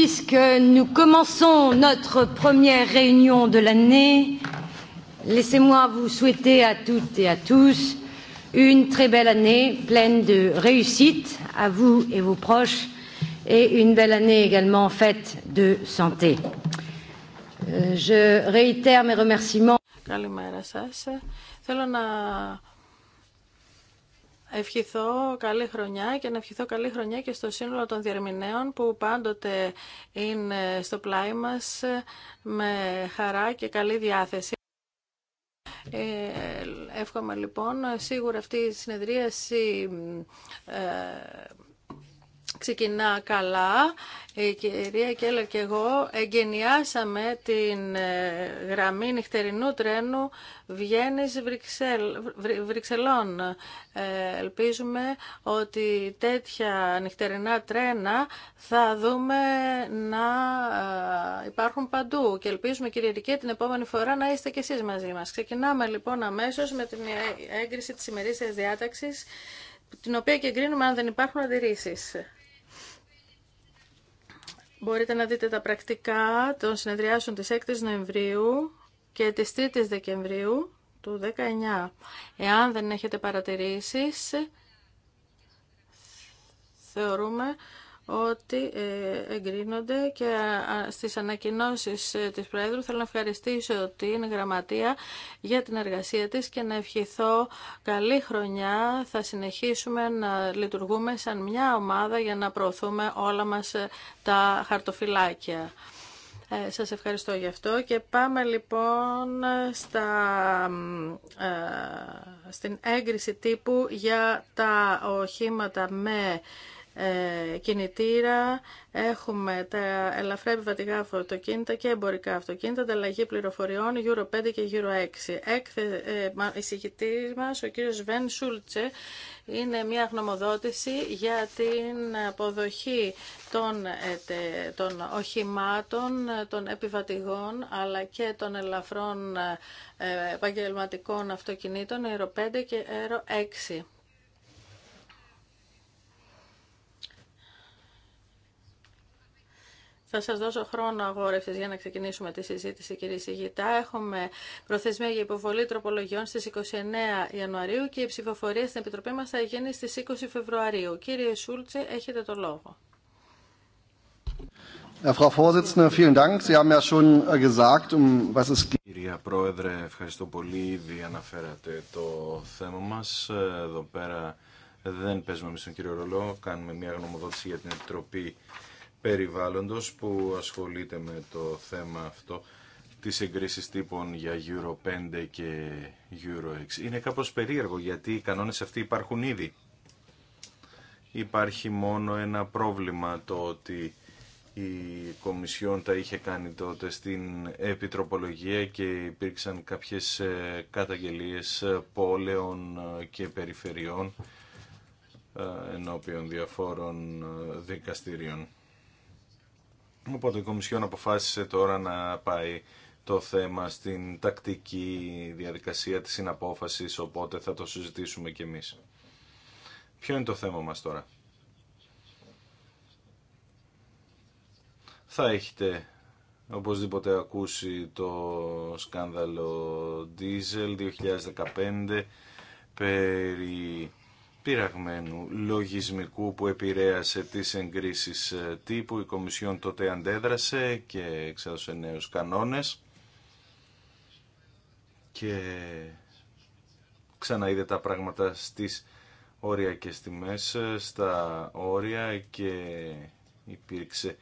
Puisque nous commençons notre première réunion de l'année, laissez-moi vous souhaiter à toutes et à tous une très belle année pleine de réussite à vous et vos proches et une belle année également faite de santé. Je réitère mes remerciements. Καλημέρα σας. Θέλω ευχηθώ καλή χρονιά και να ευχηθώ καλή χρονιά και στο σύνολο των διερμηνέων που πάντοτε είναι στο πλάι μας με χαρά και καλή διάθεση. Ε, εύχομαι λοιπόν σίγουρα αυτή η συνεδρίαση ε, ξεκινά καλά. Η κυρία Κέλλερ και εγώ εγκαινιάσαμε την ε, γραμμή νυχτερινού τρένου Βιέννης Βρυξελών. Ε, ελπίζουμε ότι τέτοια νυχτερινά τρένα θα δούμε να ε, υπάρχουν παντού και ελπίζουμε κυρία την επόμενη φορά να είστε και εσείς μαζί μας. Ξεκινάμε λοιπόν αμέσως με την έγκριση της ημερήσιας διάταξης την οποία και εγκρίνουμε αν δεν υπάρχουν αντιρρήσεις. Μπορείτε να δείτε τα πρακτικά των συνεδριάσεων της 6ης Νοεμβρίου και της 3ης Δεκεμβρίου του 19. Εάν δεν έχετε παρατηρήσεις, θεωρούμε ότι ε, εγκρίνονται και στις ανακοινώσεις ε, της Πρόεδρου θέλω να ευχαριστήσω την Γραμματεία για την εργασία της και να ευχηθώ καλή χρονιά. Θα συνεχίσουμε να λειτουργούμε σαν μια ομάδα για να προωθούμε όλα μας ε, τα χαρτοφυλάκια. Ε, σας ευχαριστώ γι' αυτό και πάμε λοιπόν στα, στην έγκριση τύπου για τα οχήματα με ε, κινητήρα, έχουμε τα ελαφρά επιβατικά αυτοκίνητα και εμπορικά αυτοκίνητα, ανταλλαγή πληροφοριών, Euro 5 και Euro 6. Έκθε, ε, εισηγητής μα ο κύριο Βεν Σούλτσε, είναι μια γνωμοδότηση για την αποδοχή των, ε, των οχημάτων, των επιβατηγών αλλά και των ελαφρών επαγγελματικών αυτοκινήτων Euro 5 και Euro 6. Θα σας δώσω χρόνο αγόρευσης για να ξεκινήσουμε τη συζήτηση, κύριε Σιγητά. Έχουμε προθεσμία για υποβολή τροπολογιών στις 29 Ιανουαρίου και η ψηφοφορία στην Επιτροπή μας θα γίνει στις 20 Φεβρουαρίου. Κύριε Σούλτσε, έχετε το λόγο. Äh, um Κυρία Πρόεδρε, ευχαριστώ πολύ. Ήδη αναφέρατε το θέμα μας. Εδώ πέρα δεν παίζουμε εμείς τον κύριο Ρολό. Κάνουμε μια γνωμοδότηση για την Επιτροπή περιβάλλοντος που ασχολείται με το θέμα αυτό της εγκρίσεις τύπων για Euro 5 και Euro 6. Είναι κάπως περίεργο γιατί οι κανόνες αυτοί υπάρχουν ήδη. Υπάρχει μόνο ένα πρόβλημα το ότι η Κομισιόν τα είχε κάνει τότε στην Επιτροπολογία και υπήρξαν κάποιες ε, καταγγελίες ε, πόλεων ε, και περιφερειών ενώπιον διαφόρων δικαστηρίων. Οπότε η Κομισιόν αποφάσισε τώρα να πάει το θέμα στην τακτική διαδικασία της συναπόφασης, οπότε θα το συζητήσουμε κι εμείς. Ποιο είναι το θέμα μας τώρα. Θα έχετε οπωσδήποτε ακούσει το σκάνδαλο Diesel 2015 περί πειραγμένου λογισμικού που επηρέασε τις εγκρίσεις ε, τύπου. Η Κομισιόν τότε αντέδρασε και εξάδωσε νέους κανόνες και ξαναείδε τα πράγματα στις όριακες τιμές, ε, στα όρια και υπήρξε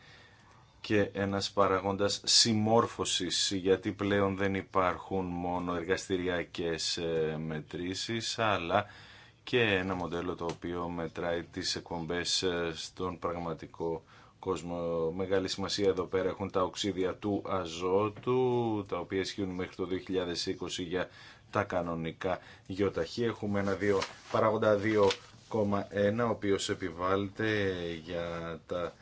και ένας παραγόντας συμμόρφωσης γιατί πλέον δεν υπάρχουν μόνο εργαστηριακές ε, μετρήσεις αλλά και ένα μοντέλο το οποίο μετράει τις εκπομπές ε, στον πραγματικό κόσμο. Μεγάλη σημασία εδώ πέρα έχουν τα οξύδια του αζότου, τα οποία ισχύουν μέχρι το 2020 για τα κανονικά γεωταχή. Έχουμε ένα δύο, παράγοντα 2,1, ο οποίος επιβάλλεται για τα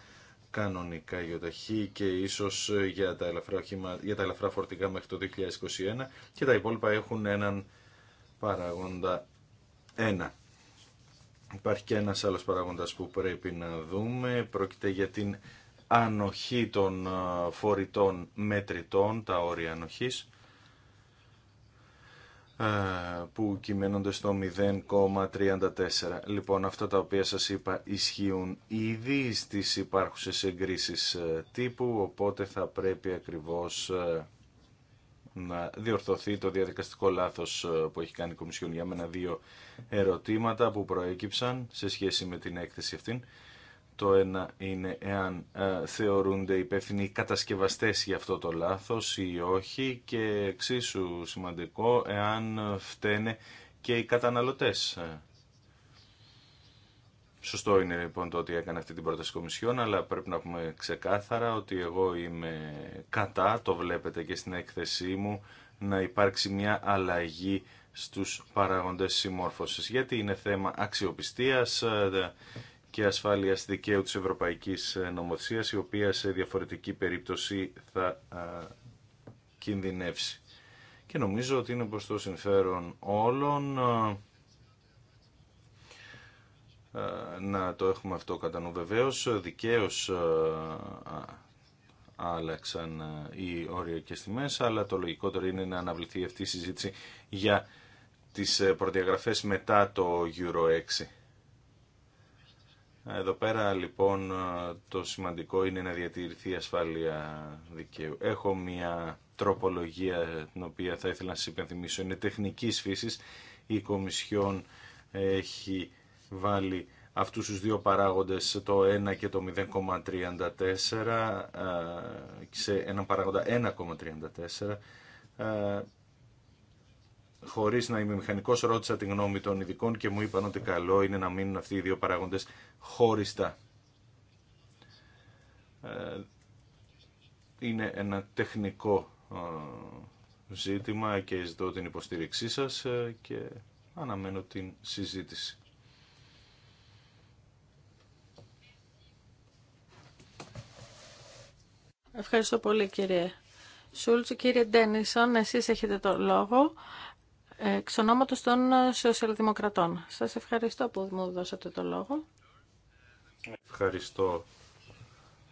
κανονικά γεωταχή και ίσως ε, για τα ελαφρά, για τα ελαφρά φορτικά μέχρι το 2021 και τα υπόλοιπα έχουν έναν παράγοντα ένα. Υπάρχει και ένας άλλος παράγοντας που πρέπει να δούμε. Πρόκειται για την ανοχή των ε, φορητών μετρητών, τα όρια ανοχής, ε, που κυμαίνονται στο 0,34. Λοιπόν, αυτά τα οποία σας είπα ισχύουν ήδη στις υπάρχουσες εγκρίσεις ε, τύπου, οπότε θα πρέπει ακριβώς να διορθωθεί το διαδικαστικό λάθος ε, που έχει κάνει η Κομισιόν για μένα δύο ερωτήματα που προέκυψαν σε σχέση με την έκθεση αυτήν. Το ένα είναι εάν ε, θεωρούνται υπεύθυνοι οι κατασκευαστές για αυτό το λάθος ή όχι και εξίσου σημαντικό εάν ε, φταίνε και οι καταναλωτές ε, Σωστό είναι λοιπόν το ότι έκανε αυτή την πρόταση Κομισιόν, αλλά πρέπει να πούμε ξεκάθαρα ότι εγώ είμαι κατά, το βλέπετε και στην έκθεσή μου, να υπάρξει μια αλλαγή στους παραγοντές συμμόρφωσης, γιατί είναι θέμα αξιοπιστίας ε, και ασφάλειας δικαίου της Ευρωπαϊκής ε, Νομοθεσίας, η οποία σε διαφορετική περίπτωση θα ε, κινδυνεύσει. Και νομίζω ότι είναι προς το συμφέρον όλων ε, να το έχουμε αυτό κατά νου βεβαίως. Δικαίως ε, άλλαξαν ε, οι όριακες τιμές, αλλά το λογικότερο είναι να αναβληθεί αυτή η συζήτηση για τις προδιαγραφές μετά το Euro 6. Εδώ πέρα λοιπόν το σημαντικό είναι να διατηρηθεί η ασφάλεια δικαίου. Έχω μια τροπολογία την οποία θα ήθελα να σας υπενθυμίσω. Είναι τεχνικής φύσης. Η Κομισιόν έχει βάλει αυτούς τους δύο παράγοντες το 1 και το 0,34 ε, σε έναν παράγοντα 1,34 ε, χωρίς να είμαι μηχανικός ρώτησα τη γνώμη των ειδικών και μου είπαν ότι καλό είναι να μείνουν αυτοί οι δύο παράγοντες χωριστά. Ε, είναι ένα τεχνικό ζήτημα και ζητώ την υποστήριξή σας και αναμένω την συζήτηση. Ευχαριστώ πολύ κύριε Σούλτσου. Κύριε Ντένισον, εσείς έχετε το λόγο εξ ονόματος των σοσιαλδημοκρατών. Σας ευχαριστώ που μου δώσατε το λόγο. Ευχαριστώ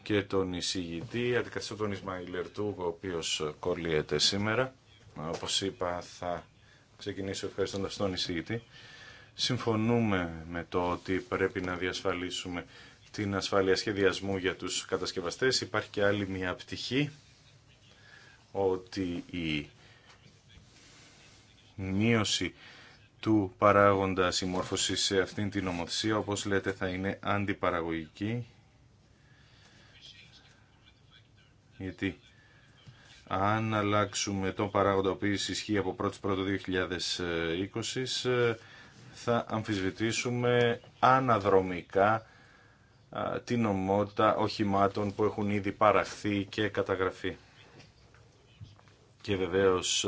και τον εισηγητή, αντικαθιστώ τον Ισμαήλ ο οποίος κολλείεται σήμερα. Όπως είπα, θα ξεκινήσω ευχαριστώντας τον εισηγητή. Συμφωνούμε με το ότι πρέπει να διασφαλίσουμε την ασφάλεια σχεδιασμού για τους κατασκευαστές. Υπάρχει και άλλη μια πτυχή ότι η μείωση του παράγοντα συμμόρφωση σε αυτήν την νομοθεσία, όπως λέτε, θα είναι αντιπαραγωγική. Γιατί αν αλλάξουμε τον παράγοντα ο οποίος ισχύει από 1η 2020, θα αμφισβητήσουμε αναδρομικά την ομότητα οχημάτων που έχουν ήδη παραχθεί και καταγραφεί. Και βεβαίως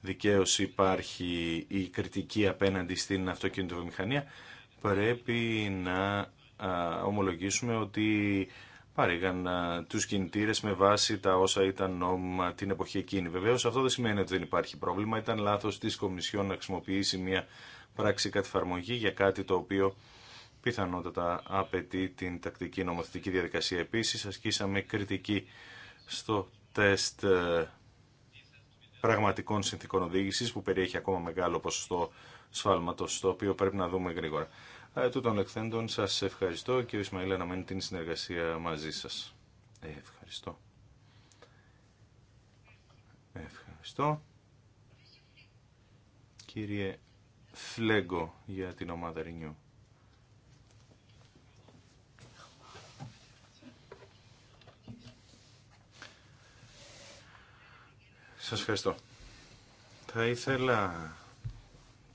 δικαίως υπάρχει η κριτική απέναντι στην αυτοκινητοβιομηχανία. Πρέπει να ομολογήσουμε ότι παρήγαν τους κινητήρες με βάση τα όσα ήταν νόμιμα την εποχή εκείνη. Βεβαίως αυτό δεν σημαίνει ότι δεν υπάρχει πρόβλημα. Ήταν λάθος της Κομισιόν να χρησιμοποιήσει μια πράξη κατηφαρμογή για κάτι το οποίο πιθανότατα απαιτεί την τακτική νομοθετική διαδικασία. Επίσης, ασκήσαμε κριτική στο τεστ ε, πραγματικών συνθήκων οδήγησης που περιέχει ακόμα μεγάλο ποσοστό σφάλματος, το οποίο πρέπει να δούμε γρήγορα. Ε, τούτων λεχθέντων, σας ευχαριστώ και ο Ισμαήλ αναμένει την συνεργασία μαζί σας. Ε, ευχαριστώ. Ε, ευχαριστώ. Κύριε Φλέγκο για την ομάδα Renew. Σας ευχαριστώ. Θα ήθελα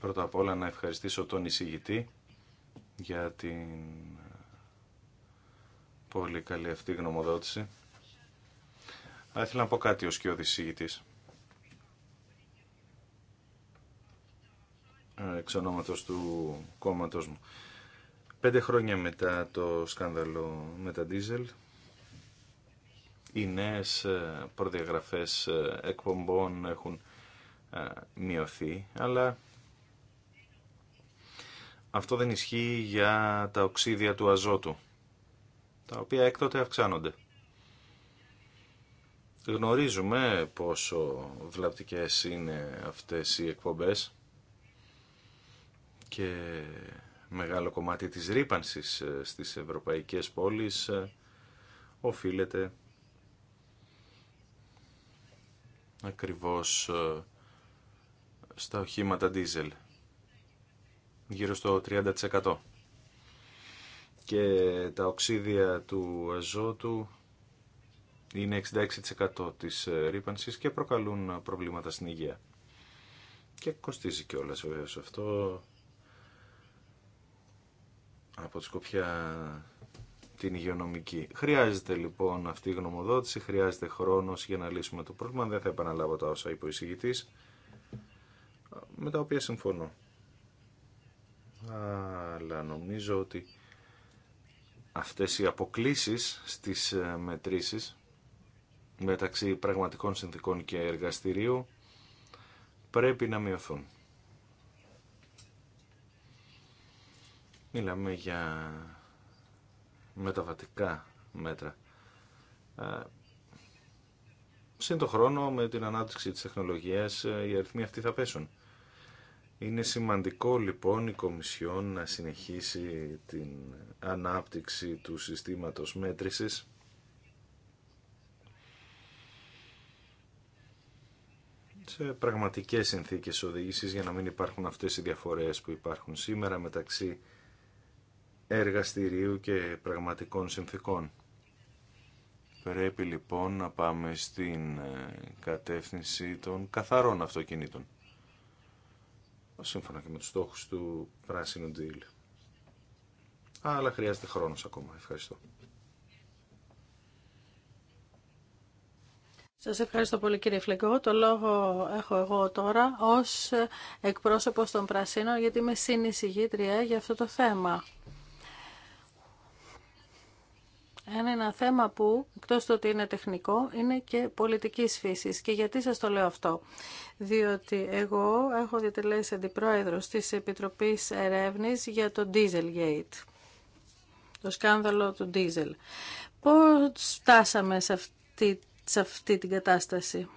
πρώτα απ' όλα να ευχαριστήσω τον εισηγητή για την πολύ καλή αυτή γνωμοδότηση. Θα ήθελα να πω κάτι ως και ο εισηγητής. Εξ του κόμματος μου. Πέντε χρόνια μετά το σκάνδαλο με τα ντίζελ, οι νέες ε, προδιαγραφές ε, εκπομπών έχουν ε, μειωθεί, αλλά αυτό δεν ισχύει για τα οξύδια του αζότου, τα οποία έκτοτε αυξάνονται. Γνωρίζουμε πόσο βλαπτικές είναι αυτές οι εκπομπές και μεγάλο κομμάτι της ρήπανσης στις ευρωπαϊκές πόλεις οφείλεται ακριβώς ε, στα οχήματα diesel, γύρω στο 30%. Και τα οξίδια του αζότου είναι 66% της ε, ρήπανσης και προκαλούν ε, προβλήματα στην υγεία. Και κοστίζει κιόλας βέβαια αυτό από τη σκοπιά την υγειονομική. Χρειάζεται λοιπόν αυτή η γνωμοδότηση, χρειάζεται χρόνος για να λύσουμε το πρόβλημα. Δεν θα επαναλάβω τα όσα είπε ο εισηγητής, με τα οποία συμφωνώ. Αλλά νομίζω ότι αυτές οι αποκλίσεις στις ε, μετρήσεις μεταξύ πραγματικών συνθήκων και εργαστηρίου πρέπει να μειωθούν. Μιλάμε για μεταβατικά μέτρα. Ε, συν το χρόνο με την ανάπτυξη της τεχνολογίας ε, οι αριθμοί αυτοί θα πέσουν. Είναι σημαντικό λοιπόν η Κομισιόν να συνεχίσει την ανάπτυξη του συστήματος μέτρησης σε πραγματικές συνθήκες οδήγησης για να μην υπάρχουν αυτές οι διαφορές που υπάρχουν σήμερα μεταξύ εργαστηρίου και πραγματικών συνθήκων. Πρέπει λοιπόν να πάμε στην ε, κατεύθυνση των καθαρών αυτοκινήτων, σύμφωνα και με τους στόχους του πράσινου deal. Αλλά χρειάζεται χρόνος ακόμα. Ευχαριστώ. Σας ευχαριστώ πολύ κύριε Φλεγκό. Το λόγο έχω εγώ τώρα ως εκπρόσωπος των Πρασίνων γιατί είμαι συνεισηγήτρια για αυτό το θέμα. είναι ένα θέμα που, εκτός του ότι είναι τεχνικό, είναι και πολιτικής φύσης. Και γιατί σας το λέω αυτό. Διότι εγώ έχω διατελέσει αντιπρόεδρος της Επιτροπής Ερεύνης για το Dieselgate. Το σκάνδαλο του Diesel. Πώς φτάσαμε σε αυτή, αυτή την κατάσταση.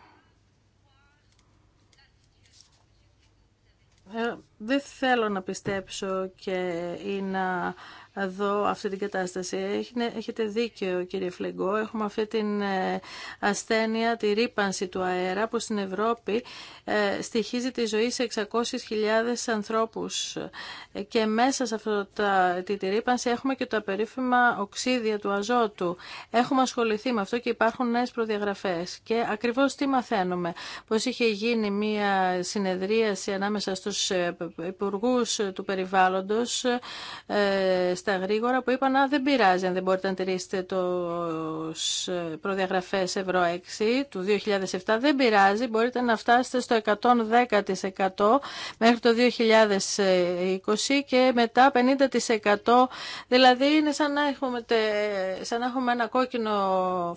Ε, δεν θέλω να πιστέψω και ή να εδώ, αυτή την κατάσταση. Έχετε δίκιο κύριε Φλεγκό, έχουμε αυτή την ε, ασθένεια, τη ρήπανση του αέρα που στην Ευρώπη ε, στοιχίζει τη ζωή σε 600.000 ανθρώπους και μέσα σε αυτή τη ρήπανση έχουμε και τα περίφημα οξύδια του αζότου. Έχουμε ασχοληθεί με αυτό και υπάρχουν νέες προδιαγραφές και ακριβώς τι μαθαίνουμε, πως είχε γίνει μια συνεδρίαση ανάμεσα στους ε, υπουργού του περιβάλλοντος στα γρήγορα που είπαν να δεν πειράζει αν δεν μπορείτε να τηρήσετε το ε, προδιαγραφές Ευρώ 6 του 2007, δεν πειράζει, μπορείτε να φτάσετε στο 110% μέχρι το 2020 και μετά 50%, δηλαδή είναι σαν να έχουμε, σαν έχουμε ένα κόκκινο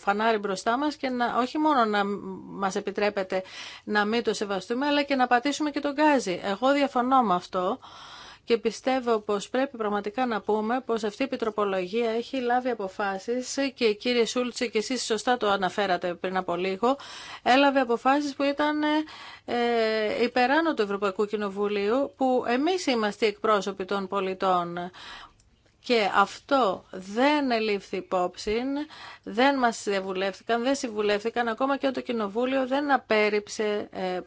φανάρι μπροστά μας και να, όχι μόνο να μας επιτρέπεται να μην το σεβαστούμε, αλλά και να πατήσουμε και τον γκάζι. Εγώ διαφωνώ με αυτό και πιστεύω πως πρέπει πραγματικά να πούμε πως αυτή η επιτροπολογία έχει λάβει αποφάσεις και κύριε Σούλτσε και εσείς σωστά το αναφέρατε πριν από λίγο, έλαβε αποφάσεις που ήταν ε, υπεράνω του Ευρωπαϊκού Κοινοβουλίου που εμείς είμαστε οι εκπρόσωποι των πολιτών και αυτό δεν ελήφθη υπόψη, δεν μας συμβουλεύτηκαν, δεν συμβουλεύτηκαν, ακόμα και το Κοινοβούλιο δεν απέρριψε ε,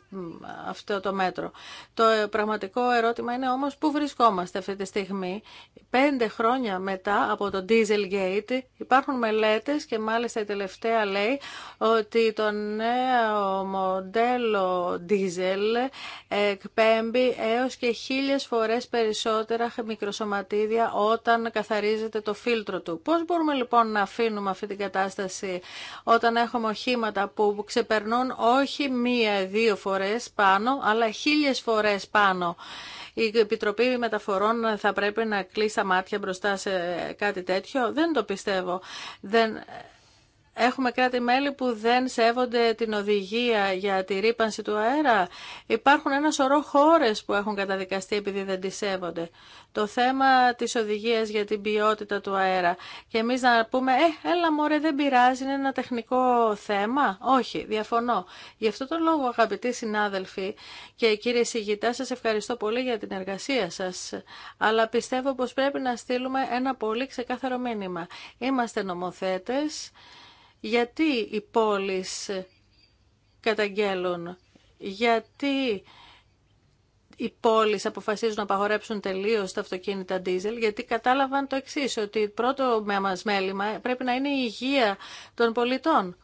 αυτό το μέτρο. Το ε, πραγματικό ερώτημα είναι όμως πού βρισκόμαστε αυτή τη στιγμή. Πέντε χρόνια μετά από το Dieselgate υπάρχουν μελέτες και μάλιστα η τελευταία λέει ότι το νέο μοντέλο diesel εκπέμπει έως και χίλιες φορές περισσότερα μικροσωματίδια όταν να καθαρίζεται το φίλτρο του. Πώς μπορούμε λοιπόν να αφήνουμε αυτή την κατάσταση όταν έχουμε οχήματα που ξεπερνούν όχι μία-δύο φορές πάνω, αλλά χίλιες φορές πάνω. Η Επιτροπή Μεταφορών θα πρέπει να κλείσει τα μάτια μπροστά σε κάτι τέτοιο. Δεν το πιστεύω. Δεν... Έχουμε κράτη-μέλη που δεν σέβονται την οδηγία για τη ρήπανση του αέρα. Υπάρχουν ένα σωρό χώρες που έχουν καταδικαστεί επειδή δεν τη σέβονται. Το θέμα της οδηγίας για την ποιότητα του αέρα. Και εμείς να πούμε, ε, έλα μωρέ δεν πειράζει, είναι ένα τεχνικό θέμα. Όχι, διαφωνώ. Γι' αυτό τον λόγο αγαπητοί συνάδελφοι και κύριε Σιγητά, σας ευχαριστώ πολύ για την εργασία σας. Αλλά πιστεύω πως πρέπει να στείλουμε ένα πολύ ξεκάθαρο μήνυμα. Είμαστε νομοθέτες γιατί οι πόλεις καταγγέλουν, γιατί οι πόλεις αποφασίζουν να απαγορέψουν τελείως τα αυτοκίνητα ντίζελ, γιατί κατάλαβαν το εξής, ότι πρώτο με μας μέλημα πρέπει να είναι η υγεία των πολιτών.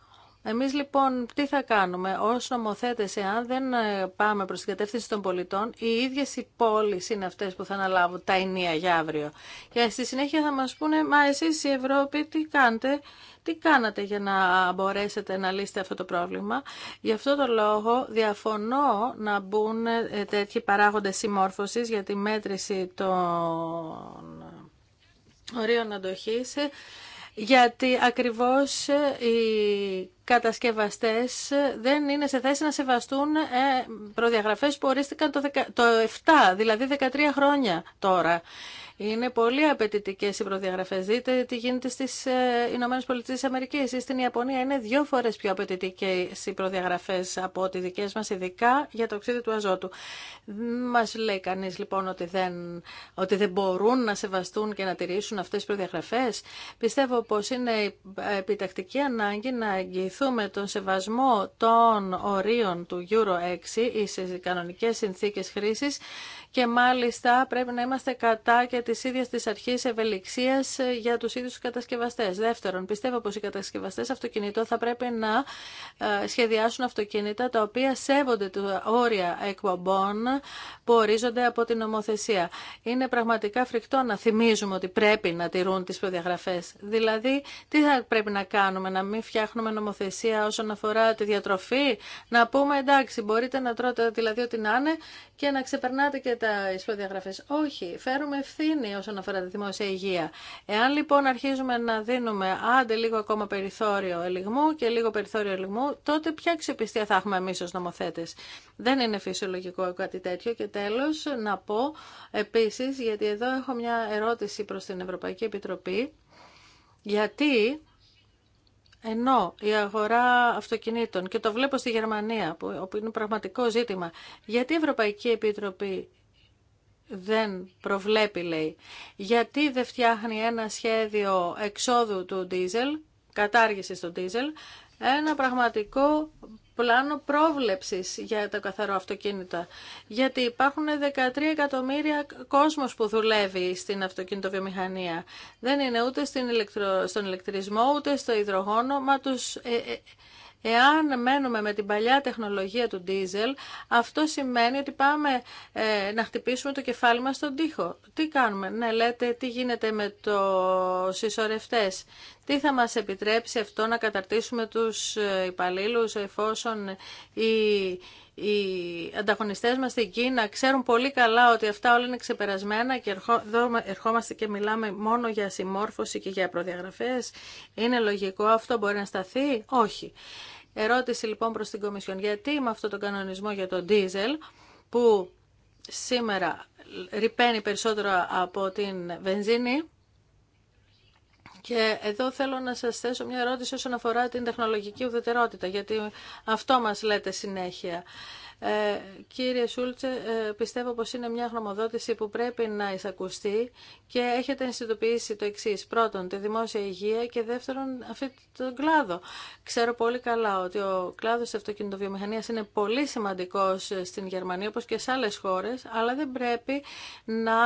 Εμείς λοιπόν τι θα κάνουμε ως νομοθέτες εάν δεν ε, πάμε προς την κατεύθυνση των πολιτών οι ίδιε οι πόλεις είναι αυτές που θα αναλάβουν τα ενία για αύριο και στη συνέχεια θα μας πούνε μα εσείς η Ευρώπη τι κάνετε τι κάνατε για να μπορέσετε να λύσετε αυτό το πρόβλημα. Γι' αυτό το λόγο διαφωνώ να μπουν ε, τέτοιοι παράγοντες συμμόρφωσης για τη μέτρηση των ορίων αντοχής γιατί ακριβώς ε, οι κατασκευαστές δεν είναι σε θέση να σεβαστούν ε, προδιαγραφές που ορίστηκαν το 7, δηλαδή 13 χρόνια τώρα. Είναι πολύ απαιτητικέ οι προδιαγραφέ. Δείτε τι γίνεται στι ε, ΗΠΑ ή στην Ιαπωνία. Είναι δύο φορέ πιο απαιτητικέ οι προδιαγραφέ από ό,τι δικέ μα, ειδικά για το οξύδι του αζότου. Μα λέει κανεί λοιπόν ότι δεν, ότι δεν μπορούν να σεβαστούν και να τηρήσουν αυτέ τι προδιαγραφέ. Πιστεύω πω είναι επιτακτική ανάγκη να εγγυηθούμε τον σεβασμό των ορίων του Euro 6 ή στι κανονικέ συνθήκε χρήση και μάλιστα πρέπει να είμαστε κατά και τη ίδια τη αρχή ευελιξία ε, για του ίδιου του κατασκευαστέ. Δεύτερον, πιστεύω πω οι κατασκευαστέ αυτοκινητών θα πρέπει να ε, σχεδιάσουν αυτοκίνητα τα οποία σέβονται τα όρια εκπομπών που ορίζονται από την νομοθεσία. Είναι πραγματικά φρικτό να θυμίζουμε ότι πρέπει να τηρούν τι προδιαγραφέ. Δηλαδή, τι θα πρέπει να κάνουμε, να μην φτιάχνουμε νομοθεσία όσον αφορά τη διατροφή, να πούμε εντάξει μπορείτε να τρώτε δηλαδή ό,τι να και να ξεπερνάτε και τα προδιαγραφέ. Όχι, φέρουμε ευθύνη όσον αφορά τη δημόσια υγεία. Εάν λοιπόν αρχίζουμε να δίνουμε άντε λίγο ακόμα περιθώριο ελιγμού και λίγο περιθώριο ελιγμού, τότε ποια ξεπιστία θα έχουμε εμεί ω νομοθέτε. Δεν είναι φυσιολογικό κάτι τέτοιο. Και τέλο, να πω επίση, γιατί εδώ έχω μια ερώτηση προ την Ευρωπαϊκή Επιτροπή. Γιατί ενώ η αγορά αυτοκινήτων, και το βλέπω στη Γερμανία, που είναι πραγματικό ζήτημα, γιατί η Ευρωπαϊκή Επιτροπή δεν προβλέπει, λέει. Γιατί δεν φτιάχνει ένα σχέδιο εξόδου του ντίζελ, κατάργησης του ντίζελ, ένα πραγματικό πλάνο πρόβλεψης για τα καθαρό αυτοκίνητα. Γιατί υπάρχουν 13 εκατομμύρια κόσμος που δουλεύει στην αυτοκινητοβιομηχανία. Δεν είναι ούτε στην στον ηλεκτρισμό, ούτε στο υδρογόνο, μα τους ε, ε, Εάν μένουμε με την παλιά τεχνολογία του ντίζελ, αυτό σημαίνει ότι πάμε ε, να χτυπήσουμε το κεφάλι μας στον τοίχο. Τι κάνουμε, ναι, λέτε τι γίνεται με το συσσωρευτές, τι θα μας επιτρέψει αυτό να καταρτήσουμε τους ε, υπαλλήλου εφόσον οι, οι ανταγωνιστές μας στην Κίνα ξέρουν πολύ καλά ότι αυτά όλα είναι ξεπερασμένα και εδώ ερχόμαστε και μιλάμε μόνο για συμμόρφωση και για προδιαγραφές. Είναι λογικό αυτό μπορεί να σταθεί. Όχι. Ερώτηση λοιπόν προς την Κομισιόν. Γιατί με αυτό τον κανονισμό για τον ντίζελ που σήμερα ρηπαίνει περισσότερο από την βενζίνη και εδώ θέλω να σας θέσω μια ερώτηση όσον αφορά την τεχνολογική ουδετερότητα, γιατί αυτό μας λέτε συνέχεια. Ε, κύριε Σούλτσε, ε, πιστεύω πως είναι μια γνωμοδότηση που πρέπει να εισακουστεί και έχετε ενστιτοποιήσει το εξή. Πρώτον, τη δημόσια υγεία και δεύτερον, αυτή τον κλάδο. Ξέρω πολύ καλά ότι ο κλάδος της αυτοκινητοβιομηχανίας είναι πολύ σημαντικός στην Γερμανία, όπως και σε άλλες χώρες, αλλά δεν πρέπει να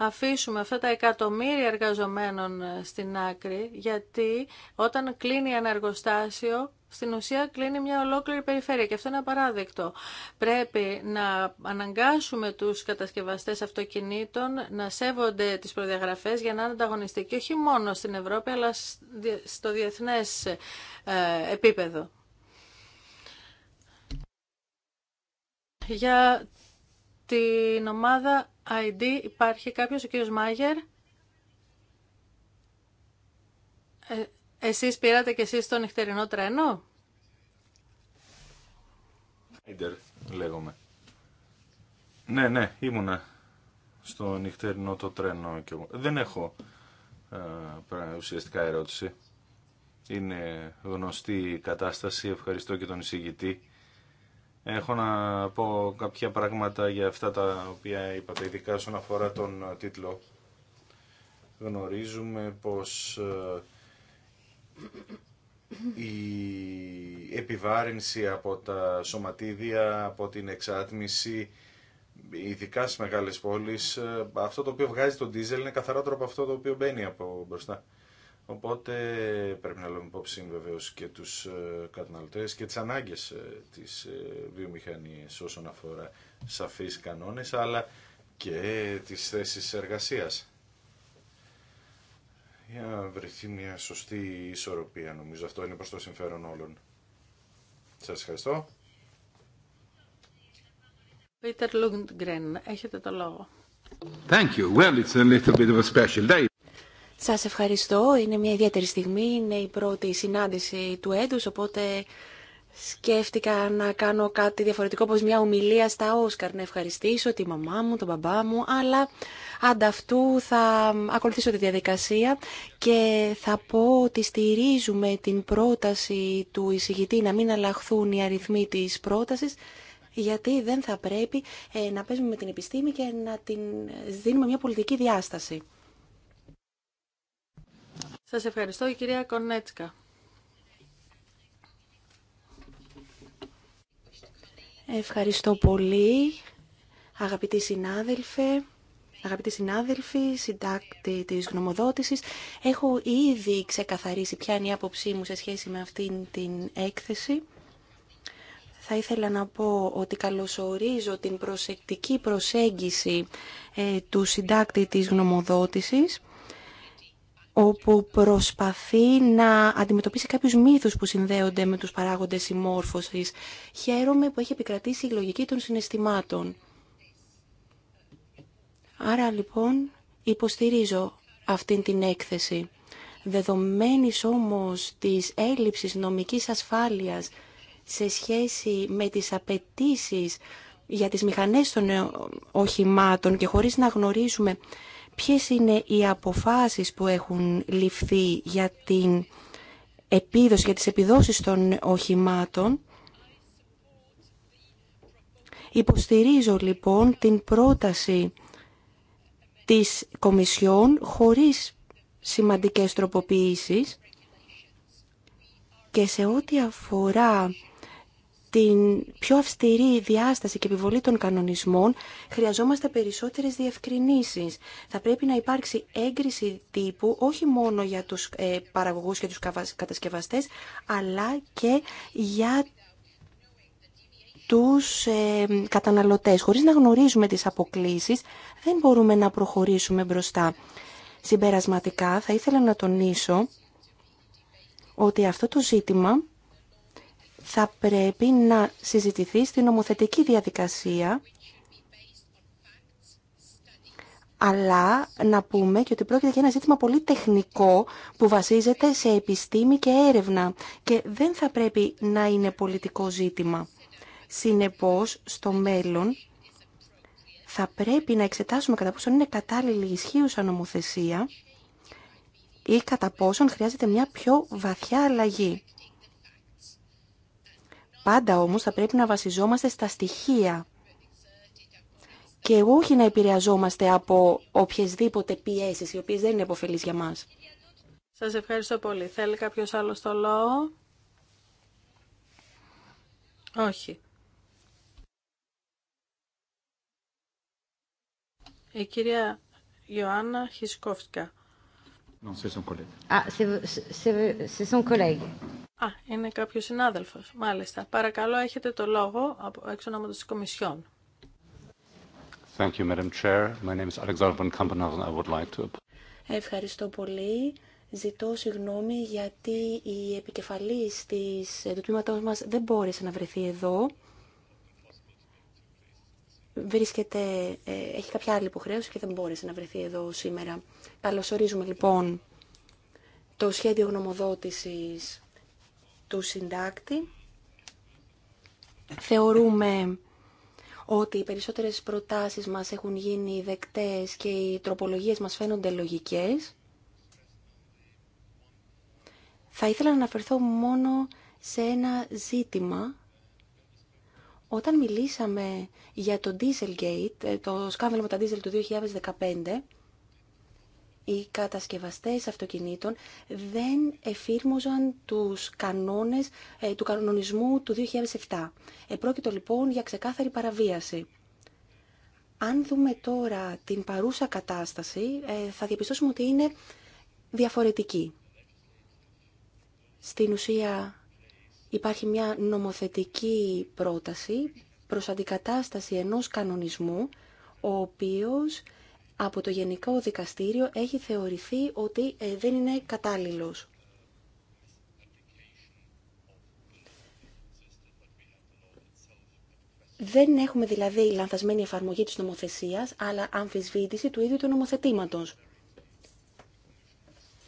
αφήσουμε αυτά τα εκατομμύρια εργαζομένων ε, στην άκρη, γιατί όταν κλείνει ένα εργοστάσιο, στην ουσία κλείνει μια ολόκληρη περιφέρεια και αυτό είναι απαράδεκτο. Πρέπει να αναγκάσουμε τους κατασκευαστές αυτοκινήτων να σέβονται τις προδιαγραφές για να είναι Και όχι μόνο στην Ευρώπη αλλά στο διεθνές ε, επίπεδο. Για την ομάδα ID υπάρχει κάποιος, ο κύριος Μάγερ. Ε, εσείς πήρατε και εσείς το νυχτερινό τρένο. λέγομαι. Ναι, ναι, ήμουνα στο νυχτερινό το τρένο και εγώ. Δεν έχω ε, ουσιαστικά ερώτηση. Είναι γνωστή η κατάσταση. Ευχαριστώ και τον εισηγητή Έχω να πω κάποια πράγματα για αυτά τα οποία είπατε, ειδικά όσον αφορά τον τίτλο. Γνωρίζουμε πως ε, η επιβάρυνση από τα σωματίδια, από την εξάτμιση, ειδικά στις μεγάλες πόλεις, ε, αυτό το οποίο βγάζει τον ντίζελ είναι καθαρότερο από αυτό το οποίο μπαίνει από μπροστά. Οπότε πρέπει να λάβουμε υπόψη βεβαίω και τους ε, καταναλωτέ και τις ανάγκες ε, της ε, βιομηχανίας όσον αφορά σαφείς κανόνες αλλά και τις θέσει εργασία. Για να βρεθεί μια σωστή ισορροπία νομίζω αυτό είναι προς το συμφέρον όλων. Σας ευχαριστώ. Πίτερ Λουγκεν, έχετε το λόγο. Thank you. Well, it's a little bit of a special day σας ευχαριστώ. Είναι μια ιδιαίτερη στιγμή. Είναι η πρώτη συνάντηση του έντους, οπότε σκέφτηκα να κάνω κάτι διαφορετικό όπως μια ομιλία στα Όσκαρ. Να ευχαριστήσω τη μαμά μου, τον μπαμπά μου, αλλά ανταυτού θα ακολουθήσω τη διαδικασία και θα πω ότι στηρίζουμε την πρόταση του εισηγητή να μην αλλάχθούν οι αριθμοί της πρότασης γιατί δεν θα πρέπει ε, να παίζουμε με την επιστήμη και να την δίνουμε μια πολιτική διάσταση. Σας ευχαριστώ η κυρία Κονέτσκα. Ευχαριστώ πολύ, αγαπητοί συνάδελφε. Αγαπητοί συνάδελφοι, συντάκτη της γνωμοδότησης, έχω ήδη ξεκαθαρίσει ποια είναι η άποψή μου σε σχέση με αυτήν την έκθεση. Θα ήθελα να πω ότι καλωσορίζω την προσεκτική προσέγγιση ε, του συντάκτη της γνωμοδότησης όπου προσπαθεί να αντιμετωπίσει κάποιους μύθους που συνδέονται με τους παράγοντες συμμόρφωσης. Χαίρομαι που έχει επικρατήσει η λογική των συναισθημάτων. Άρα λοιπόν υποστηρίζω αυτήν την έκθεση. Δεδομένης όμως της έλλειψης νομικής ασφάλειας σε σχέση με τις απαιτήσει για τις μηχανές των ε, οχημάτων και χωρίς να γνωρίζουμε ποιες είναι οι αποφάσεις που έχουν ληφθεί για την επίδοση, για τις επιδόσεις των οχημάτων. Υποστηρίζω λοιπόν την πρόταση της Κομισιόν χωρίς σημαντικές τροποποιήσεις και σε ό,τι αφορά την πιο αυστηρή διάσταση και επιβολή των κανονισμών χρειαζόμαστε περισσότερες διευκρινήσεις. Θα πρέπει να υπάρξει έγκριση τύπου όχι μόνο για τους ε, παραγωγούς και τους κατασκευαστές αλλά και για τους ε, καταναλωτές. Χωρίς να γνωρίζουμε τις αποκλήσεις δεν μπορούμε να προχωρήσουμε μπροστά. Συμπερασματικά θα ήθελα να τονίσω ότι αυτό το ζήτημα θα πρέπει να συζητηθεί στην νομοθετική διαδικασία αλλά να πούμε και ότι πρόκειται για ένα ζήτημα πολύ τεχνικό που βασίζεται σε επιστήμη και έρευνα και δεν θα πρέπει να είναι πολιτικό ζήτημα. Συνεπώς, στο μέλλον θα πρέπει να εξετάσουμε κατά πόσον είναι κατάλληλη η ισχύουσα νομοθεσία ή κατά πόσον χρειάζεται μια πιο βαθιά αλλαγή. Πάντα όμως θα πρέπει να βασιζόμαστε στα στοιχεία και όχι να επηρεαζόμαστε από οποιασδήποτε πιέσεις οι οποίες δεν είναι επωφελείς για μας. Σας ευχαριστώ πολύ. Θέλει κάποιος άλλο το λόγο? Όχι. Η κυρία Ιωάννα Χισκόφσκα. Non, c'est son Ah, c'est son collègue. Α, είναι κάποιος συνάδελφος. Μάλιστα. Παρακαλώ, έχετε το λόγο από έξω όνομα της Κομισιόν. Ευχαριστώ πολύ. Ζητώ συγγνώμη γιατί η επικεφαλής της, του τμήματός μας δεν μπόρεσε να βρεθεί εδώ. Βρίσκεται, ε, έχει κάποια άλλη υποχρέωση και δεν μπόρεσε να βρεθεί εδώ σήμερα. Καλωσορίζουμε λοιπόν το σχέδιο γνωμοδότησης του συντάκτη. Θεωρούμε ότι οι περισσότερες προτάσεις μας έχουν γίνει δεκτές και οι τροπολογίες μας φαίνονται λογικές. Θα ήθελα να αναφερθώ μόνο σε ένα ζήτημα. Όταν μιλήσαμε για το Dieselgate, το σκάνδαλο με τα Diesel του 2015, οι κατασκευαστές αυτοκινήτων δεν εφήρμοζαν τους κανόνες ε, του κανονισμού του 2007. Επρόκειτο λοιπόν για ξεκάθαρη παραβίαση. Αν δούμε τώρα την παρούσα κατάσταση, ε, θα διαπιστώσουμε ότι είναι διαφορετική. Στην ουσία υπάρχει μια νομοθετική πρόταση προς αντικατάσταση ενός κανονισμού, ο οποίος από το Γενικό Δικαστήριο έχει θεωρηθεί ότι ε, δεν είναι κατάλληλος. Δεν έχουμε δηλαδή λανθασμένη εφαρμογή της νομοθεσίας, αλλά αμφισβήτηση του ίδιου του νομοθετήματος.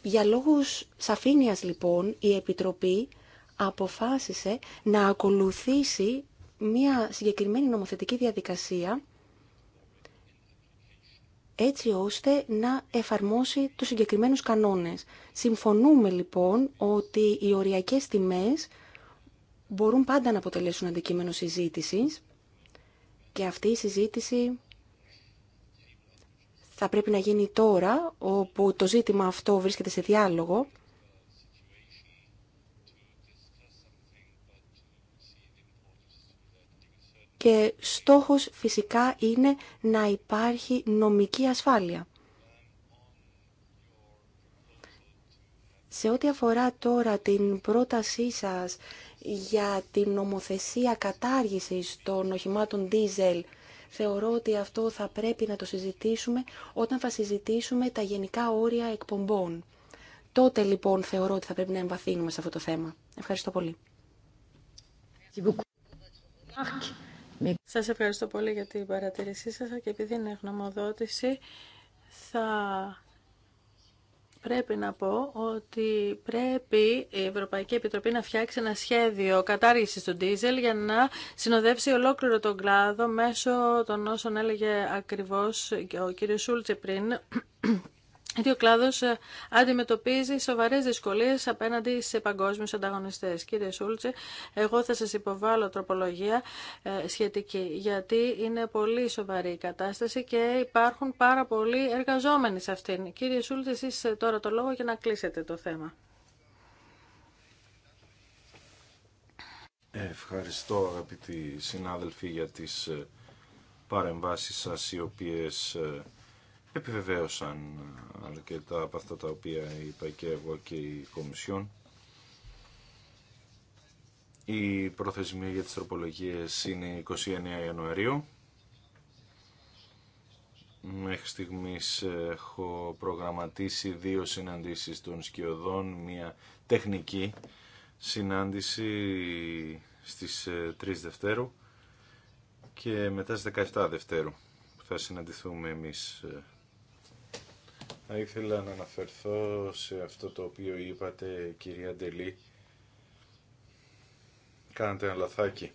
Για λόγους σαφήνειας λοιπόν, η Επιτροπή αποφάσισε να ακολουθήσει μια συγκεκριμένη νομοθετική διαδικασία έτσι ώστε να εφαρμόσει τους συγκεκριμένους κανόνες. Συμφωνούμε λοιπόν ότι οι οριακές τιμές μπορούν πάντα να αποτελέσουν αντικείμενο συζήτησης και αυτή η συζήτηση θα πρέπει να γίνει τώρα όπου το ζήτημα αυτό βρίσκεται σε διάλογο και στόχος φυσικά είναι να υπάρχει νομική ασφάλεια. Σε ό,τι αφορά τώρα την πρότασή σας για την νομοθεσία κατάργησης των οχημάτων δίζελ, θεωρώ ότι αυτό θα πρέπει να το συζητήσουμε όταν θα συζητήσουμε τα γενικά όρια εκπομπών. Τότε λοιπόν θεωρώ ότι θα πρέπει να εμβαθύνουμε σε αυτό το θέμα. Ευχαριστώ πολύ. Σας ευχαριστώ πολύ για την παρατηρήσή σας και επειδή είναι γνωμοδότηση θα πρέπει να πω ότι πρέπει η Ευρωπαϊκή Επιτροπή να φτιάξει ένα σχέδιο κατάργηση του ντίζελ για να συνοδεύσει ολόκληρο τον κλάδο μέσω των όσων έλεγε ακριβώς και ο κύριος Σούλτσε πριν γιατί ο κλάδο ε, αντιμετωπίζει σοβαρέ δυσκολίε απέναντι σε παγκόσμιου ανταγωνιστέ. Κύριε Σούλτσε, εγώ θα σα υποβάλω τροπολογία ε, σχετική, γιατί είναι πολύ σοβαρή η κατάσταση και υπάρχουν πάρα πολλοί εργαζόμενοι σε αυτήν. Κύριε Σούλτσε, εσεί ε, τώρα το λόγο για να κλείσετε το θέμα. Ευχαριστώ αγαπητοί συνάδελφοι για τις παρεμβάσεις σας οι οποίες επιβεβαίωσαν αρκετά από αυτά τα οποία είπα και εγώ και η Κομισιόν. Η προθεσμία για τις τροπολογίες είναι 29 Ιανουαρίου. Μέχρι στιγμής έχω προγραμματίσει δύο συναντήσεις των σκιωδών, μια τεχνική συνάντηση στις 3 Δευτέρου και μετά στις 17 Δευτέρου που θα συναντηθούμε εμείς θα ήθελα να αναφερθώ σε αυτό το οποίο είπατε, κυρία Ντελή. Κάνατε ένα λαθάκι.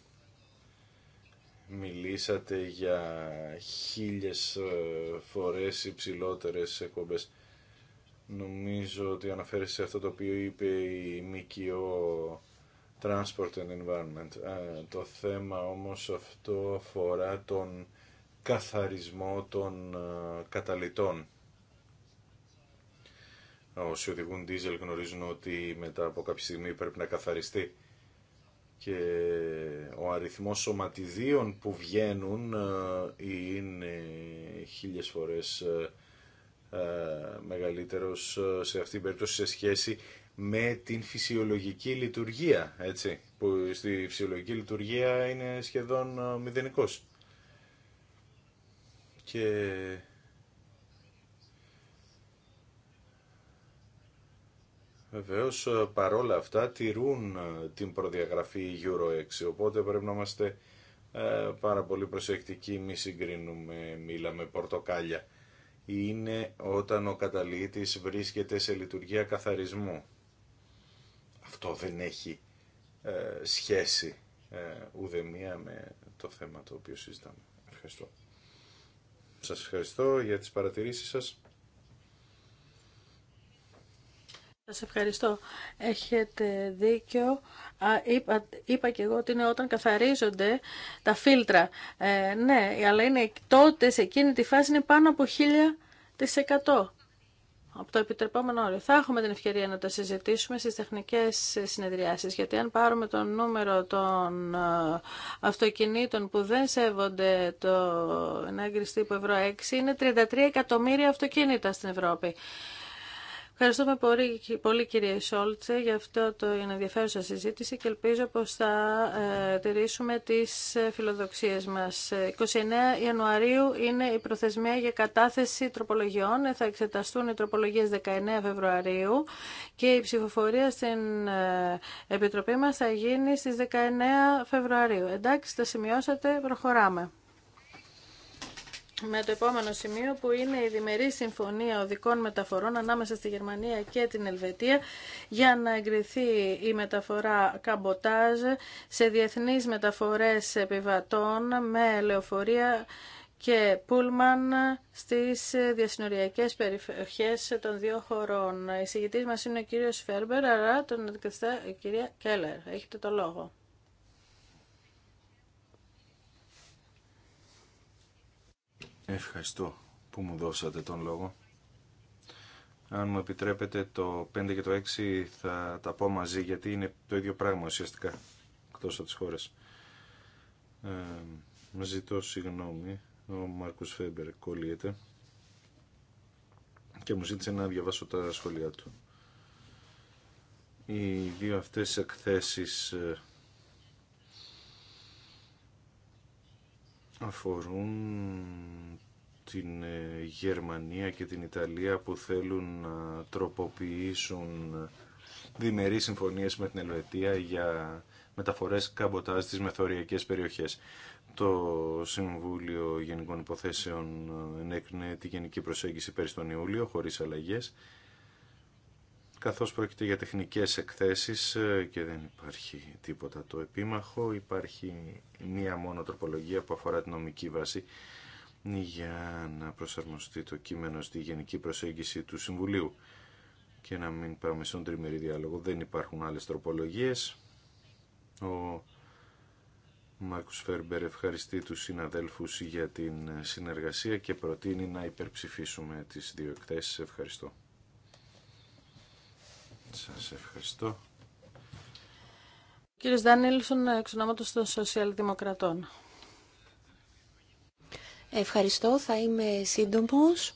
Μιλήσατε για χίλιες ε, φορές υψηλότερες εκπομπές. Νομίζω ότι αναφέρεστε σε αυτό το οποίο είπε η ΜΚΟ Transport and Environment. Ε, το θέμα όμως αυτό αφορά τον καθαρισμό των ε, καταλητών. Όσοι οδηγούν δίζελ γνωρίζουν ότι μετά από κάποια στιγμή πρέπει να καθαριστεί και ο αριθμός σωματιδίων που βγαίνουν ε, είναι χίλιες φορές ε, ε, μεγαλύτερος σε αυτήν την περίπτωση σε σχέση με την φυσιολογική λειτουργία, έτσι, που στη φυσιολογική λειτουργία είναι σχεδόν μηδενικός. Και Βεβαίω, ε, παρόλα αυτά τηρούν ε, την προδιαγραφή Euro 6, οπότε πρέπει να είμαστε ε, πάρα πολύ προσεκτικοί, μη συγκρίνουμε μήλα με πορτοκάλια. Είναι όταν ο καταλήτης βρίσκεται σε λειτουργία καθαρισμού. Αυτό δεν έχει σχέση ε, ουδεμία με το θέμα το οποίο συζητάμε. Ευχαριστώ. Σας ευχαριστώ για τις παρατηρήσεις σας. Σας ευχαριστώ. Έχετε δίκιο. Α, είπα, είπα και εγώ ότι είναι όταν καθαρίζονται τα φίλτρα. Ε, ναι, αλλά είναι τότε σε εκείνη τη φάση είναι πάνω από 1000% από το επιτρεπόμενο όριο. Θα έχουμε την ευκαιρία να τα συζητήσουμε στις τεχνικές συνεδριάσεις, γιατί αν πάρουμε το νούμερο των ε, αυτοκινήτων που δεν σέβονται το ενάγκριστη τύπου Ευρώ 6, είναι 33 εκατομμύρια αυτοκίνητα στην Ευρώπη. Ευχαριστούμε πολύ, κυρία κύριε Σόλτσε για αυτό το ενδιαφέρουσα συζήτηση και ελπίζω πως θα ε, τηρήσουμε τις ε, φιλοδοξίες μας. 29 Ιανουαρίου είναι η προθεσμία για κατάθεση τροπολογιών. Θα εξεταστούν οι τροπολογίες 19 Φεβρουαρίου και η ψηφοφορία στην ε, Επιτροπή μας θα γίνει στις 19 Φεβρουαρίου. Εντάξει, τα σημειώσατε, προχωράμε με το επόμενο σημείο που είναι η διμερή συμφωνία οδικών μεταφορών ανάμεσα στη Γερμανία και την Ελβετία για να εγκριθεί η μεταφορά καμποτάζ σε διεθνείς μεταφορές επιβατών με λεωφορεία και πούλμαν στις διασυνοριακές περιοχές των δύο χωρών. Η συγητής μας είναι ο κύριος Φέρμπερ, αλλά τον αντικαθιστά η κυρία Κέλλερ. Έχετε το λόγο. Ευχαριστώ που μου δώσατε τον λόγο. Αν μου επιτρέπετε το 5 και το 6 θα τα πω μαζί γιατί είναι το ίδιο πράγμα ουσιαστικά εκτός από τις χώρες. Ε, ζητώ συγγνώμη, ο Μάρκους Φέμπερ κολλείται και μου ζήτησε να διαβάσω τα σχόλιά του. Οι δύο αυτές εκθέσεις ε, αφορούν την ε, Γερμανία και την Ιταλία που θέλουν να τροποποιήσουν διμερείς συμφωνίες με την Ελβετία για μεταφορές καμποτάζ στις μεθοριακές περιοχές. Το Συμβούλιο Γενικών Υποθέσεων ενέκρινε τη γενική προσέγγιση πέρυσι τον Ιούλιο χωρίς αλλαγές καθώς πρόκειται για τεχνικές εκθέσεις ε, και δεν υπάρχει τίποτα το επίμαχο, υπάρχει μία μόνο τροπολογία που αφορά την νομική βάση για να προσαρμοστεί το κείμενο στη γενική προσέγγιση του Συμβουλίου και να μην πάμε στον τριμερή διάλογο. Δεν υπάρχουν άλλες τροπολογίες. Ο Μάρκους Φέρμπερ ευχαριστεί τους συναδέλφους για την συνεργασία και προτείνει να υπερψηφίσουμε τις δύο εκθέσεις. Ευχαριστώ. Σας ευχαριστώ. Κύριος Δάνιλσον, εξ ονόματος των Σοσιαλδημοκρατών. Ευχαριστώ, θα είμαι σύντομος.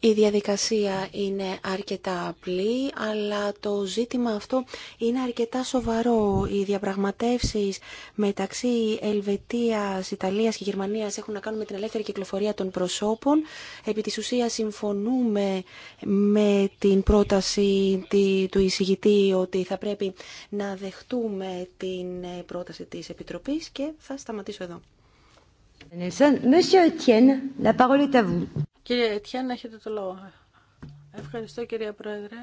Η διαδικασία είναι αρκετά απλή, αλλά το ζήτημα αυτό είναι αρκετά σοβαρό. Οι διαπραγματεύσεις μεταξύ Ελβετίας, Ιταλίας και Γερμανίας έχουν να κάνουν με την ελεύθερη κυκλοφορία των προσώπων. Επί της ουσίας συμφωνούμε με την πρόταση του εισηγητή ότι θα πρέπει να δεχτούμε την πρόταση της Επιτροπής και θα σταματήσω εδώ. Κύριε Ετιάν, έχετε το λόγο. Ευχαριστώ κυρία Πρόεδρε.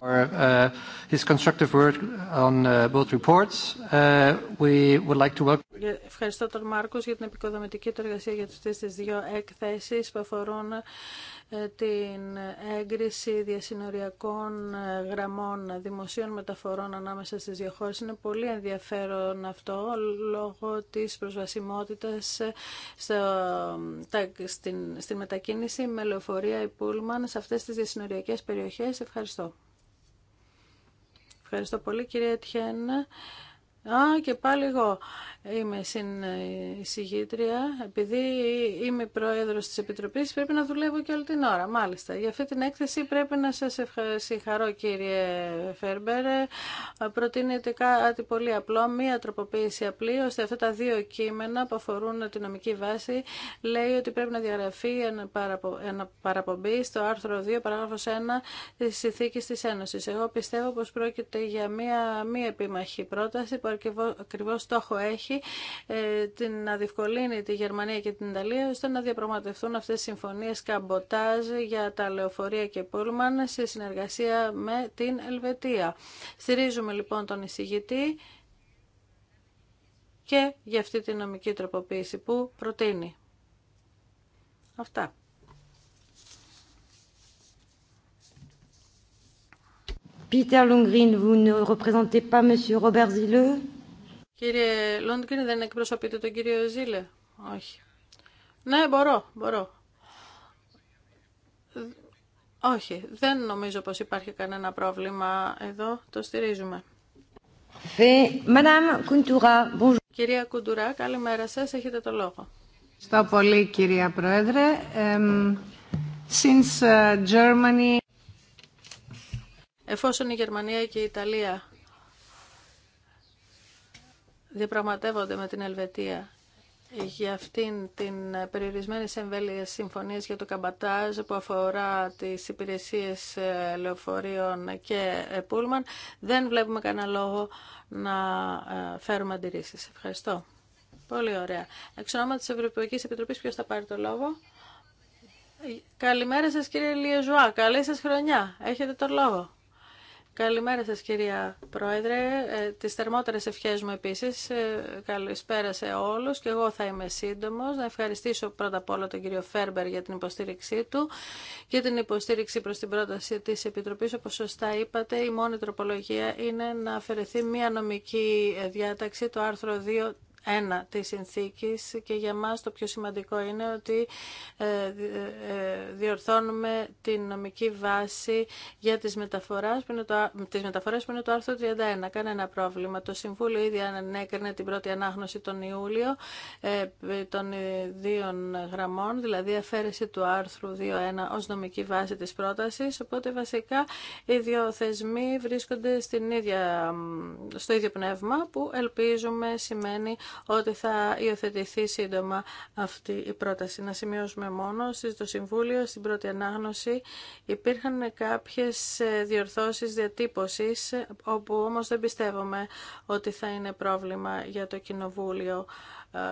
For uh, his constructive work on uh, both reports, uh, we would like to welcome. Ε, ευχαριστώ τον Μάρκος για την επικοδομητική του εργασία για αυτές τις δύο εκθέσεις που αφορούν ε, την έγκριση διασυνοριακών ε, γραμμών δημοσίων μεταφορών ανάμεσα στις δύο χώρες. Είναι πολύ ενδιαφέρον αυτό λόγω της προσβασιμότητας ε, τα, στην, μετακίνηση με λεωφορεία ή πούλμαν σε αυτές τις διασυνοριακές περιοχές. Ευχαριστώ. Ευχαριστώ πολύ κυρία Τιέν. Α, και πάλι εγώ είμαι συνεισηγήτρια. Επειδή είμαι πρόεδρος της Επιτροπής, πρέπει να δουλεύω και όλη την ώρα, μάλιστα. Για αυτή την έκθεση πρέπει να σας συγχαρώ, κύριε Φέρμπερ. Προτείνεται κάτι πολύ απλό, μία τροποποίηση απλή, ώστε αυτά τα δύο κείμενα που αφορούν την νομική βάση, λέει ότι πρέπει να διαγραφεί ένα παραπομπή στο άρθρο 2, παράγραφος 1 της Συνθήκης της Ένωσης. Εγώ πιστεύω πως πρόκειται για μία μη επίμαχη πρόταση που ακριβώς στόχο έχει ε, την, να διευκολύνει τη Γερμανία και την Ιταλία ώστε να διαπραγματευτούν αυτές τις συμφωνίες καμποτάζ για τα λεωφορεία και πούλμαν σε συνεργασία με την Ελβετία. Στηρίζουμε λοιπόν τον εισηγητή και για αυτή τη νομική τροποποίηση που προτείνει. Αυτά. Peter Lundgren, vous ne représentez pas Monsieur Robert Zilleux Κύριε Λόντγκριν, δεν εκπροσωπείτε τον κύριο Ζήλε. Όχι. Ναι, μπορώ, μπορώ. Όχι, δεν νομίζω πως υπάρχει κανένα πρόβλημα εδώ. Το στηρίζουμε. Κυρία Κουντουρά, καλημέρα σας. Έχετε το λόγο. Ευχαριστώ πολύ, κυρία Πρόεδρε. Since ε, Germany... Εφόσον η Γερμανία και η Ιταλία διαπραγματεύονται με την Ελβετία για αυτήν την περιορισμένη εμβέλεια συμφωνία για το καμπατάζ που αφορά τις υπηρεσίες ε, λεωφορείων και ε, πούλμαν, δεν βλέπουμε κανένα λόγο να ε, φέρουμε αντιρρήσεις. Ευχαριστώ. Πολύ ωραία. Εξ ονόμα της Ευρωπαϊκής Επιτροπής, ποιος θα πάρει το λόγο. Καλημέρα σας κύριε Λιεζουά. Καλή σας χρονιά. Έχετε το λόγο. Καλημέρα σας κυρία Πρόεδρε. Ε, τις θερμότερες ευχές μου επίσης. Ε, καλησπέρα σε όλους και εγώ θα είμαι σύντομος. Να ευχαριστήσω πρώτα απ' όλα τον κύριο Φέρμπερ για την υποστήριξή του και την υποστήριξη προς την πρόταση της Επιτροπής. Όπως σωστά είπατε, η μόνη τροπολογία είναι να αφαιρεθεί μια νομική διάταξη, το άρθρο 2 ένα της συνθήκης και για μας το πιο σημαντικό είναι ότι ε, ε, διορθώνουμε την νομική βάση για τις μεταφορές που είναι το, τις μεταφορές που το άρθρο 31. Κανένα πρόβλημα. Το Συμβούλιο ήδη ανέκρινε την πρώτη ανάγνωση τον Ιούλιο ε, των δύο γραμμών, δηλαδή αφαίρεση του άρθρου 2.1 ως νομική βάση της πρότασης, οπότε βασικά οι δύο θεσμοί βρίσκονται στην ίδια, στο ίδιο πνεύμα που ελπίζουμε σημαίνει ότι θα υιοθετηθεί σύντομα αυτή η πρόταση. Να σημειώσουμε μόνο στο Συμβούλιο, στην πρώτη ανάγνωση, υπήρχαν κάποιες ε, διορθώσεις διατύπωσης, όπου όμως δεν πιστεύουμε ότι θα είναι πρόβλημα για το Κοινοβούλιο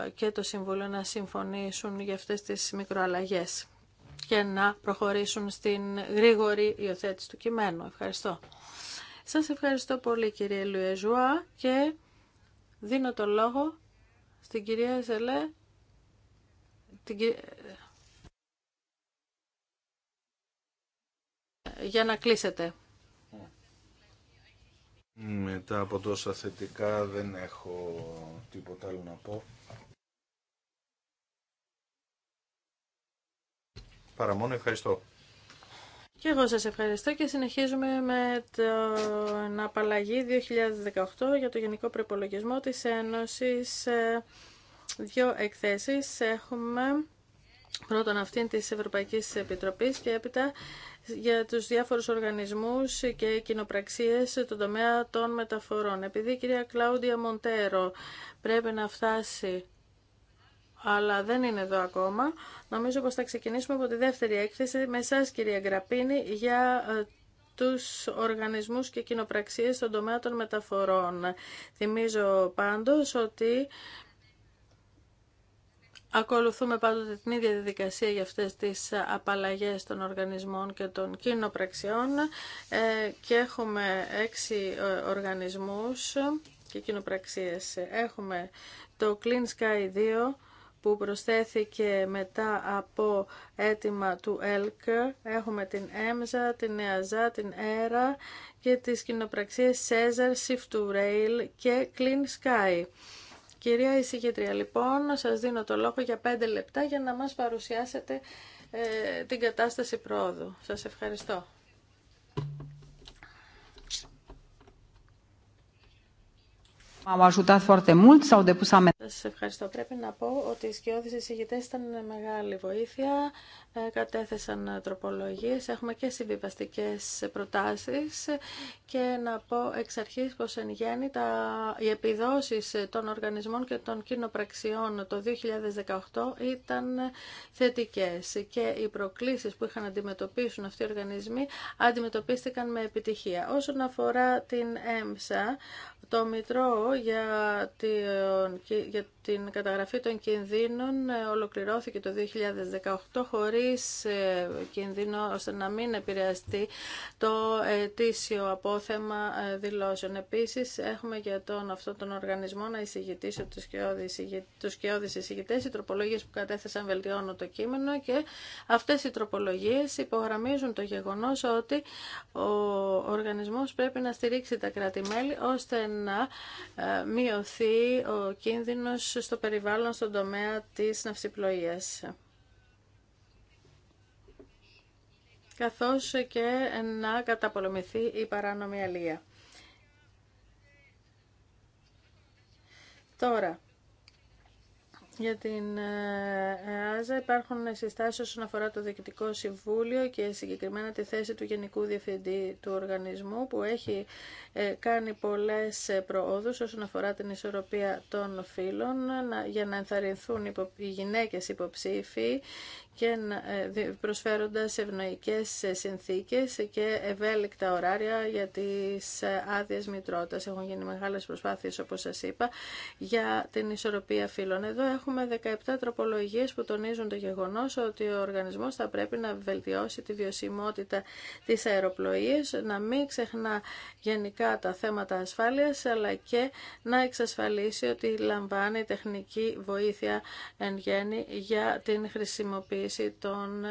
ε, και το Συμβούλιο να συμφωνήσουν για αυτές τις μικροαλλαγές και να προχωρήσουν στην γρήγορη υιοθέτηση του κειμένου. Ευχαριστώ. Σας ευχαριστώ πολύ κύριε Λουεζουά και δίνω το λόγο την κυρία Ζελέ. Για να κλείσετε. Μετά από τόσα θετικά δεν έχω τίποτα άλλο να πω. Παρά μόνο ευχαριστώ. Και εγώ σας ευχαριστώ και συνεχίζουμε με την απαλλαγή 2018 για το Γενικό Προπολογισμό της Ένωσης. Ε, δύο εκθέσεις έχουμε. Πρώτον αυτήν της Ευρωπαϊκής Επιτροπής και έπειτα για τους διάφορους οργανισμούς και κοινοπραξίες στον τομέα των μεταφορών. Επειδή η κυρία Κλάουντια Μοντέρο πρέπει να φτάσει αλλά δεν είναι εδώ ακόμα. Νομίζω πως θα ξεκινήσουμε από τη δεύτερη έκθεση με εσάς κυρία Γκραπίνη για ε, τους οργανισμούς και κοινοπραξίες στον τομέα των μεταφορών. Θυμίζω πάντως ότι ακολουθούμε πάντοτε την ίδια διαδικασία για αυτές τις απαλλαγές των οργανισμών και των κοινοπραξιών ε, και έχουμε έξι ε, οργανισμούς και κοινοπραξίες. Έχουμε το Clean Sky 2, που προσθέθηκε μετά από αίτημα του ΕΛΚ. Έχουμε την ΕΜΖΑ, την ΕΑΖΑ, την ΕΡΑ και τις κοινοπραξίες Caesar, Shift to Rail και Clean Sky. Κυρία Ισηγητρία, λοιπόν, σας δίνω το λόγο για 5 λεπτά για να μας παρουσιάσετε ε, την κατάσταση πρόοδου. Σας ευχαριστω ajutat foarte mult, Σα ευχαριστώ. Πρέπει να πω ότι οι σκιώδει εισηγητέ ήταν μεγάλη βοήθεια, ε, κατέθεσαν τροπολογίες, έχουμε και συμβιβαστικέ προτάσει και να πω εξ αρχή πως εν γέννη τα, οι επιδόσεις των οργανισμών και των κοινοπραξιών το 2018 ήταν θετικές και οι προκλήσεις που είχαν να αντιμετωπίσουν αυτοί οι οργανισμοί αντιμετωπίστηκαν με επιτυχία. Όσον αφορά την ΕΜΣΑ, το Μητρό για την για την καταγραφή των κινδύνων ε, ολοκληρώθηκε το 2018 χωρίς ε, κινδύνο ώστε να μην επηρεαστεί το ετήσιο απόθεμα ε, δηλώσεων. Επίσης έχουμε για τον αυτόν τον οργανισμό να εισηγητήσει τους σκιώδεις εισηγητές οι τροπολογίες που κατέθεσαν βελτιώνω το κείμενο και αυτές οι τροπολογίες υπογραμμίζουν το γεγονός ότι ο οργανισμός πρέπει να στηρίξει τα κράτη-μέλη ώστε να μειωθεί ο κίνδυνο στο περιβάλλον στον τομέα της ναυσιπλοείας. καθώς και να καταπολεμηθεί η παράνομη αλία. Τώρα, για την ε, ΕΑΖΑ υπάρχουν συστάσεις όσον αφορά το Διοικητικό Συμβούλιο και συγκεκριμένα τη θέση του Γενικού Διευθυντή του Οργανισμού που έχει ε, κάνει πολλές ε, προόδους όσον αφορά την ισορροπία των φύλων για να ενθαρρυνθούν οι γυναίκες υποψήφοι και προσφέροντας ευνοϊκές συνθήκες και ευέλικτα ωράρια για τις άδειε μητρότητας. Έχουν γίνει μεγάλες προσπάθειες, όπως σας είπα, για την ισορροπία φύλων. Έχουμε 17 τροπολογίες που τονίζουν το γεγονός ότι ο οργανισμός θα πρέπει να βελτιώσει τη βιωσιμότητα της αεροπλοείας, να μην ξεχνά γενικά τα θέματα ασφάλειας, αλλά και να εξασφαλίσει ότι λαμβάνει τεχνική βοήθεια εν γέννη για την χρησιμοποίηση των,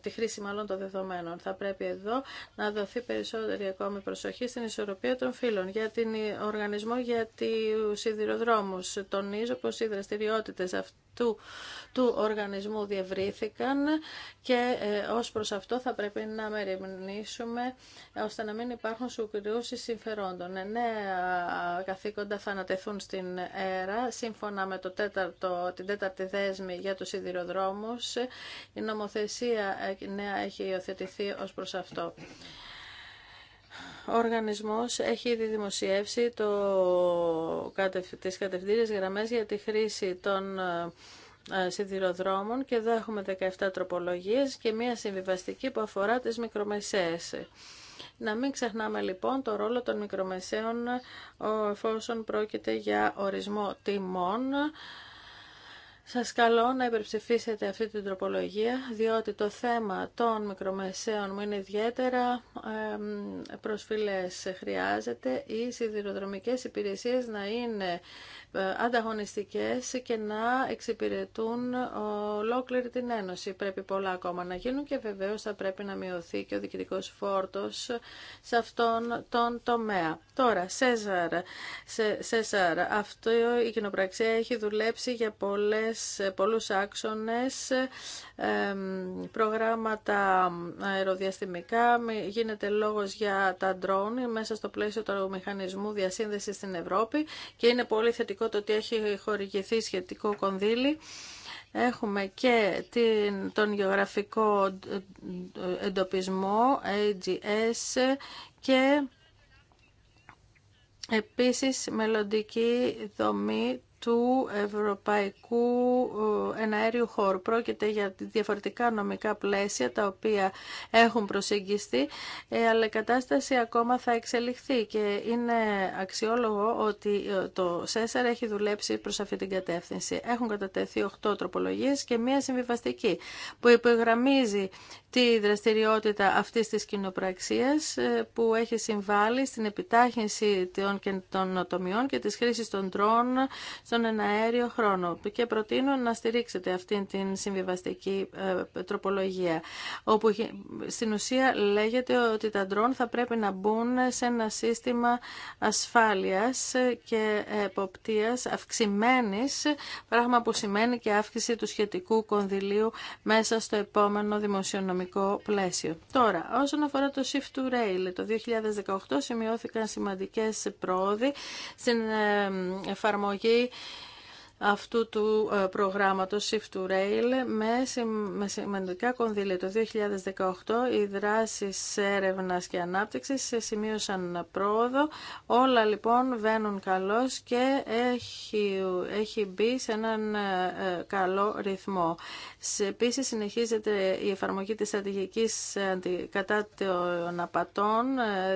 τη χρήση μάλλον των δεδομένων. Θα πρέπει εδώ να δοθεί περισσότερη ακόμη προσοχή στην ισορροπία των φύλων. Για την οργανισμό για του σιδηροδρόμους τονίζω πως οι δραστηριότητε αυτού του οργανισμού διευρύθηκαν και ε, ως προς αυτό θα πρέπει να μεριμνήσουμε ώστε να μην υπάρχουν σουκριούσεις συμφερόντων. Ε, νέα καθήκοντα θα ανατεθούν στην ΕΡΑ σύμφωνα με το τέταρτο, την τέταρτη δέσμη για τους σιδηροδρόμους. Η νομοθεσία ε, νέα έχει υιοθετηθεί ως προς αυτό ο οργανισμός έχει ήδη δημοσιεύσει το, τις γραμμέ γραμμές για τη χρήση των ε, ε, σιδηροδρόμων και εδώ έχουμε 17 τροπολογίες και μία συμβιβαστική που αφορά τις μικρομεσαίες. Να μην ξεχνάμε λοιπόν το ρόλο των μικρομεσαίων ε, εφόσον πρόκειται για ορισμό τιμών σας καλώ να υπερψηφίσετε αυτή την τροπολογία, διότι το θέμα των μικρομεσαίων μου είναι ιδιαίτερα προσφυλές. Χρειάζεται οι σιδηροδρομικές υπηρεσίες να είναι ανταγωνιστικές και να εξυπηρετούν ολόκληρη την Ένωση. Πρέπει πολλά ακόμα να γίνουν και βεβαίως θα πρέπει να μειωθεί και ο διοικητικός φόρτος σε αυτόν τον τομέα. Τώρα, Σέζαρ, σε, Σέζαρ αυτό η κοινοπραξία έχει δουλέψει για πολλές, πολλούς άξονες, προγράμματα αεροδιαστημικά, γίνεται λόγος για τα ντρόν μέσα στο πλαίσιο του μηχανισμού διασύνδεσης στην Ευρώπη και είναι πολύ θετικό σημαντικό το ότι έχει χορηγηθεί σχετικό κονδύλι. Έχουμε και την, τον γεωγραφικό εντοπισμό, AGS, και επίσης μελλοντική δομή του Ευρωπαϊκού ε, Εναέριου Χώρου. Πρόκειται για διαφορετικά νομικά πλαίσια τα οποία έχουν προσεγγιστεί, ε, αλλά η κατάσταση ακόμα θα εξελιχθεί και είναι αξιόλογο ότι ε, το ΣΕΣΑΡ έχει δουλέψει προς αυτή την κατεύθυνση. Έχουν κατατεθεί 8 τροπολογίες και μία συμβιβαστική που υπογραμμίζει τη δραστηριότητα αυτής της κοινοπραξίας ε, που έχει συμβάλει στην επιτάχυνση των νοτομιών και της χρήσης των τρών στον εναέριο χρόνο και προτείνω να στηρίξετε αυτήν την συμβιβαστική ε, τροπολογία όπου στην ουσία λέγεται ότι τα τρόν θα πρέπει να μπουν σε ένα σύστημα ασφάλειας και εποπτείας αυξημένης πράγμα που σημαίνει και αύξηση του σχετικού κονδυλίου μέσα στο επόμενο δημοσιονομικό πλαίσιο. Τώρα, όσον αφορά το Shift to Rail, το 2018 σημειώθηκαν σημαντικές πρόοδοι στην ε, εφαρμογή αυτού του ε, προγράμματος Shift to Rail με σημαντικά κονδύλια. Το 2018 οι δράσεις έρευνας και ανάπτυξης σημείωσαν πρόοδο. Όλα λοιπόν βαίνουν καλώς και έχει, έχει μπει σε έναν ε, ε, καλό ρυθμό. Επίσης συνεχίζεται η εφαρμογή της στρατηγικής κατά των απατών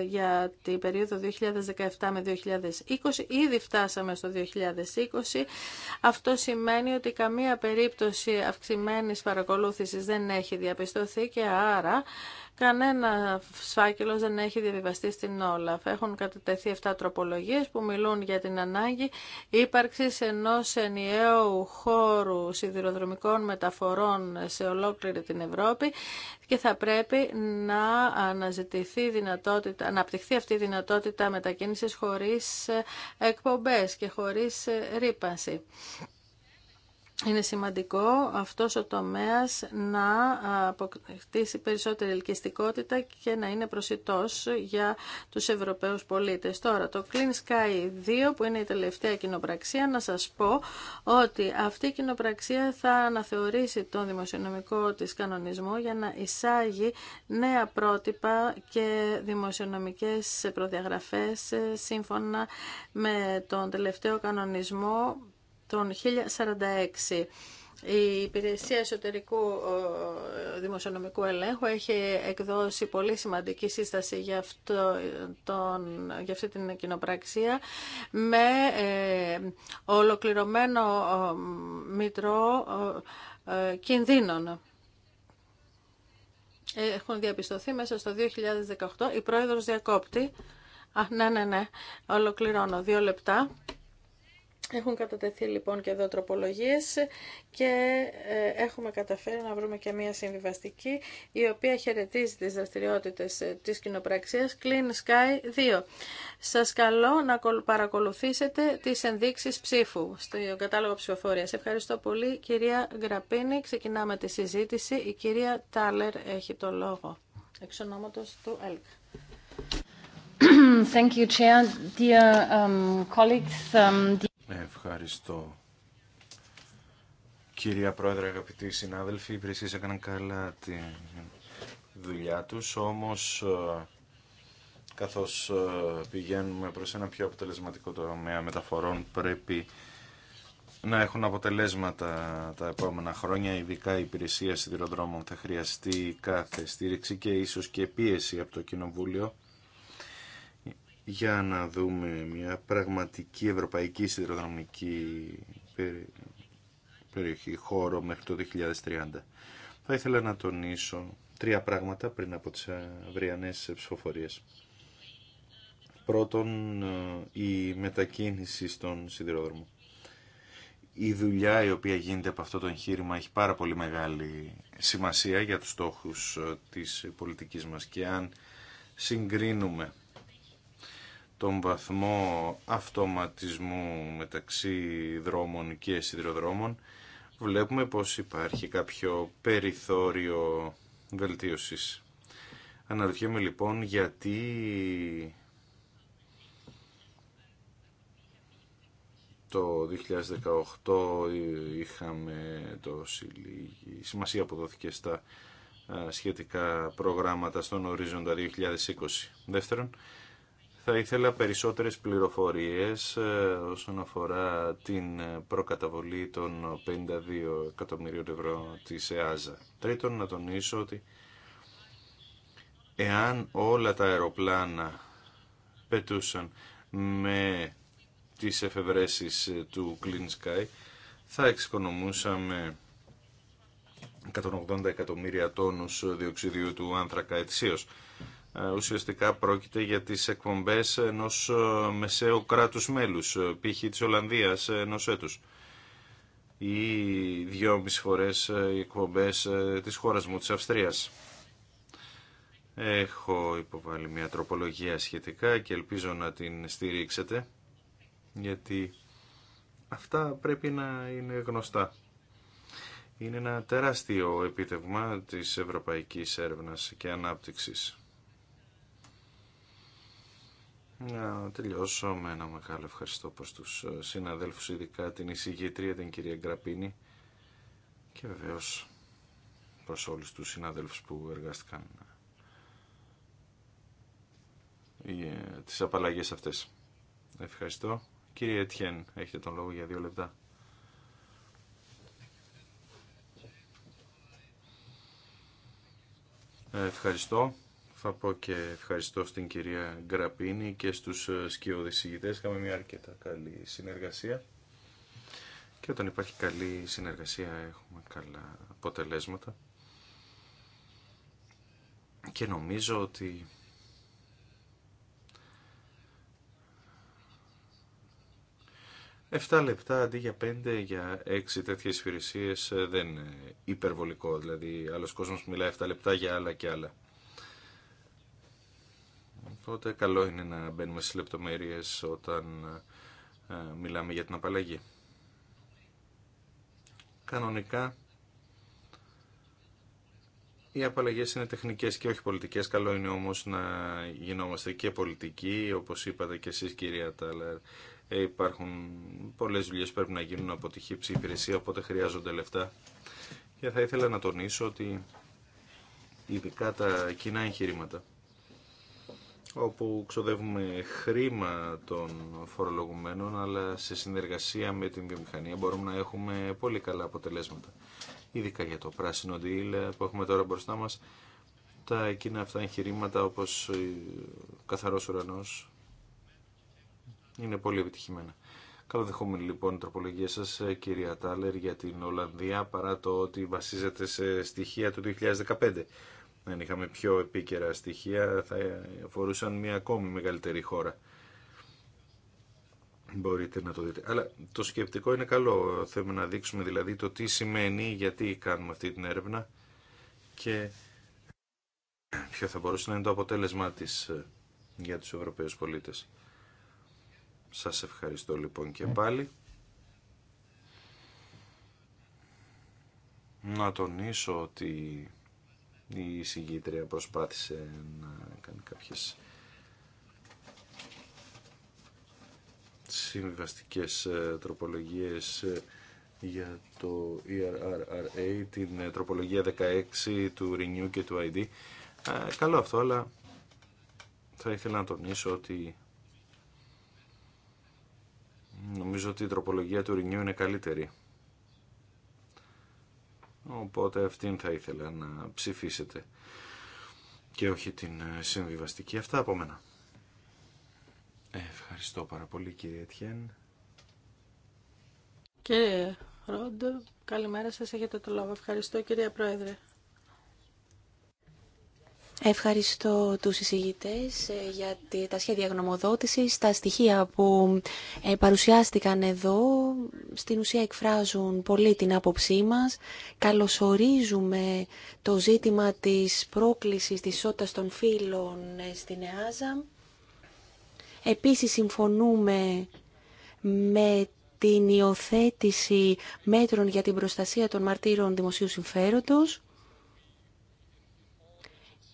για την περίοδο 2017 με 2020. Ήδη φτάσαμε στο 2020. Αυτό σημαίνει ότι καμία περίπτωση αυξημένης παρακολούθησης δεν έχει διαπιστωθεί και άρα Κανένα φάκελο δεν έχει διαβιβαστεί στην Όλαφ. Έχουν κατατεθεί 7 τροπολογίε που μιλούν για την ανάγκη ύπαρξη ενό ενιαίου χώρου σιδηροδρομικών μεταφορών σε ολόκληρη την Ευρώπη και θα πρέπει να αναζητηθεί δυνατότητα, να αναπτυχθεί αυτή η δυνατότητα μετακίνησης χωρίς εκπομπές και χωρίς ρήπανση είναι σημαντικό αυτός ο τομέας να αποκτήσει περισσότερη ελκυστικότητα και να είναι προσιτός για τους Ευρωπαίους πολίτες. Τώρα, το Clean Sky 2 που είναι η τελευταία κοινοπραξία, να σας πω ότι αυτή η κοινοπραξία θα αναθεωρήσει τον δημοσιονομικό της κανονισμό για να εισάγει νέα πρότυπα και δημοσιονομικές προδιαγραφές σύμφωνα με τον τελευταίο κανονισμό τον 1046. Η Υπηρεσία Εσωτερικού Δημοσιονομικού Ελέγχου έχει εκδώσει πολύ σημαντική σύσταση για, αυτό, τον, για αυτή την κοινοπραξία με ε, ολοκληρωμένο μητρό ε, κινδύνων. Έχουν διαπιστωθεί μέσα στο 2018 η πρόεδρος διακόπτη. Α, ναι, ναι, ναι, ολοκληρώνω δύο λεπτά. Έχουν κατατεθεί λοιπόν και εδώ τροπολογίες και ε, έχουμε καταφέρει να βρούμε και μία συμβιβαστική η οποία χαιρετίζει τις δραστηριότητες ε, της κοινοπραξίας Clean Sky 2. Σας καλώ να παρακολουθήσετε τις ενδείξεις ψήφου στο κατάλογο ψηφοφορίας. Ευχαριστώ πολύ κυρία Γραπίνη. Ξεκινάμε τη συζήτηση. Η κυρία Τάλερ έχει το λόγο. Εξ του ΕΛΚ. Thank you, Chair. Dear um, colleagues, um, Ευχαριστώ. Κυρία Πρόεδρε, αγαπητοί συνάδελφοι, οι υπηρεσίες έκαναν καλά τη δουλειά τους, όμως ε, καθώς ε, πηγαίνουμε προς ένα πιο αποτελεσματικό τομέα μεταφορών πρέπει να έχουν αποτελέσματα τα επόμενα χρόνια, ειδικά η υπηρεσία σιδηροδρόμων θα χρειαστεί κάθε στήριξη και ίσως και πίεση από το Κοινοβούλιο για να δούμε μια πραγματική ευρωπαϊκή σιδηροδρομική περιοχή, χώρο μέχρι το 2030. Θα ήθελα να τονίσω τρία πράγματα πριν από τις αυριανές ψηφοφορίες. Πρώτον, ε, η μετακίνηση στον σιδηρόδρομο. Η δουλειά η οποία γίνεται από αυτό το εγχείρημα έχει πάρα πολύ μεγάλη σημασία για τους στόχους ε, της πολιτικής μας και αν συγκρίνουμε τον βαθμό αυτοματισμού μεταξύ δρόμων και σιδηροδρόμων βλέπουμε πως υπάρχει κάποιο περιθώριο βελτίωσης. Αναρωτιέμαι λοιπόν γιατί το 2018 είχαμε το σημασία που δόθηκε στα σχετικά προγράμματα στον ορίζοντα 2020. Δεύτερον, θα ήθελα περισσότερες πληροφορίες ε, όσον αφορά την προκαταβολή των 52 εκατομμυρίων ευρώ της ΕΑΖΑ. Τρίτον, να τονίσω ότι εάν όλα τα αεροπλάνα πετούσαν με τις εφευρέσεις του Clean Sky, θα εξοικονομούσαμε 180 εκατομμύρια τόνους διοξιδίου του άνθρακα ετσίως. Ε, ουσιαστικά πρόκειται για τις εκπομπές ενός ε, μεσαίου κράτους μέλους, ε, π.χ. της Ολλανδίας ενός έτους ή δυόμιση φορές οι εκπομπές της χώρας μου, της Αυστρίας. Έχω υποβάλει μια τροπολογία σχετικά και ελπίζω να την στηρίξετε, γιατί αυτά πρέπει να είναι γνωστά. Είναι ένα τεράστιο επίτευγμα της ευρωπαϊκής έρευνας και ανάπτυξης να τελειώσω με ένα μεγάλο ευχαριστώ προς τους ε, συναδέλφους, ειδικά την εισηγήτρια, την κυρία Γκραπίνη και βεβαίως προς όλους τους συναδέλφους που εργάστηκαν για ε, ε, τις απαλλαγές αυτές. Ευχαριστώ. Κύριε Έτιεν, έχετε τον λόγο για δύο λεπτά. Ευχαριστώ θα πω και ευχαριστώ στην κυρία Γκραπίνη και στους ε, σκιοδησηγητές. Είχαμε μια αρκετά καλή συνεργασία και όταν υπάρχει καλή συνεργασία έχουμε καλά αποτελέσματα. Και νομίζω ότι 7 λεπτά αντί για 5 για 6 τέτοιε υπηρεσίε ε, δεν είναι υπερβολικό. Δηλαδή, άλλο κόσμο μιλάει 7 λεπτά για άλλα και άλλα. Οπότε καλό είναι να μπαίνουμε στις λεπτομέρειες όταν ε, μιλάμε για την απαλλαγή. Κανονικά οι απαλλαγές είναι τεχνικές και όχι πολιτικές. Καλό είναι όμως να γινόμαστε και πολιτικοί, όπως είπατε και εσείς κυρία Τάλερ. Ε, υπάρχουν πολλές δουλειέ που πρέπει να γίνουν από τη χύψη υπηρεσία, οπότε χρειάζονται λεφτά. Και θα ήθελα να τονίσω ότι ειδικά τα κοινά εγχειρήματα όπου ξοδεύουμε χρήμα των φορολογουμένων, αλλά σε συνεργασία με την βιομηχανία μπορούμε να έχουμε πολύ καλά αποτελέσματα. Ειδικά για το πράσινο deal που έχουμε τώρα μπροστά μας, τα εκείνα αυτά εγχειρήματα όπως ο καθαρός ουρανός είναι πολύ επιτυχημένα. Καλοδεχόμενη λοιπόν η τροπολογία σας κυρία Τάλερ για την Ολλανδία παρά το ότι βασίζεται σε στοιχεία του 2015 αν είχαμε πιο επίκαιρα στοιχεία, θα αφορούσαν μια ακόμη μεγαλύτερη χώρα. Μπορείτε να το δείτε. Αλλά το σκεπτικό είναι καλό. Θέλουμε να δείξουμε δηλαδή το τι σημαίνει, γιατί κάνουμε αυτή την έρευνα και ποιο θα μπορούσε να είναι το αποτέλεσμά της ε, για τους Ευρωπαίους πολίτες. Σας ευχαριστώ λοιπόν και πάλι. Να τονίσω ότι η συγγήτρια προσπάθησε να κάνει κάποιες συμβαστικές ε, τροπολογίες ε, για το ERRRA, την ε, τροπολογία 16 του Renew και του ID. Καλό αυτό, αλλά θα ήθελα να τονίσω ότι νομίζω ότι η τροπολογία του Renew είναι καλύτερη. Οπότε αυτήν θα ήθελα να ψηφίσετε και όχι την ε, συμβιβαστική. Αυτά από μένα. Ε, ευχαριστώ πάρα πολύ κύριε Τιέν. Κύριε Ρόντο, καλημέρα σας. Έχετε το λόγο. Ευχαριστώ κύριε Πρόεδρε. Ευχαριστώ τους εισηγητές ε, για τα σχέδια γνωμοδότησης. Τα στοιχεία που ε, παρουσιάστηκαν εδώ στην ουσία εκφράζουν πολύ την άποψή μας. Καλωσορίζουμε το ζήτημα της πρόκλησης της σώτας των φύλων ε, στην ΕΑΖΑ. Επίσης συμφωνούμε με την υιοθέτηση μέτρων για την προστασία των μαρτύρων δημοσίου συμφέροντος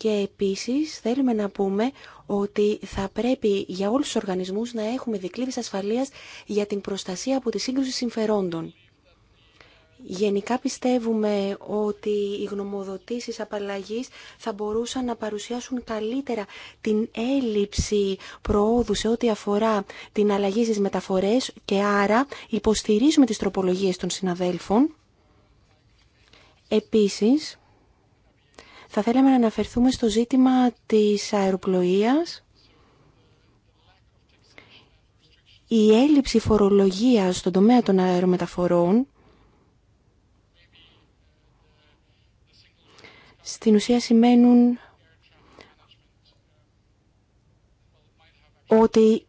και επίσης θέλουμε να πούμε ότι θα πρέπει για όλους τους οργανισμούς να έχουμε δικλείδες ασφαλείας για την προστασία από τη σύγκρουση συμφερόντων. Γενικά πιστεύουμε ότι οι γνωμοδοτήσεις απαλλαγής θα μπορούσαν να παρουσιάσουν καλύτερα την έλλειψη προόδου σε ό,τι αφορά την αλλαγή στις μεταφορές και άρα υποστηρίζουμε τις τροπολογίες των συναδέλφων. Επίσης, θα θέλαμε να αναφερθούμε στο ζήτημα της αεροπλοείας. Η έλλειψη φορολογίας στον τομέα των αερομεταφορών στην ουσία σημαίνουν ότι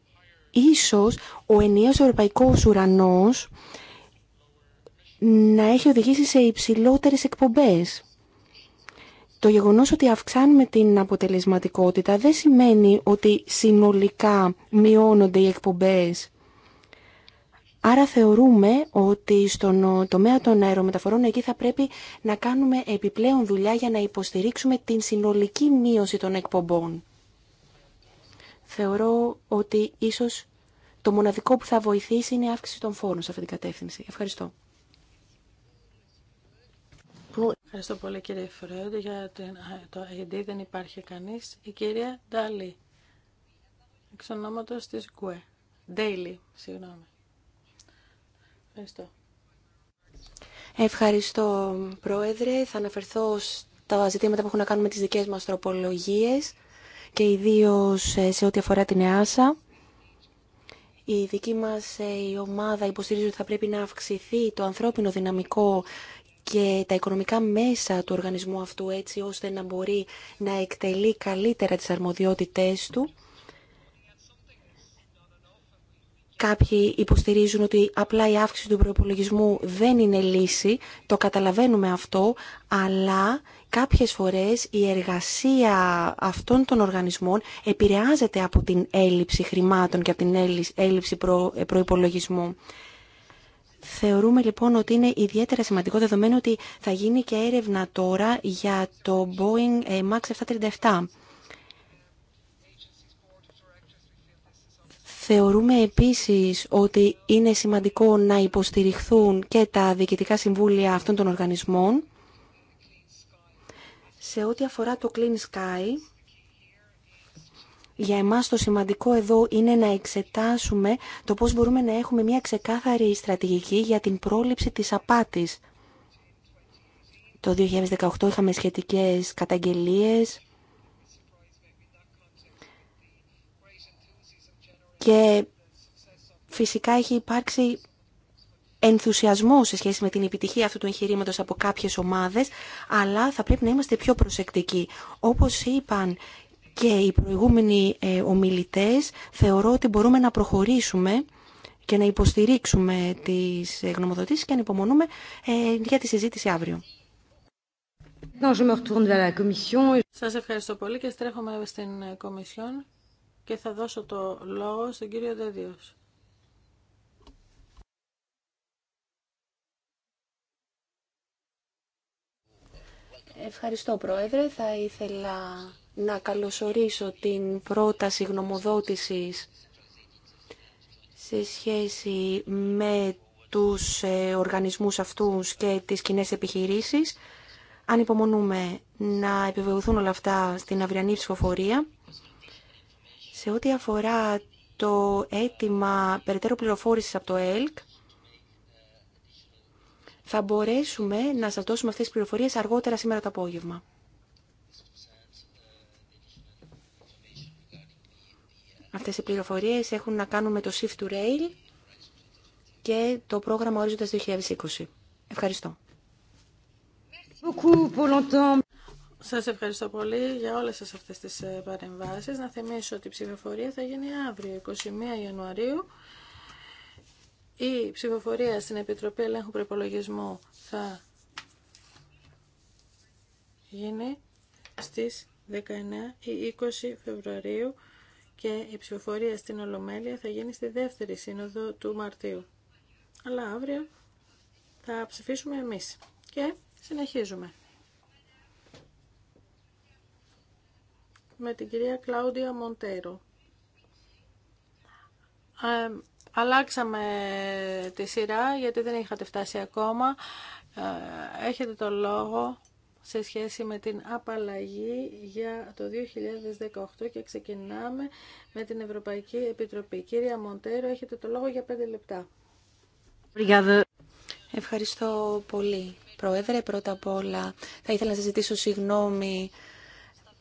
ίσως ο ενιαίος ευρωπαϊκός ουρανός να έχει οδηγήσει σε υψηλότερες εκπομπές. Το γεγονός ότι αυξάνουμε την αποτελεσματικότητα δεν σημαίνει ότι συνολικά μειώνονται οι εκπομπές. Άρα θεωρούμε ότι στον τομέα των αερομεταφορών εκεί θα πρέπει να κάνουμε επιπλέον δουλειά για να υποστηρίξουμε την συνολική μείωση των εκπομπών. Θεωρώ ότι ίσως το μοναδικό που θα βοηθήσει είναι η αύξηση των φόρων σε αυτή την κατεύθυνση. Ευχαριστώ. Ευχαριστώ πολύ κύριε Φρέοντι για το ID. Δεν υπάρχει κανείς. Η κυρία Ντάλι, εξ ονόματος της ΚΟΕ. Ντέιλι, συγγνώμη. Ευχαριστώ. Ευχαριστώ Πρόεδρε. Θα αναφερθώ στα ζητήματα που έχουν να κάνουν με τις δικές μας τροπολογίες και ιδίως ε, σε ό,τι αφορά την ΕΑΣΑ. Η δική μας ε, η ομάδα υποστηρίζει ότι θα πρέπει να αυξηθεί το ανθρώπινο δυναμικό και τα οικονομικά μέσα του οργανισμού αυτού έτσι ώστε να μπορεί να εκτελεί καλύτερα τις αρμοδιότητές του. Κάποιοι υποστηρίζουν ότι απλά η αύξηση του προπολογισμού δεν είναι λύση, το καταλαβαίνουμε αυτό, αλλά κάποιες φορές η εργασία αυτών των οργανισμών επηρεάζεται από την έλλειψη χρημάτων και από την έλλειψη προϋπολογισμού. Θεωρούμε λοιπόν ότι είναι ιδιαίτερα σημαντικό δεδομένου ότι θα γίνει και έρευνα τώρα για το Boeing ε, MAX 737. Θεωρούμε επίσης ότι είναι σημαντικό να υποστηριχθούν και τα διοικητικά συμβούλια αυτών των οργανισμών. Σε ό,τι αφορά το Clean Sky, για εμάς το σημαντικό εδώ είναι να εξετάσουμε το πώς μπορούμε να έχουμε μια ξεκάθαρη στρατηγική για την πρόληψη της απάτης. Το 2018 είχαμε σχετικές καταγγελίες και φυσικά έχει υπάρξει ενθουσιασμό σε σχέση με την επιτυχία αυτού του εγχειρήματο από κάποιε ομάδε, αλλά θα πρέπει να είμαστε πιο προσεκτικοί. Όπω είπαν και οι προηγούμενοι ε, ομιλητές θεωρώ ότι μπορούμε να προχωρήσουμε και να υποστηρίξουμε τις ε, γνωμοδοτήσεις και ανυπομονούμε ε, για τη συζήτηση αύριο. Σας ευχαριστώ πολύ και στρέφομαι στην Κομισιόν και θα δώσω το λόγο στον κύριο Δεδίος. Ευχαριστώ Πρόεδρε. Θα ήθελα να καλωσορίσω την πρόταση γνωμοδότησης σε σχέση με τους ε, οργανισμούς αυτούς και τις κοινέ επιχειρήσεις. Αν υπομονούμε να επιβεβαιωθούν όλα αυτά στην αυριανή ψηφοφορία, σε ό,τι αφορά το αίτημα περαιτέρω πληροφόρησης από το ΕΛΚ, θα μπορέσουμε να σας δώσουμε αυτές τις πληροφορίες αργότερα σήμερα το απόγευμα. Αυτές οι πληροφορίες έχουν να κάνουν με το Shift to Rail και το πρόγραμμα Ορίζοντας 2020. Ευχαριστώ. Σας ευχαριστώ πολύ για όλες σας αυτές τις ε, παρεμβάσεις. Να θυμίσω ότι η ψηφοφορία θα γίνει αύριο, 21 Ιανουαρίου. Η ψηφοφορία στην Επιτροπή Ελέγχου Προπολογισμού θα γίνει στις 19 ή 20 Φεβρουαρίου και η ψηφοφορία στην Ολομέλεια θα γίνει στη δεύτερη σύνοδο του Μαρτίου. Αλλά αύριο θα ψηφίσουμε εμείς και συνεχίζουμε. Με την κυρία Κλάουντια Μοντέρο. Ε, αλλάξαμε τη σειρά γιατί δεν είχατε φτάσει ακόμα. Ε, έχετε το λόγο σε σχέση με την απαλλαγή για το 2018 και ξεκινάμε με την Ευρωπαϊκή Επιτροπή. Κύρια Μοντέρο, έχετε το λόγο για πέντε λεπτά. Ευχαριστώ πολύ. Πρόεδρε, πρώτα απ' όλα θα ήθελα να σας ζητήσω συγγνώμη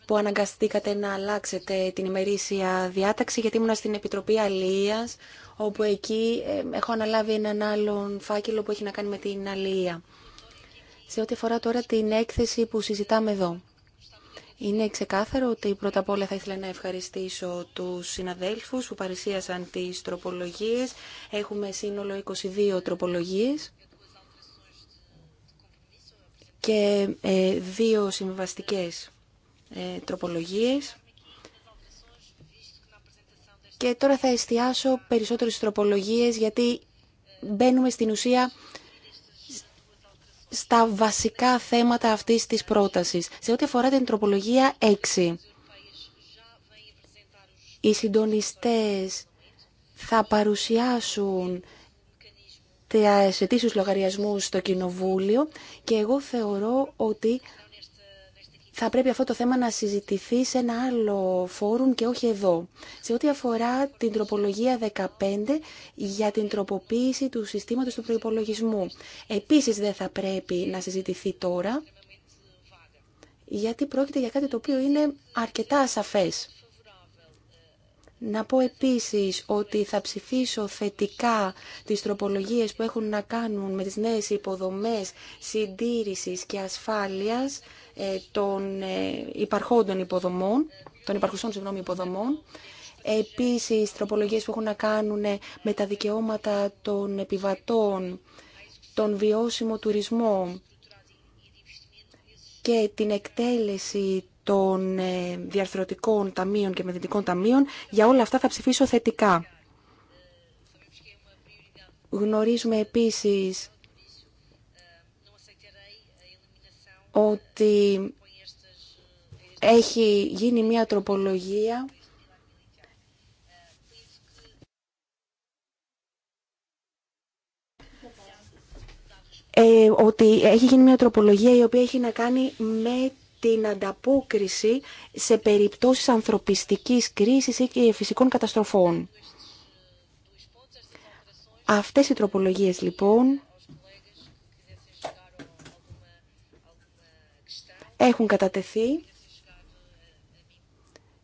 που αναγκαστήκατε να αλλάξετε την ημερήσια διάταξη γιατί ήμουνα στην Επιτροπή Αλίας όπου εκεί ε, έχω αναλάβει έναν άλλον φάκελο που έχει να κάνει με την Αλία. Σε ό,τι αφορά τώρα την έκθεση που συζητάμε εδώ. Είναι ξεκάθαρο ότι πρώτα απ' όλα θα ήθελα να ευχαριστήσω τους συναδέλφους που παρουσίασαν τις τροπολογίες. Έχουμε σύνολο 22 τροπολογίες και ε, δύο συμβαστικές ε, τροπολογίες. Και τώρα θα εστιάσω περισσότερες τροπολογίες γιατί μπαίνουμε στην ουσία στα βασικά θέματα αυτής της πρότασης. Σε ό,τι αφορά την τροπολογία 6, οι συντονιστές θα παρουσιάσουν τα αιτήσιους λογαριασμού στο Κοινοβούλιο και εγώ θεωρώ ότι θα πρέπει αυτό το θέμα να συζητηθεί σε ένα άλλο φόρουμ και όχι εδώ. Σε ό,τι αφορά την τροπολογία 15 για την τροποποίηση του συστήματος του προϋπολογισμού. Επίσης δεν θα πρέπει να συζητηθεί τώρα, γιατί πρόκειται για κάτι το οποίο είναι αρκετά ασαφές. Να πω επίσης ότι θα ψηφίσω θετικά τις τροπολογίες που έχουν να κάνουν με τις νέες υποδομές συντήρησης και ασφάλειας ε, των ε, υπαρχόντων υποδομών, των υπαρχουσών συγγνώμη, υποδομών. Επίσης, τροπολογίες που έχουν να κάνουν ε, με τα δικαιώματα των επιβατών, τον βιώσιμο τουρισμό και την εκτέλεση των διαρθρωτικών ταμείων και μεδεντικών ταμείων. Για όλα αυτά θα ψηφίσω θετικά. Γνωρίζουμε επίσης ότι έχει γίνει μια τροπολογία ε, ότι έχει γίνει μια τροπολογία η οποία έχει να κάνει με την ανταπόκριση σε περιπτώσεις ανθρωπιστικής κρίσης ή και φυσικών καταστροφών. Αυτές οι τροπολογίες λοιπόν έχουν κατατεθεί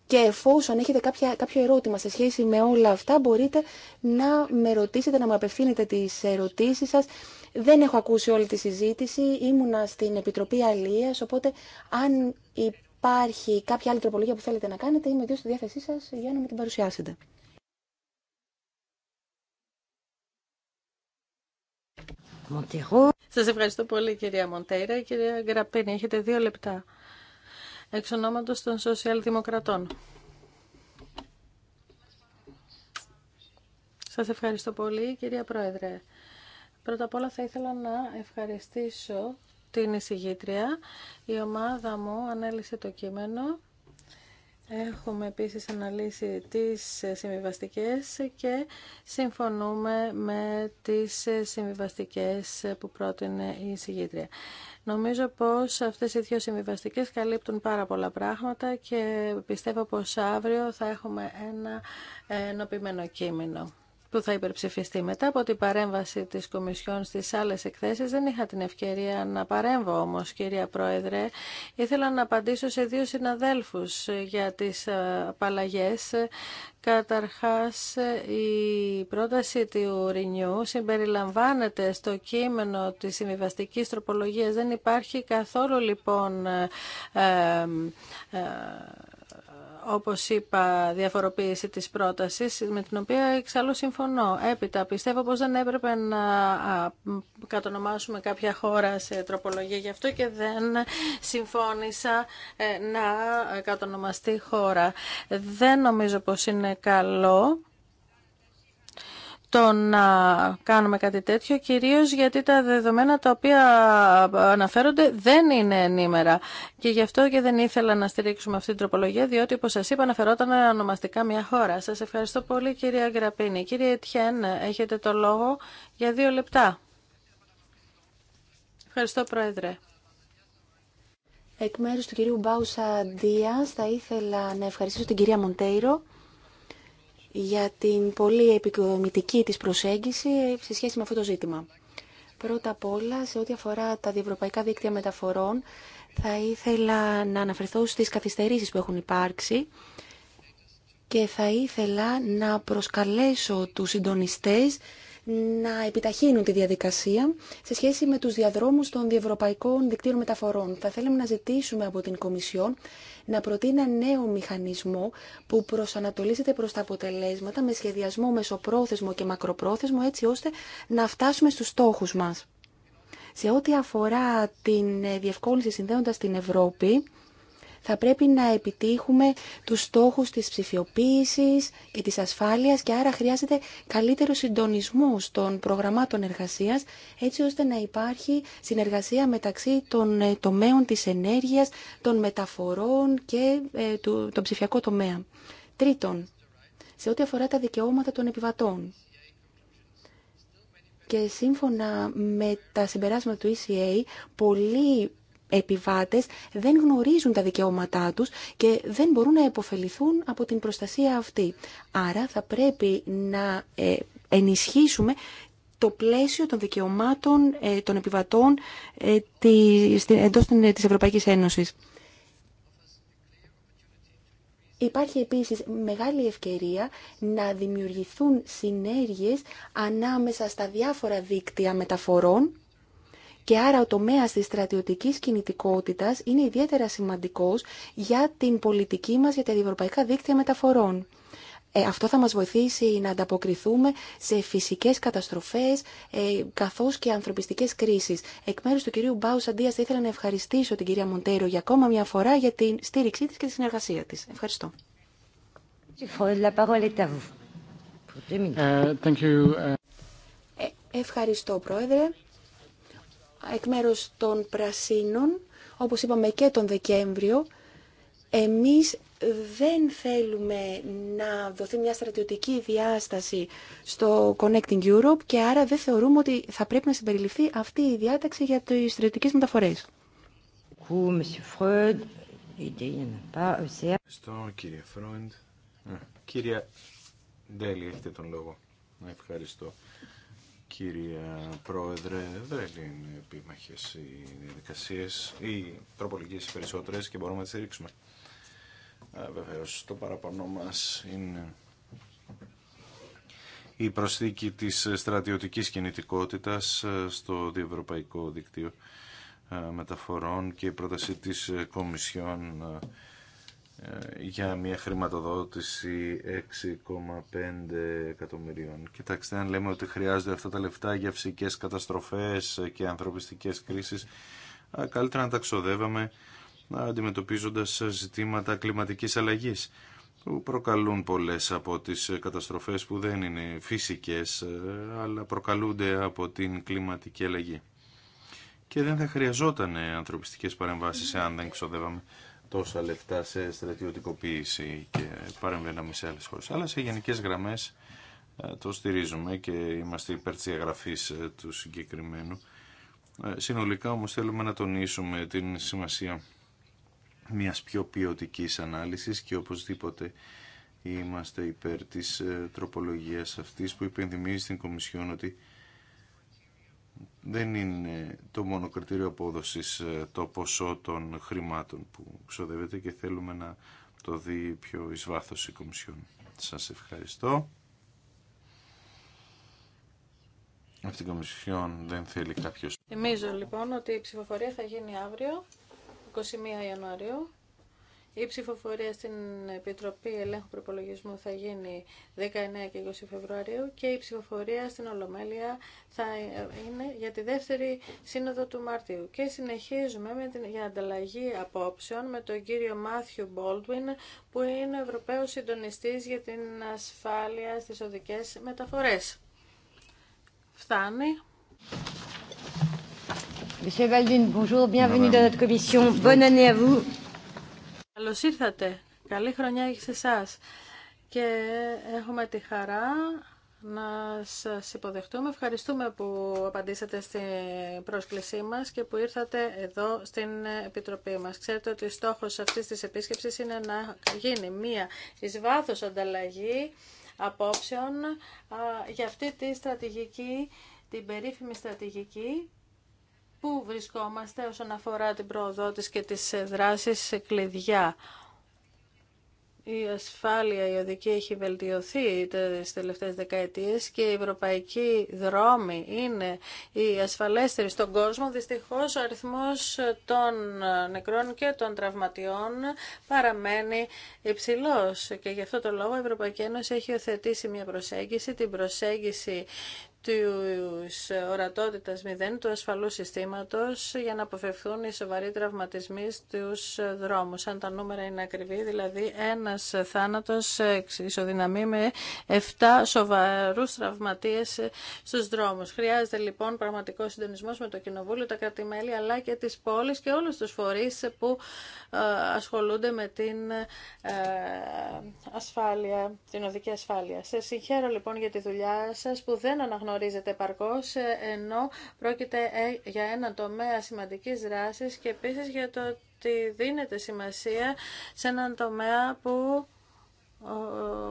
και εφόσον έχετε κάποια, κάποιο ερώτημα σε σχέση με όλα αυτά, μπορείτε να με ρωτήσετε, να μου απευθύνετε τις ερωτήσεις σας. Δεν έχω ακούσει όλη τη συζήτηση, ήμουνα στην Επιτροπή Αλίας, οπότε αν υπάρχει κάποια άλλη τροπολογία που θέλετε να κάνετε, είμαι δύο στη διάθεσή σας για να με την παρουσιάσετε. Σας ευχαριστώ πολύ κυρία Μοντέιρα. Κυρία Γκραπίνη, έχετε δύο λεπτά. Εξ ονόματο των Σοσιαλδημοκρατών. Σας ευχαριστώ πολύ κυρία Πρόεδρε. Πρώτα απ' όλα θα ήθελα να ευχαριστήσω την εισηγήτρια. Η ομάδα μου ανέλησε το κείμενο Έχουμε επίσης αναλύσει τις συμβιβαστικέ και συμφωνούμε με τις συμβιβαστικέ που πρότεινε η συγγήτρια. Νομίζω πως αυτές οι δύο συμβιβαστικέ καλύπτουν πάρα πολλά πράγματα και πιστεύω πως αύριο θα έχουμε ένα ε, ενωπημένο κείμενο που θα υπερψηφιστεί. Μετά από την παρέμβαση της Κομισιόν στις άλλες εκθέσεις δεν είχα την ευκαιρία να παρέμβω όμως κυρία Πρόεδρε. Ήθελα να απαντήσω σε δύο συναδέλφους για τις απαλλαγές. Καταρχάς η πρόταση του Ρινιού συμπεριλαμβάνεται στο κείμενο της συμβιβαστική τροπολογίας. Δεν υπάρχει καθόλου λοιπόν ε, ε, όπως είπα, διαφοροποίηση της πρότασης, με την οποία εξάλλου συμφωνώ. Έπειτα, πιστεύω πως δεν έπρεπε να κατονομάσουμε κάποια χώρα σε τροπολογία, γι' αυτό και δεν συμφώνησα ε, να κατονομαστεί χώρα. Δεν νομίζω πως είναι καλό το να κάνουμε κάτι τέτοιο, κυρίως γιατί τα δεδομένα τα οποία αναφέρονται δεν είναι ενήμερα. Και γι' αυτό και δεν ήθελα να στηρίξουμε αυτή την τροπολογία, διότι, όπως σας είπα, αναφερόταν ονομαστικά μια χώρα. Σας ευχαριστώ πολύ, κυρία Γραπίνη. Κύριε Τιέν, έχετε το λόγο για δύο λεπτά. Ευχαριστώ, Πρόεδρε. Εκ μέρους του κυρίου Μπάουσα Ντίας, θα ήθελα να ευχαριστήσω την κυρία Μοντέιρο για την πολύ επικοδομητική της προσέγγιση σε σχέση με αυτό το ζήτημα. Πρώτα απ' όλα, σε ό,τι αφορά τα διευρωπαϊκά δίκτυα μεταφορών, θα ήθελα να αναφερθώ στις καθυστερήσεις που έχουν υπάρξει και θα ήθελα να προσκαλέσω τους συντονιστές να επιταχύνουν τη διαδικασία σε σχέση με τους διαδρόμους των διευρωπαϊκών δικτύων μεταφορών. Θα θέλαμε να ζητήσουμε από την Κομισιόν να προτείνει ένα νέο μηχανισμό που προσανατολίζεται προς τα αποτελέσματα με σχεδιασμό μεσοπρόθεσμο και μακροπρόθεσμο έτσι ώστε να φτάσουμε στους στόχους μας. Σε ό,τι αφορά την διευκόλυνση συνδέοντας την Ευρώπη, θα πρέπει να επιτύχουμε τους στόχους της ψηφιοποίησης και της ασφάλειας και άρα χρειάζεται καλύτερο συντονισμό των προγραμμάτων εργασίας έτσι ώστε να υπάρχει συνεργασία μεταξύ των ε, τομέων της ενέργειας, των μεταφορών και ε, του, τον ψηφιακό τομέα. Τρίτον, σε ό,τι αφορά τα δικαιώματα των επιβατών. Και σύμφωνα με τα συμπεράσματα του ECA, πολλοί επιβάτες δεν γνωρίζουν τα δικαιώματά τους και δεν μπορούν να επωφεληθούν από την προστασία αυτή. Άρα θα πρέπει να ε, ενισχύσουμε το πλαίσιο των δικαιωμάτων ε, των επιβατών ε, εντός της Ευρωπαϊκής Ένωσης. Υπάρχει επίσης μεγάλη ευκαιρία να δημιουργηθούν συνέργειες ανάμεσα στα διάφορα δίκτυα μεταφορών και άρα ο τομέα τη στρατιωτική κινητικότητα είναι ιδιαίτερα σημαντικό για την πολιτική μα για τα ευρωπαϊκά δίκτυα μεταφορών. Ε, αυτό θα μας βοηθήσει να ανταποκριθούμε σε φυσικές καταστροφές ε, καθώς και ανθρωπιστικές κρίσεις. Εκ μέρους του κυρίου Μπάου Σαντίας θα ήθελα να ευχαριστήσω την κυρία Μοντέρο για ακόμα μια φορά για την στήριξή της και τη συνεργασία της. Ευχαριστώ. Uh, uh. ε, ευχαριστώ Πρόεδρε εκ μέρους των Πρασίνων, όπως είπαμε και τον Δεκέμβριο, εμείς δεν θέλουμε να δοθεί μια στρατιωτική διάσταση στο Connecting Europe και άρα δεν θεωρούμε ότι θα πρέπει να συμπεριληφθεί αυτή η διάταξη για τις στρατιωτικές μεταφορές. Στο κύριε Φρόντ. Κύριε Ντέλη, έχετε τον λόγο. Ευχαριστώ κυρία Πρόεδρε. Δεν είναι επίμαχες οι διαδικασίε ή τροπολογίε οι περισσότερες και μπορούμε να τι ρίξουμε. Βεβαίω το παραπάνω μα είναι η προσθήκη της στρατιωτικής κινητικότητας ε, στο διευρωπαϊκό δίκτυο ε, μεταφορών και η πρόταση της ε, Κομισιόν ε, για μια χρηματοδότηση 6,5 εκατομμυρίων. Κοιτάξτε, αν λέμε ότι χρειάζονται αυτά τα λεφτά για φυσικές καταστροφές και ανθρωπιστικές κρίσεις, καλύτερα να τα ξοδεύαμε αντιμετωπίζοντας ζητήματα κλιματικής αλλαγής που προκαλούν πολλές από τις καταστροφές που δεν είναι φυσικές ε, αλλά προκαλούνται από την κλιματική αλλαγή. Και δεν θα χρειαζόταν ανθρωπιστικές παρεμβάσεις αν δεν ξοδεύαμε τόσα λεφτά σε στρατιωτικοποίηση και παρεμβαίναμε σε άλλες χώρες. Αλλά σε γενικές γραμμές ε, το στηρίζουμε και είμαστε υπέρ της διαγραφής ε, του συγκεκριμένου. Ε, συνολικά όμως θέλουμε να τονίσουμε την σημασία μιας πιο ποιοτική ανάλυσης και οπωσδήποτε είμαστε υπέρ της τροπολογίας αυτής που υπενθυμίζει στην Κομισιόν ότι δεν είναι το μόνο κριτήριο απόδοσης ε, το ποσό των χρημάτων που ξοδεύεται και θέλουμε να το δει πιο εις βάθος η Κομισιόν. Σας ευχαριστώ. Αυτή η Κομισιόν δεν θέλει κάποιος. Θυμίζω λοιπόν ότι η ψηφοφορία θα γίνει αύριο, 21 Ιανουαρίου, η ψηφοφορία στην Επιτροπή Ελέγχου Προπολογισμού θα γίνει 19 και 20 Φεβρουαρίου και η ψηφοφορία στην Ολομέλεια θα είναι για τη δεύτερη σύνοδο του Μαρτίου. Και συνεχίζουμε με την, για ανταλλαγή απόψεων με τον κύριο Μάθιου Μπόλτουιν που είναι ο Ευρωπαίος Συντονιστής για την ασφάλεια στις οδικές μεταφορές. Φτάνει. bonjour, bienvenue dans notre commission. Bonne année à vous. Καλώ ήρθατε. Καλή χρονιά έχει σε εσά. Και έχουμε τη χαρά να σας υποδεχτούμε. Ευχαριστούμε που απαντήσατε στην πρόσκλησή μας και που ήρθατε εδώ στην Επιτροπή μας. Ξέρετε ότι ο στόχος αυτής της επίσκεψης είναι να γίνει μία ει βάθο ανταλλαγή απόψεων για αυτή τη στρατηγική, την περίφημη στρατηγική πού βρισκόμαστε όσον αφορά την πρόοδό και τις ε, δράσεις σε κλειδιά. Η ασφάλεια η οδική έχει βελτιωθεί τις τελευταίες δεκαετίες και η ευρωπαϊκή δρόμη είναι η ασφαλέστερη στον κόσμο. Δυστυχώς ο αριθμός των ε, νεκρών και των τραυματιών παραμένει υψηλός και γι' αυτό το λόγο η Ευρωπαϊκή Ένωση έχει οθετήσει μια προσέγγιση, την προσέγγιση της ορατότητας μηδέν του ασφαλού συστήματος για να αποφευθούν οι σοβαροί τραυματισμοί στους δρόμους. Αν τα νούμερα είναι ακριβή, δηλαδή ένας θάνατος ισοδυναμεί με 7 σοβαρούς τραυματίες στους δρόμους. Χρειάζεται λοιπόν πραγματικό συντονισμό με το Κοινοβούλιο, τα κρατημέλη αλλά και τις πόλεις και όλους τους φορείς που ε, ασχολούνται με την ε, ασφάλεια, την οδική ασφάλεια. Σε συγχαίρω λοιπόν για τη δουλειά σας που δεν αναγνωρίζω. Γνωρίζετε επαρκώ, ενώ πρόκειται ε, για ένα τομέα σημαντική δράση και επίση για το ότι δίνεται σημασία σε έναν τομέα που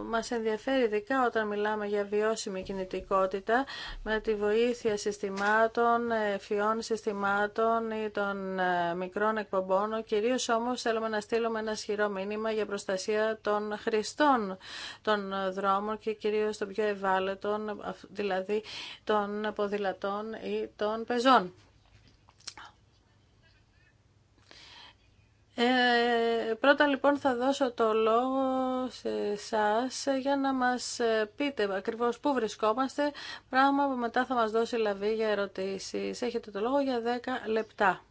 μας ενδιαφέρει ειδικά όταν μιλάμε για βιώσιμη κινητικότητα με τη βοήθεια συστημάτων, ε, φιών συστημάτων ή των ε, μικρών εκπομπών. Κυρίως όμως θέλουμε να στείλουμε ένα σχηρό μήνυμα για προστασία των χρηστών των ε, δρόμων και κυρίως των πιο ευάλωτων, δηλαδή των ποδηλατών ή των πεζών. Ε, πρώτα λοιπόν θα δώσω το λόγο σε εσά για να μας ε, πείτε ακριβώς πού βρισκόμαστε, πράγμα που μετά θα μας δώσει λαβή για ερωτήσεις. Έχετε το λόγο για 10 λεπτά.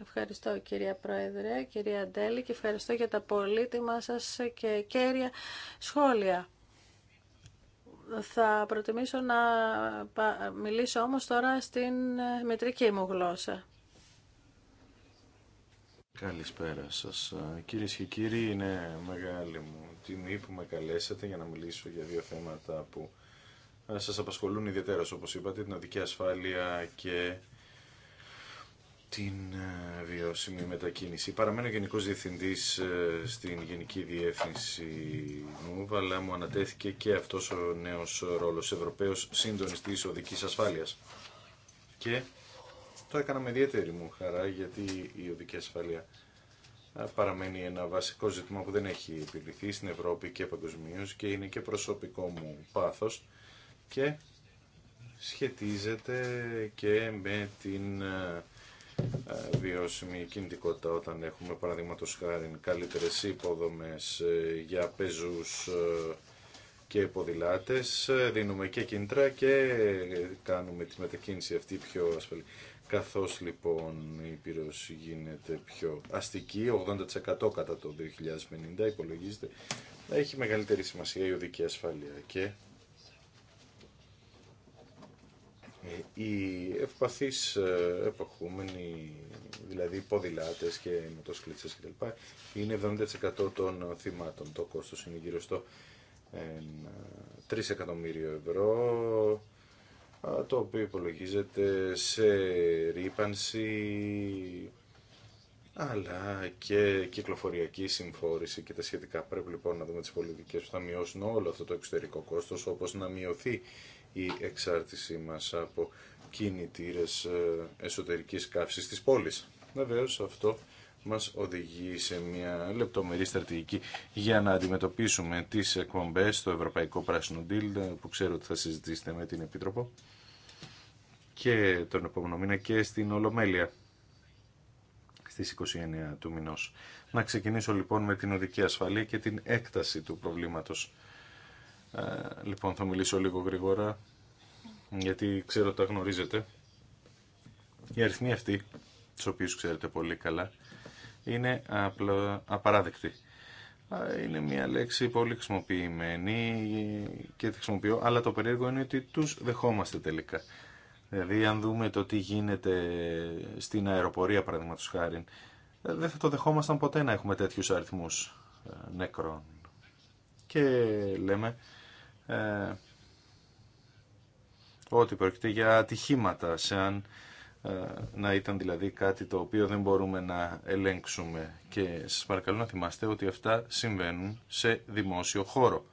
Ευχαριστώ κυρία Πρόεδρε, κυρία Αντέλη και ευχαριστώ για τα πολύτιμά σας και κέρια σχόλια. Θα προτιμήσω να μιλήσω όμως τώρα στην ε, μετρική μου γλώσσα. Καλησπέρα σας. Ε, Κυρίε και κύριοι, είναι μεγάλη μου τιμή που με καλέσατε για να μιλήσω για δύο θέματα που ε, σας απασχολούν ιδιαίτερα, όπως είπατε, την οδική ασφάλεια και την ε, βιώσιμη μετακίνηση. Παραμένω Γενικός Διευθυντής στην Γενική Διεύθυνση μου, αλλά μου ανατέθηκε και αυτός ο νέος ρόλος Ευρωπαίος της Οδικής Ασφάλειας. Και το έκανα με ιδιαίτερη μου χαρά γιατί η οδική ασφαλεία ε, παραμένει ένα βασικό ζήτημα που δεν έχει επιληθεί στην Ευρώπη και παγκοσμίω και είναι και προσωπικό μου πάθος και σχετίζεται και με την ε, ε, βιώσιμη κινητικότητα όταν έχουμε παραδείγματος χάρη καλύτερες υποδομές για πεζούς και ποδηλάτες, δίνουμε και κίνητρα και κάνουμε τη μετακίνηση αυτή πιο ασφαλή. Καθώς λοιπόν η πυρος γίνεται πιο αστική, 80% κατά το 2050 υπολογίζεται, να έχει μεγαλύτερη σημασία η οδική ασφάλεια και ε, οι ευπαθείς ε, επαχούμενοι, δηλαδή ποδηλάτες και μοτοσκλήτσες κλπ, είναι 70% των θυμάτων. Το κόστος είναι γύρω στο 3 ε, εκατομμύριο ευρώ το οποίο υπολογίζεται σε ρήπανση αλλά και κυκλοφοριακή συμφόρηση και τα σχετικά. Πρέπει λοιπόν να δούμε τις πολιτικές που θα μειώσουν όλο αυτό το εξωτερικό κόστος, όπως να μειωθεί η εξάρτησή μας από κινητήρες ε, εσωτερικής καύσης της πόλης. Βεβαίω αυτό μας οδηγεί σε μια λεπτομερή στρατηγική για να αντιμετωπίσουμε τις εκπομπές στο Ευρωπαϊκό Πράσινο Deal ε, που ξέρω ότι θα συζητήσετε με την Επίτροπο και τον επόμενο μήνα και στην Ολομέλεια στις 29 του μηνός. Να ξεκινήσω λοιπόν με την οδική ασφαλεία και την έκταση του προβλήματος. Ε, λοιπόν, θα μιλήσω λίγο γρήγορα, γιατί ξέρω τα γνωρίζετε. Οι αριθμοί αυτοί, τους οποίους ξέρετε πολύ καλά, είναι απλά απαράδεκτοι. Είναι μια λέξη πολύ χρησιμοποιημένη και τη χρησιμοποιώ, αλλά το περίεργο είναι ότι τους δεχόμαστε τελικά. Δηλαδή αν δούμε το τι γίνεται στην αεροπορία παραδείγματο χάρη, δεν θα το δεχόμασταν ποτέ να έχουμε τέτοιους αριθμούς ε, νεκρών. Και λέμε ε, ότι πρόκειται για ατυχήματα, σε ε, να ήταν δηλαδή κάτι το οποίο δεν μπορούμε να ελέγξουμε. Και σας παρακαλώ να θυμάστε ότι αυτά συμβαίνουν σε δημόσιο χώρο.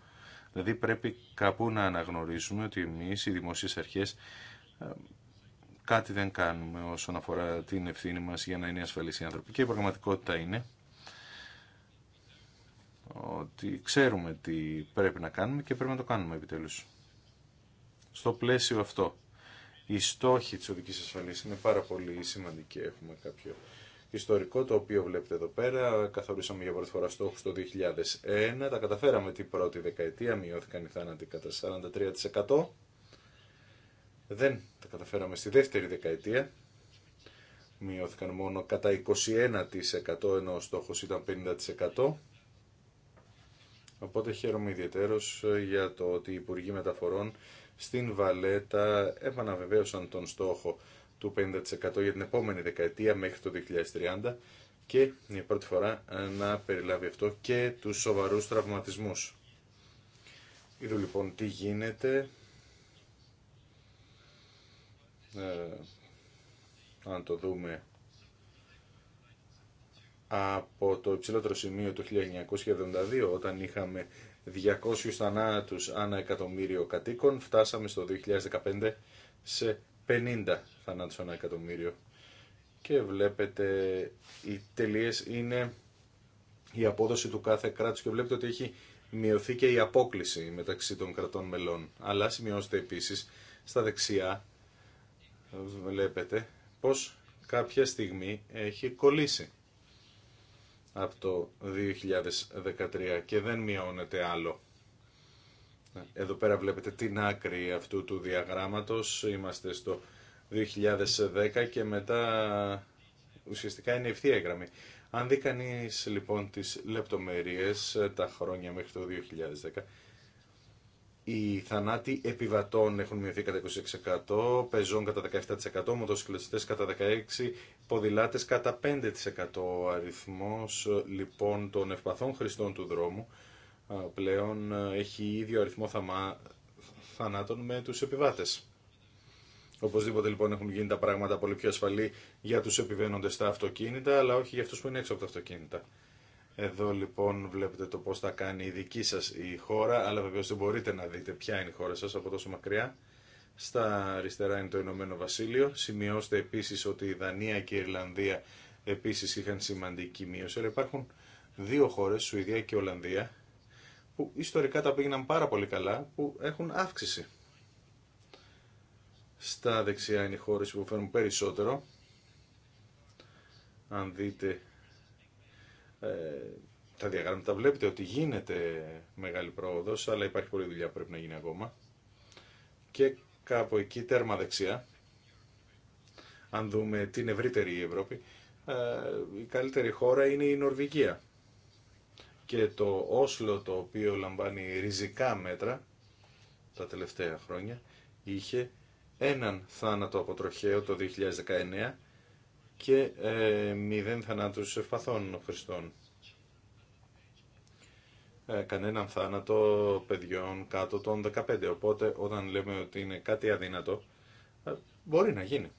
Δηλαδή πρέπει κάπου να αναγνωρίσουμε ότι εμείς οι δημόσιες αρχές κάτι δεν κάνουμε όσον αφορά την ευθύνη μας για να είναι ασφαλής η ανθρωπική Και η πραγματικότητα είναι ότι ξέρουμε τι πρέπει να κάνουμε και πρέπει να το κάνουμε επιτέλους. Στο πλαίσιο αυτό, οι στόχοι της οδικής ασφαλής είναι πάρα πολύ σημαντικοί. Έχουμε κάποιο ιστορικό, το οποίο βλέπετε εδώ πέρα. Καθορίσαμε για πρώτη φορά στόχους το 2001. Τα καταφέραμε την πρώτη δεκαετία, μειώθηκαν οι θάνατοι κατά 43%. Δεν τα καταφέραμε στη δεύτερη δεκαετία. Μειώθηκαν μόνο κατά 21% ενώ ο στόχος ήταν 50%. Οπότε χαίρομαι ιδιαίτερος ε, για το ότι οι Υπουργοί Μεταφορών στην Βαλέτα επαναβεβαίωσαν τον στόχο του 50% για την επόμενη δεκαετία μέχρι το 2030 και για πρώτη φορά ε, να περιλάβει αυτό και τους σοβαρούς τραυματισμούς. Είδω λοιπόν τι γίνεται ναι, αν το δούμε από το υψηλότερο σημείο του 1972 όταν είχαμε 200 θανάτους ανά εκατομμύριο κατοίκων φτάσαμε στο 2015 σε 50 θανάτους ανά εκατομμύριο και βλέπετε οι τελείες είναι η απόδοση του κάθε κράτους και βλέπετε ότι έχει μειωθεί και η απόκληση μεταξύ των κρατών μελών αλλά σημειώστε επίσης στα δεξιά βλέπετε πως κάποια στιγμή έχει κολλήσει από το 2013 και δεν μειώνεται άλλο. Εδώ πέρα βλέπετε την άκρη αυτού του διαγράμματος, είμαστε στο 2010 και μετά ουσιαστικά είναι ευθεία γραμμή. Αν δει κανεί λοιπόν τις λεπτομέρειες τα χρόνια μέχρι το 2010, οι θανάτοι επιβατών έχουν μειωθεί κατά 26%, πεζών κατά 17%, μοτοσυκλωτιστές κατά 16%, ποδηλάτες κατά 5%. Ο αριθμός λοιπόν των ευπαθών χρηστών του δρόμου πλέον έχει ίδιο αριθμό θανάτων με τους επιβάτες. Οπωσδήποτε λοιπόν έχουν γίνει τα πράγματα πολύ πιο ασφαλή για τους επιβαίνοντες στα αυτοκίνητα, αλλά όχι για αυτούς που είναι έξω από τα αυτοκίνητα. Εδώ λοιπόν βλέπετε το πώς θα κάνει η δική σας η χώρα, αλλά βεβαίως δεν μπορείτε να δείτε ποια είναι η χώρα σας από τόσο μακριά. Στα αριστερά είναι το Ηνωμένο Βασίλειο. Σημειώστε επίσης ότι η Δανία και η Ιρλανδία επίσης είχαν σημαντική μείωση. Αλλά υπάρχουν δύο χώρες, Σουηδία και Ολλανδία, που ιστορικά τα πήγαιναν πάρα πολύ καλά, που έχουν αύξηση. Στα δεξιά είναι οι χώρες που φέρνουν περισσότερο. Αν δείτε ε, τα διαγράμματα βλέπετε ότι γίνεται μεγάλη πρόοδος, αλλά υπάρχει πολλή δουλειά που πρέπει να γίνει ακόμα. Και κάπου εκεί, τέρμα δεξιά, αν δούμε την ευρύτερη Ευρώπη, ε, η καλύτερη χώρα είναι η Νορβηγία. Και το Όσλο, το οποίο λαμβάνει ριζικά μέτρα τα τελευταία χρόνια, είχε έναν θάνατο αποτροχαίο το 2019 και ε, μηδέν θανάτους ευπαθών χριστών. Ε, κανέναν θάνατο παιδιών κάτω των 15. Οπότε όταν λέμε ότι είναι κάτι αδύνατο, ε, μπορεί να γίνει.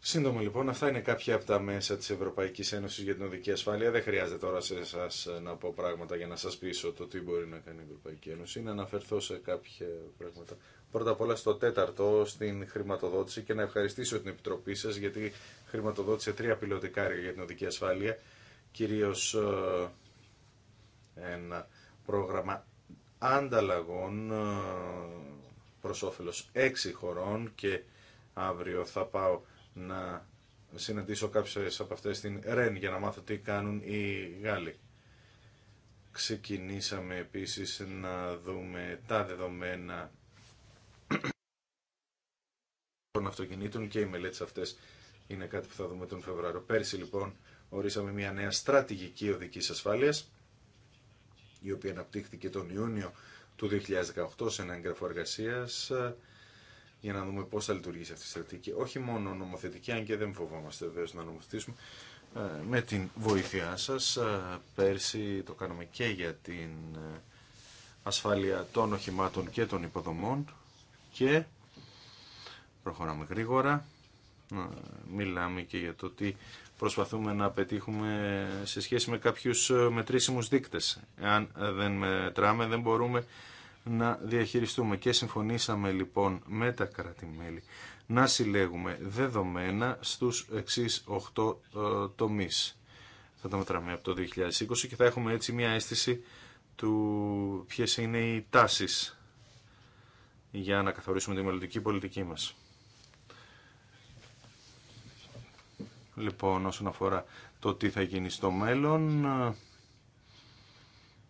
Σύντομα λοιπόν, αυτά είναι κάποια από τα μέσα της Ευρωπαϊκής Ένωσης για την οδική ασφάλεια. Δεν χρειάζεται τώρα σε εσάς να πω πράγματα για να σας πείσω το τι μπορεί να κάνει η Ευρωπαϊκή Ένωση. Να αναφερθώ σε κάποια πράγματα πρώτα απ' όλα στο τέταρτο, στην χρηματοδότηση και να ευχαριστήσω την Επιτροπή σας γιατί χρηματοδότησε τρία πιλωτικά για την οδική ασφάλεια, κυρίως ε, ένα πρόγραμμα ανταλλαγών ε, προς όφελος έξι χωρών και αύριο θα πάω να συναντήσω κάποιες από αυτές στην ΡΕΝ για να μάθω τι κάνουν οι Γάλλοι. Ξεκινήσαμε επίσης να δούμε τα δεδομένα των αυτοκινήτων και οι μελέτες αυτές είναι κάτι που θα δούμε τον Φεβρουάριο. Πέρσι λοιπόν ορίσαμε μια νέα στρατηγική οδικής ασφάλειας η οποία αναπτύχθηκε τον Ιούνιο του 2018 σε ένα έγγραφο εργασία ε, για να δούμε πώς θα λειτουργήσει αυτή η στρατηγική. Όχι μόνο νομοθετική, αν και δεν φοβόμαστε βέβαια να νομοθετήσουμε, ε, με την βοήθειά σας. Ε, πέρσι το κάναμε και για την ασφάλεια των οχημάτων και των υποδομών και προχωράμε γρήγορα. Μιλάμε και για το τι προσπαθούμε να πετύχουμε σε σχέση με κάποιους ε, μετρήσιμους δείκτες. Εάν δεν μετράμε δεν μπορούμε να διαχειριστούμε. Και συμφωνήσαμε λοιπόν με τα κράτη-μέλη να συλλέγουμε δεδομένα στους εξής 8 ε, τομείς. Θα τα μετράμε από το 2020 και θα έχουμε έτσι μια αίσθηση του ποιες είναι οι τάσεις για να καθορίσουμε τη μελλοντική πολιτική μας. Λοιπόν, όσον αφορά το τι θα γίνει στο μέλλον,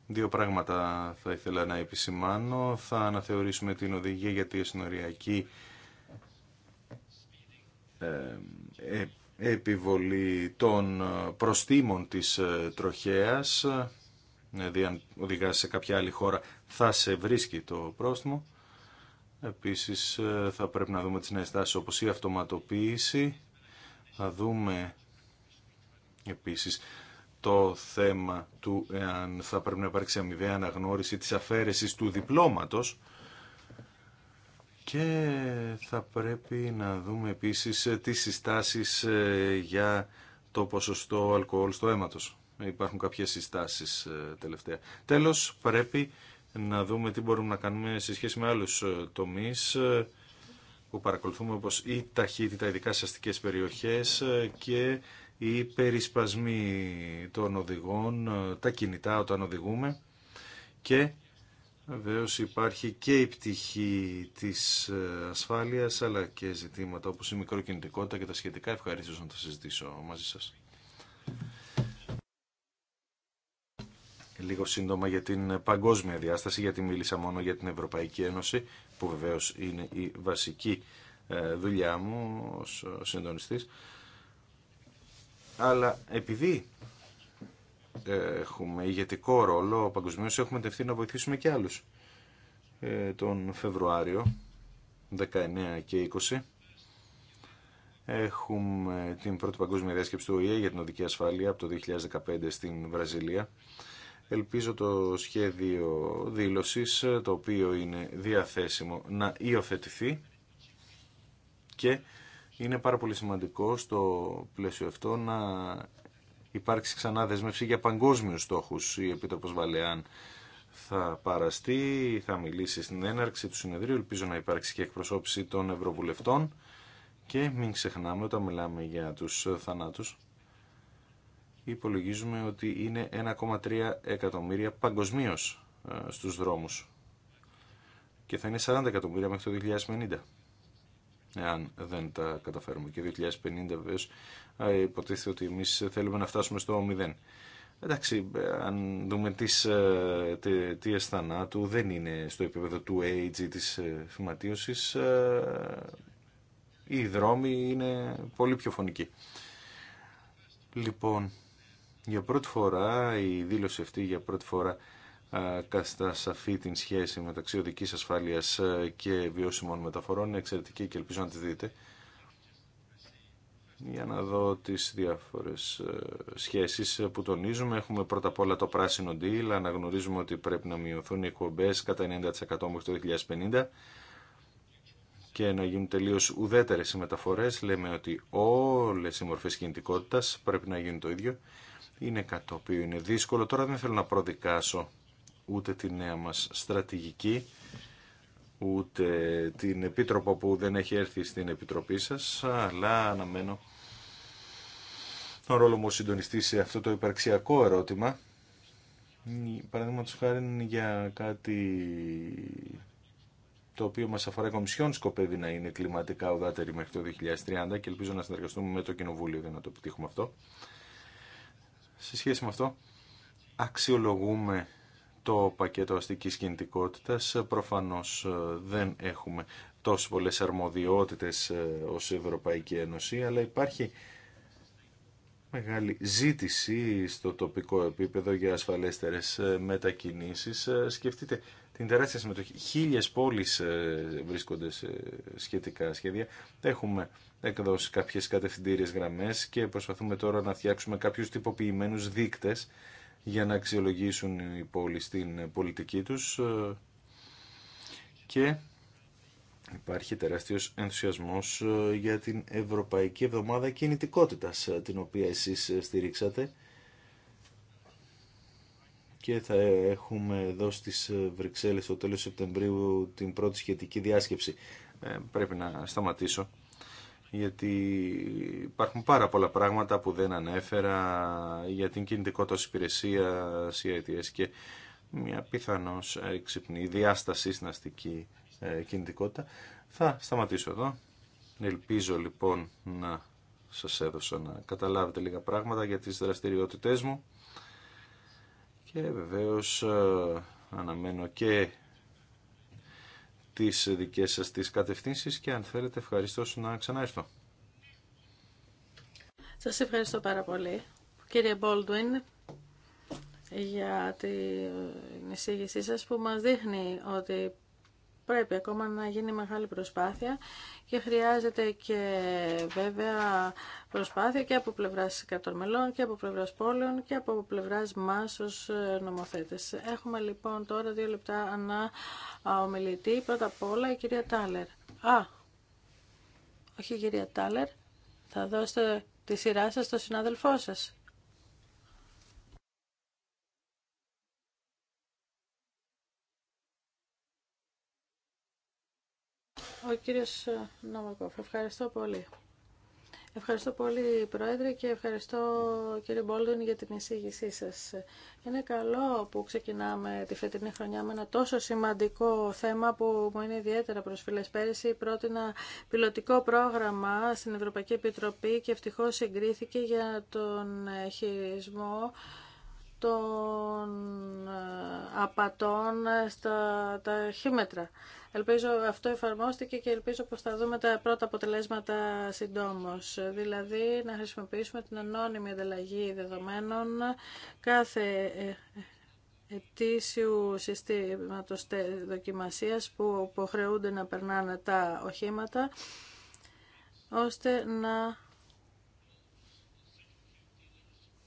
δύο πράγματα θα ήθελα να επισημάνω. Θα αναθεωρήσουμε την οδηγία για τη συνοριακή ε, ε, επιβολή των ε, προστήμων της τροχέας, δηλαδή αν οδηγάς σε κάποια άλλη χώρα θα σε βρίσκει το πρόστιμο. Επίσης θα πρέπει να δούμε τις νέες τάσεις όπως η αυτοματοποίηση θα δούμε επίσης το θέμα του εάν θα πρέπει να υπάρξει αμοιβαία αναγνώριση της αφαίρεσης του διπλώματος και θα πρέπει να δούμε επίσης ε, τις συστάσεις ε, για το ποσοστό αλκοόλ στο αίματος. Υπάρχουν κάποιες συστάσεις ε, τελευταία. Τέλος, πρέπει να δούμε τι μπορούμε να κάνουμε σε σχέση με άλλους τομείς που παρακολουθούμε όπως η ταχύτητα ειδικά σε αστικές περιοχές και οι περισπασμοί των οδηγών, τα κινητά όταν οδηγούμε και Βεβαίω υπάρχει και η πτυχή της ασφάλειας αλλά και ζητήματα όπως η μικροκινητικότητα και τα σχετικά. Ευχαριστώ να τα συζητήσω μαζί σας λίγο σύντομα για την παγκόσμια διάσταση, γιατί μίλησα μόνο για την Ευρωπαϊκή Ένωση, που βεβαίως είναι η βασική ε, δουλειά μου ως συντονιστής. Αλλά επειδή ε, έχουμε ηγετικό ρόλο παγκοσμίω έχουμε την να βοηθήσουμε και άλλους. Ε, τον Φεβρουάριο 19 και 20 έχουμε την πρώτη παγκόσμια διάσκεψη του ΟΗΕ για την οδική ασφάλεια από το 2015 στην Βραζιλία Ελπίζω το σχέδιο δήλωσης, το οποίο είναι διαθέσιμο, να υιοθετηθεί και είναι πάρα πολύ σημαντικό στο πλαίσιο αυτό να υπάρξει ξανά δεσμεύση για παγκόσμιους στόχους. Η Επίτροπος Βαλεάν θα παραστεί, θα μιλήσει στην έναρξη του συνεδρίου, ελπίζω να υπάρξει και εκπροσώπηση των Ευρωβουλευτών και μην ξεχνάμε όταν μιλάμε για τους θανάτους υπολογίζουμε ότι είναι 1,3 εκατομμύρια παγκοσμίω ε, στους δρόμους και θα είναι 40 εκατομμύρια μέχρι το 2050 εάν δεν τα καταφέρουμε και 2050 βεβαίω, υποτίθεται ότι εμείς θέλουμε να φτάσουμε στο 0 εντάξει αν δούμε τις αισθανά ε, θανάτου δεν είναι στο επίπεδο του AIDS ή της φυματίωσης ε, οι δρόμοι είναι πολύ πιο φωνικοί λοιπόν για πρώτη φορά, η δήλωση αυτή για πρώτη φορά σαφή την σχέση μεταξύ οδικής ασφάλειας και βιώσιμων μεταφορών. Είναι εξαιρετική και ελπίζω να τη δείτε. Για να δω τις διάφορες σχέσεις που τονίζουμε. Έχουμε πρώτα απ' όλα το πράσινο deal. Αναγνωρίζουμε ότι πρέπει να μειωθούν οι εκπομπέ κατά 90% μέχρι το 2050 και να γίνουν τελείω ουδέτερες οι μεταφορές. Λέμε ότι όλες οι μορφές κινητικότητας πρέπει να γίνουν το ίδιο είναι κάτι το οποίο είναι δύσκολο. Τώρα δεν θέλω να προδικάσω ούτε τη νέα μας στρατηγική, ούτε την επίτροπο που δεν έχει έρθει στην επιτροπή σας, αλλά αναμένω τον ρόλο μου συντονιστή σε αυτό το υπαρξιακό ερώτημα. Παραδείγματο χάρη για κάτι το οποίο μας αφορά η Κομισιόν σκοπεύει να είναι κλιματικά ουδάτερη μέχρι το 2030 και ελπίζω να συνεργαστούμε με το Κοινοβούλιο για να το επιτύχουμε αυτό σε σχέση με αυτό αξιολογούμε το πακέτο αστικής κινητικότητας. Προφανώς ε, δεν έχουμε τόσο πολλές αρμοδιότητες ε, ως Ευρωπαϊκή Ένωση, αλλά υπάρχει μεγάλη ζήτηση στο τοπικό επίπεδο για ασφαλέστερες ε, μετακινήσεις. Σκεφτείτε την τεράστια συμμετοχή. Χίλιες πόλεις βρίσκονται σε σχετικά σχέδια. Έχουμε εκδώσει κάποιε κατευθυντήριε γραμμές και προσπαθούμε τώρα να φτιάξουμε κάποιου τυποποιημένου δείκτε για να αξιολογήσουν οι πόλει στην πολιτική τους ε, και υπάρχει τεράστιος ενθουσιασμός ε, για την Ευρωπαϊκή Εβδομάδα κινητικότητα ε, την οποία εσείς στηρίξατε και θα έχουμε εδώ στις Βρυξέλλες το τέλος Σεπτεμβρίου την πρώτη σχετική διάσκεψη. πρέπει να σταματήσω γιατί υπάρχουν πάρα πολλά πράγματα που δεν ανέφερα για την κινητικότητα υπηρεσία CITS και μια πιθανώς έξυπνη ε, διάσταση στην αστική ε, κινητικότητα. Θα σταματήσω εδώ. Ελπίζω λοιπόν να σας έδωσα να καταλάβετε λίγα πράγματα για τις δραστηριότητές μου και βεβαίως ε, αναμένω και τις δικές σας τις κατευθύνσεις και αν θέλετε ευχαριστώ να ξαναέρθω. Σας ευχαριστώ πάρα πολύ. Κύριε Μπόλτουιν για την εισήγησή σας που μας δείχνει ότι πρέπει ακόμα να γίνει μεγάλη προσπάθεια και χρειάζεται και βέβαια προσπάθεια και από πλευράς κατορμελών και από πλευράς πόλεων και από πλευράς μας ως ε, νομοθέτες. Έχουμε λοιπόν τώρα δύο λεπτά ανά ομιλητή. Πρώτα απ' όλα η κυρία Τάλερ. Α, όχι η κυρία Τάλερ, θα δώσετε τη σειρά σας στον συνάδελφό σας. Ο κύριος ε, Νομακόφ, ευχαριστώ πολύ. Ευχαριστώ πολύ Πρόεδρε και ευχαριστώ κύριε Μπόλτον για την εισήγησή σας. Είναι καλό που ξεκινάμε τη φετινή χρονιά με ένα τόσο σημαντικό θέμα που μου είναι ιδιαίτερα προσφυλές. Πέρυσι πρότεινα πιλωτικό πρόγραμμα στην Ευρωπαϊκή Επιτροπή και ευτυχώς εγκρίθηκε για τον χειρισμό των ε, απατών στα ταχύμετρα. Ελπίζω αυτό εφαρμόστηκε και ελπίζω πως θα δούμε τα πρώτα αποτελέσματα συντόμως. Δηλαδή να χρησιμοποιήσουμε την ανώνυμη ανταλλαγή δεδομένων κάθε ε, ε, ετήσιου συστήματος δοκιμασίας που υποχρεούνται να περνάνε τα οχήματα ώστε να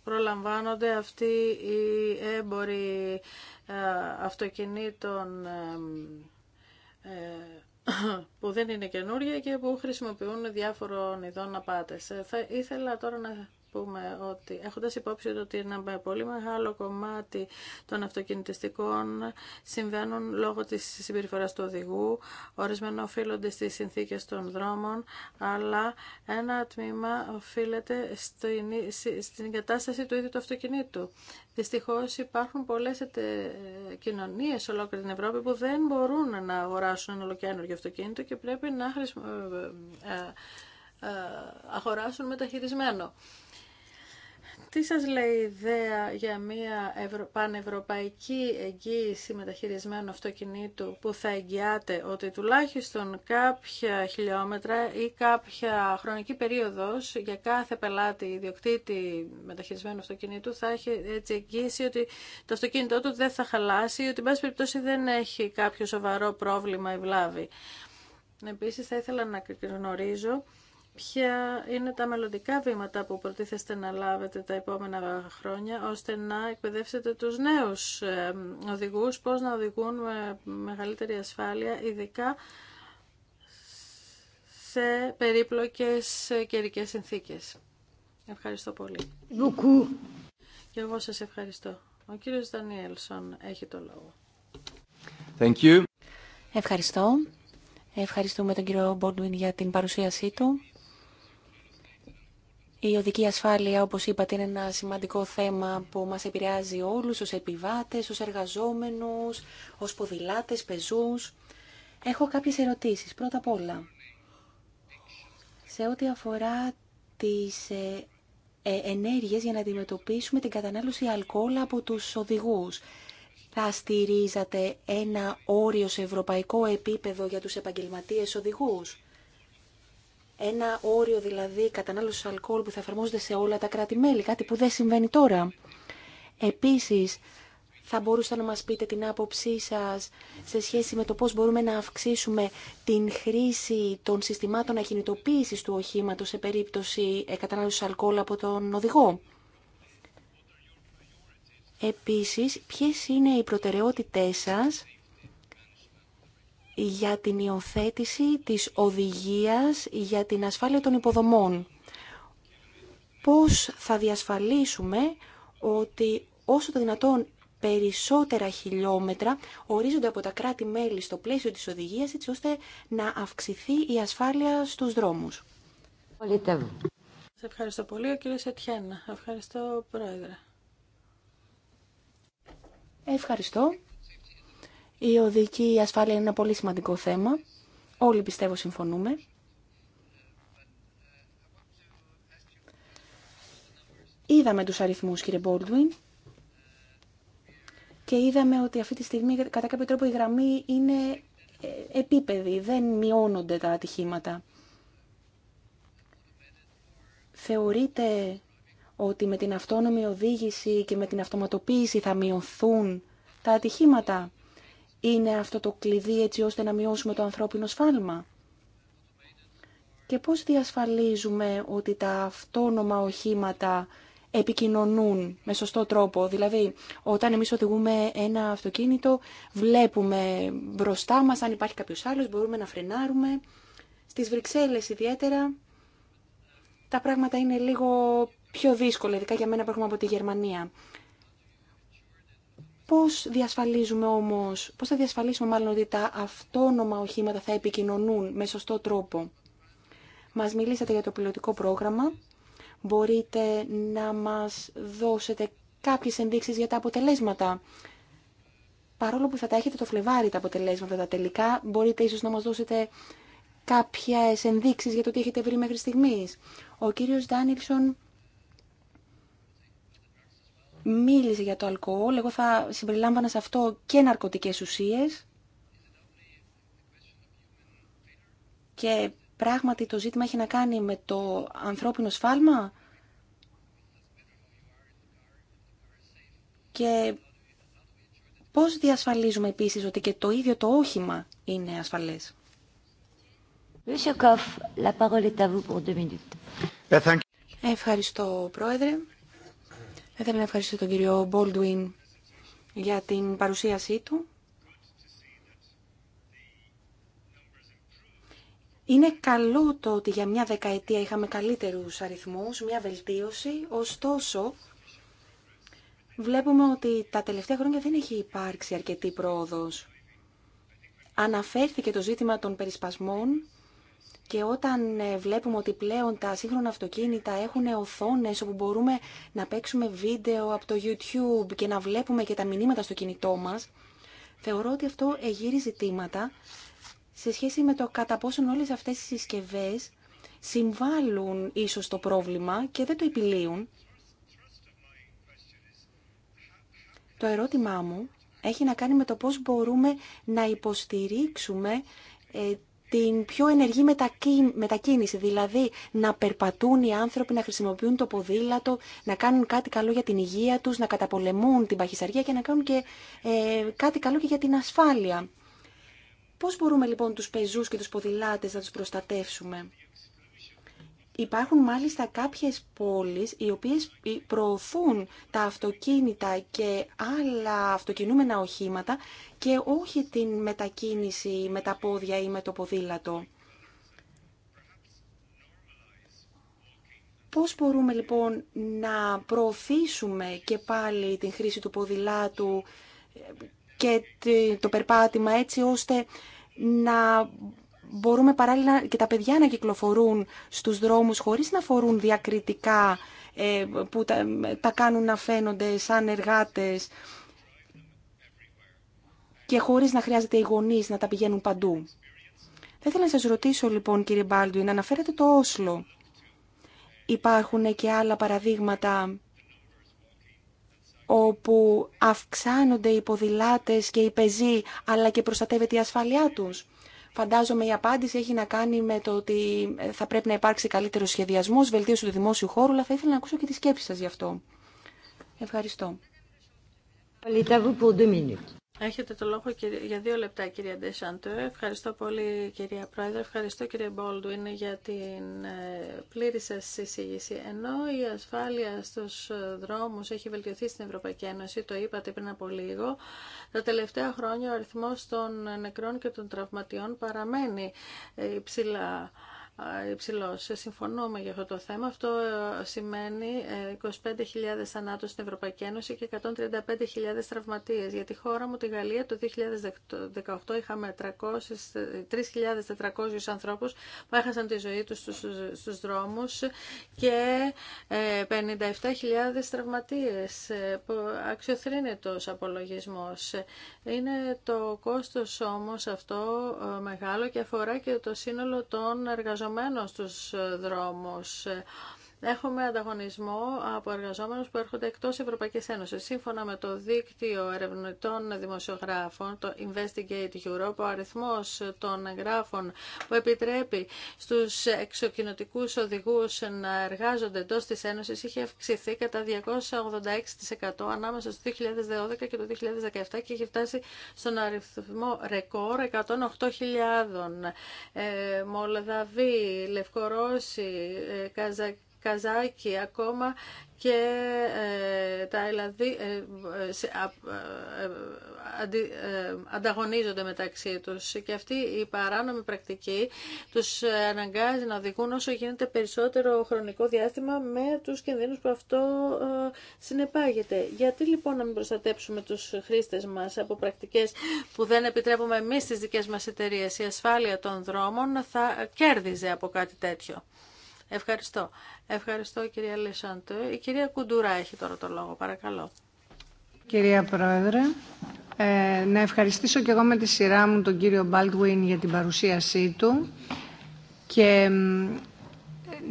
προλαμβάνονται αυτοί οι έμποροι ε, αυτοκινήτων ε, που δεν είναι καινούρια και που χρησιμοποιούν διάφορων ειδών απάτες. Ε, θα ήθελα τώρα να πούμε ότι έχοντας υπόψη ότι ένα πολύ μεγάλο κομμάτι των αυτοκινητιστικών συμβαίνουν λόγω της συμπεριφοράς του οδηγού, ορισμένα οφείλονται στις συνθήκες των δρόμων, αλλά ένα τμήμα οφείλεται στην κατάσταση του ίδιου του αυτοκινήτου. Δυστυχώς υπάρχουν πολλές κοινωνίε σε ολόκληρη την Ευρώπη που δεν μπορούν να αγοράσουν ένα ολοκένουργιο αυτοκίνητο και πρέπει να ε, ε, ε, αγοράσουν μεταχειρισμένο. Τι σας λέει η ιδέα για μια πανευρωπαϊκή εγγύηση μεταχειρισμένου αυτοκινήτου που θα εγγυάται ότι τουλάχιστον κάποια χιλιόμετρα ή κάποια χρονική περίοδος για κάθε πελάτη ιδιοκτήτη μεταχειρισμένου αυτοκινήτου θα έχει έτσι εγγύηση ότι το αυτοκίνητό του δεν θα χαλάσει ή ότι εν πάση περιπτώσει δεν έχει κάποιο σοβαρό πρόβλημα ή βλάβη. Επίσης θα ήθελα να γνωρίζω ποια είναι τα μελλοντικά βήματα που προτίθεστε να λάβετε τα επόμενα χρόνια ώστε να εκπαιδεύσετε τους νέους ε, οδηγούς πώς να οδηγούν με μεγαλύτερη ασφάλεια ειδικά σε περίπλοκες καιρικέ συνθήκες. Ευχαριστώ πολύ. Και εγώ σας ευχαριστώ. Ο κύριος Δανίελσον έχει το λόγο. Thank you. Ευχαριστώ. Ευχαριστούμε τον κύριο Μπόντουιν για την παρουσίασή του. Η οδική ασφάλεια, όπως είπατε, είναι ένα σημαντικό θέμα που μας επηρεάζει όλους, ως επιβάτες, ως εργαζόμενους, ως ποδηλάτες, πεζούς. Έχω κάποιες ερωτήσεις. Πρώτα απ' όλα, σε ό,τι αφορά τις ε, ε, ενέργειες για να αντιμετωπίσουμε την κατανάλωση αλκοόλ από τους οδηγούς. Θα στηρίζατε ένα όριο σε ευρωπαϊκό επίπεδο για τους επαγγελματίες οδηγούς. Ένα όριο δηλαδή κατανάλωση αλκοόλ που θα εφαρμόζεται σε όλα τα κράτη-μέλη, κάτι που δεν συμβαίνει τώρα. Επίσης, θα μπορούσατε να μας πείτε την άποψή σας σε σχέση με το πώς μπορούμε να αυξήσουμε την χρήση των συστημάτων αχινητοποίησης του οχήματος σε περίπτωση ε, κατανάλωσης αλκοόλ από τον οδηγό. Επίσης, ποιες είναι οι προτεραιότητές σας για την υιοθέτηση της οδηγίας για την ασφάλεια των υποδομών. Πώς θα διασφαλίσουμε ότι όσο το δυνατόν περισσότερα χιλιόμετρα ορίζονται από τα κράτη-μέλη στο πλαίσιο της οδηγίας έτσι ώστε να αυξηθεί η ασφάλεια στους δρόμους. Σε ευχαριστώ πολύ, ο κύριος Ευχαριστώ, Πρόεδρε. Ευχαριστώ. Η οδική ασφάλεια είναι ένα πολύ σημαντικό θέμα. Όλοι πιστεύω συμφωνούμε. Είδαμε τους αριθμούς, κύριε Μπόλτουιν, και είδαμε ότι αυτή τη στιγμή κατά κάποιο τρόπο η γραμμή είναι ε, επίπεδη, δεν μειώνονται τα ατυχήματα. Θεωρείτε ότι με την αυτόνομη οδήγηση και με την αυτοματοποίηση θα μειωθούν τα ατυχήματα είναι αυτό το κλειδί έτσι ώστε να μειώσουμε το ανθρώπινο σφάλμα. Και πώς διασφαλίζουμε ότι τα αυτόνομα οχήματα επικοινωνούν με σωστό τρόπο. Δηλαδή, όταν εμείς οδηγούμε ένα αυτοκίνητο, βλέπουμε μπροστά μας, αν υπάρχει κάποιος άλλος, μπορούμε να φρενάρουμε. Στις Βρυξέλλες ιδιαίτερα, τα πράγματα είναι λίγο πιο δύσκολα, ειδικά για μένα που από τη Γερμανία. Πώς διασφαλίζουμε όμως, πώς θα διασφαλίσουμε μάλλον ότι τα αυτόνομα οχήματα θα επικοινωνούν με σωστό τρόπο. Μας μιλήσατε για το πιλωτικό πρόγραμμα. Μπορείτε να μας δώσετε κάποιες ενδείξεις για τα αποτελέσματα. Παρόλο που θα τα έχετε το Φλεβάρι τα αποτελέσματα τα τελικά, μπορείτε ίσως να μας δώσετε κάποιες ενδείξεις για το τι έχετε βρει μέχρι στιγμής. Ο κύριος Ντάνιλσον μίλησε για το αλκοόλ. Εγώ θα συμπεριλάμβανα σε αυτό και ναρκωτικές ουσίες. Και πράγματι το ζήτημα έχει να κάνει με το ανθρώπινο σφάλμα. Και πώς διασφαλίζουμε επίσης ότι και το ίδιο το όχημα είναι ασφαλές. Ευχαριστώ, Πρόεδρε. Θέλω να ευχαριστήσω τον κύριο Μπόλτουιν για την παρουσίασή του. Είναι καλό το ότι για μια δεκαετία είχαμε καλύτερους αριθμούς, μια βελτίωση, ωστόσο βλέπουμε ότι τα τελευταία χρόνια δεν έχει υπάρξει αρκετή πρόοδος. Αναφέρθηκε το ζήτημα των περισπασμών και όταν ε, βλέπουμε ότι πλέον τα σύγχρονα αυτοκίνητα έχουν οθόνες όπου μπορούμε να παίξουμε βίντεο από το YouTube και να βλέπουμε και τα μηνύματα στο κινητό μας, θεωρώ ότι αυτό εγείρει ζητήματα σε σχέση με το κατά πόσον όλες αυτές οι συσκευές συμβάλλουν ίσως το πρόβλημα και δεν το επιλύουν. Το ερώτημά μου έχει να κάνει με το πώς μπορούμε να υποστηρίξουμε ε, την πιο ενεργή μετακίνηση, δηλαδή να περπατούν οι άνθρωποι, να χρησιμοποιούν το ποδήλατο, να κάνουν κάτι καλό για την υγεία τους, να καταπολεμούν την παχυσαργία και να κάνουν και ε, κάτι καλό και για την ασφάλεια. Πώς μπορούμε λοιπόν τους πεζούς και τους ποδηλάτες να τους προστατεύσουμε. Υπάρχουν μάλιστα κάποιες πόλεις οι οποίες προωθούν τα αυτοκίνητα και άλλα αυτοκινούμενα οχήματα και όχι την μετακίνηση με τα πόδια ή με το ποδήλατο. Πώς μπορούμε λοιπόν να προωθήσουμε και πάλι την χρήση του ποδηλάτου ε, και το περπάτημα έτσι ώστε να μπορούμε παράλληλα και τα παιδιά να κυκλοφορούν στους δρόμους χωρίς να φορούν διακριτικά ε, που τα κάνουν να φαίνονται σαν εργάτες και χωρίς να χρειάζεται οι γονείς να τα πηγαίνουν παντού. Θα ήθελα να σας ρωτήσω λοιπόν κύριε να αναφέρετε το Όσλο. Υπάρχουν και άλλα παραδείγματα όπου αυξάνονται οι ποδηλάτες και οι πεζοί αλλά και προστατεύεται η ασφαλειά τους. Φαντάζομαι η απάντηση έχει να κάνει με το ότι θα πρέπει να υπάρξει καλύτερο σχεδιασμό, βελτίωση του δημόσιου χώρου, αλλά θα ήθελα να ακούσω και τη σκέψη σα γι' αυτό. Ευχαριστώ. Έχετε το λόγο για δύο λεπτά κυρία Ντεσάντου. Ευχαριστώ πολύ κυρία Πρόεδρε, ευχαριστώ κύριε Μπόλντουιν για την ε, πλήρη σας εισήγηση. Ενώ η ασφάλεια στους ε, δρόμους έχει βελτιωθεί στην Ευρωπαϊκή Ένωση, το είπατε πριν από λίγο, τα τελευταία χρόνια ο αριθμός των νεκρών και των τραυματιών παραμένει ε, υψηλά. Σε Συμφωνούμε για αυτό το θέμα. Αυτό ε, σημαίνει 25.000 ε, θανάτους στην Ευρωπαϊκή Ένωση και 135.000 τραυματίες. Για τη χώρα μου, τη Γαλλία, το 2018 είχαμε 3.400 ε, ανθρώπους που έχασαν τη ζωή τους στους, στους δρόμους και 57.000 τραυματίες. Αξιοθρύνητος απολογισμός. Είναι το κόστος όμως αυτό μεγάλο και αφορά και το σύνολο των εργαζομένων πεζωμένο στους δρόμους έχουμε ανταγωνισμό από εργαζόμενου που έρχονται εκτός Ευρωπαϊκής Ένωσης. Σύμφωνα με το δίκτυο ερευνητών δημοσιογράφων, το Investigate Europe, ο αριθμός των εγγράφων που επιτρέπει στους εξοκοινοτικούς οδηγού να εργάζονται εντό τη Ένωσης είχε αυξηθεί κατά 286% ανάμεσα στο 2012 και το 2017 και είχε φτάσει στον αριθμό ρεκόρ 108.000. Ε, Μολδαβοί, Λευκορώσοι, ε, Καζακ Καζάκι, ακόμα και ε, τα Ελλαδί ε, ε, ανταγωνίζονται μεταξύ τους και αυτή η παράνομη πρακτική τους αναγκάζει να οδηγούν όσο γίνεται περισσότερο χρονικό διάστημα με τους κινδύνους που αυτό συνεπάγεται. Γιατί λοιπόν να μην προστατέψουμε τους χρήστες μας από πρακτικές που δεν επιτρέπουμε εμείς στις δικές μας εταιρείες. Η ασφάλεια των δρόμων θα κέρδιζε από κάτι τέτοιο. Ευχαριστώ. Ευχαριστώ κυρία Λεσάντο. Η κυρία Κουντουρά έχει τώρα το λόγο. Παρακαλώ. Κυρία Πρόεδρε, ε, να ευχαριστήσω και εγώ με τη σειρά μου τον κύριο Baldwin για την παρουσίασή του και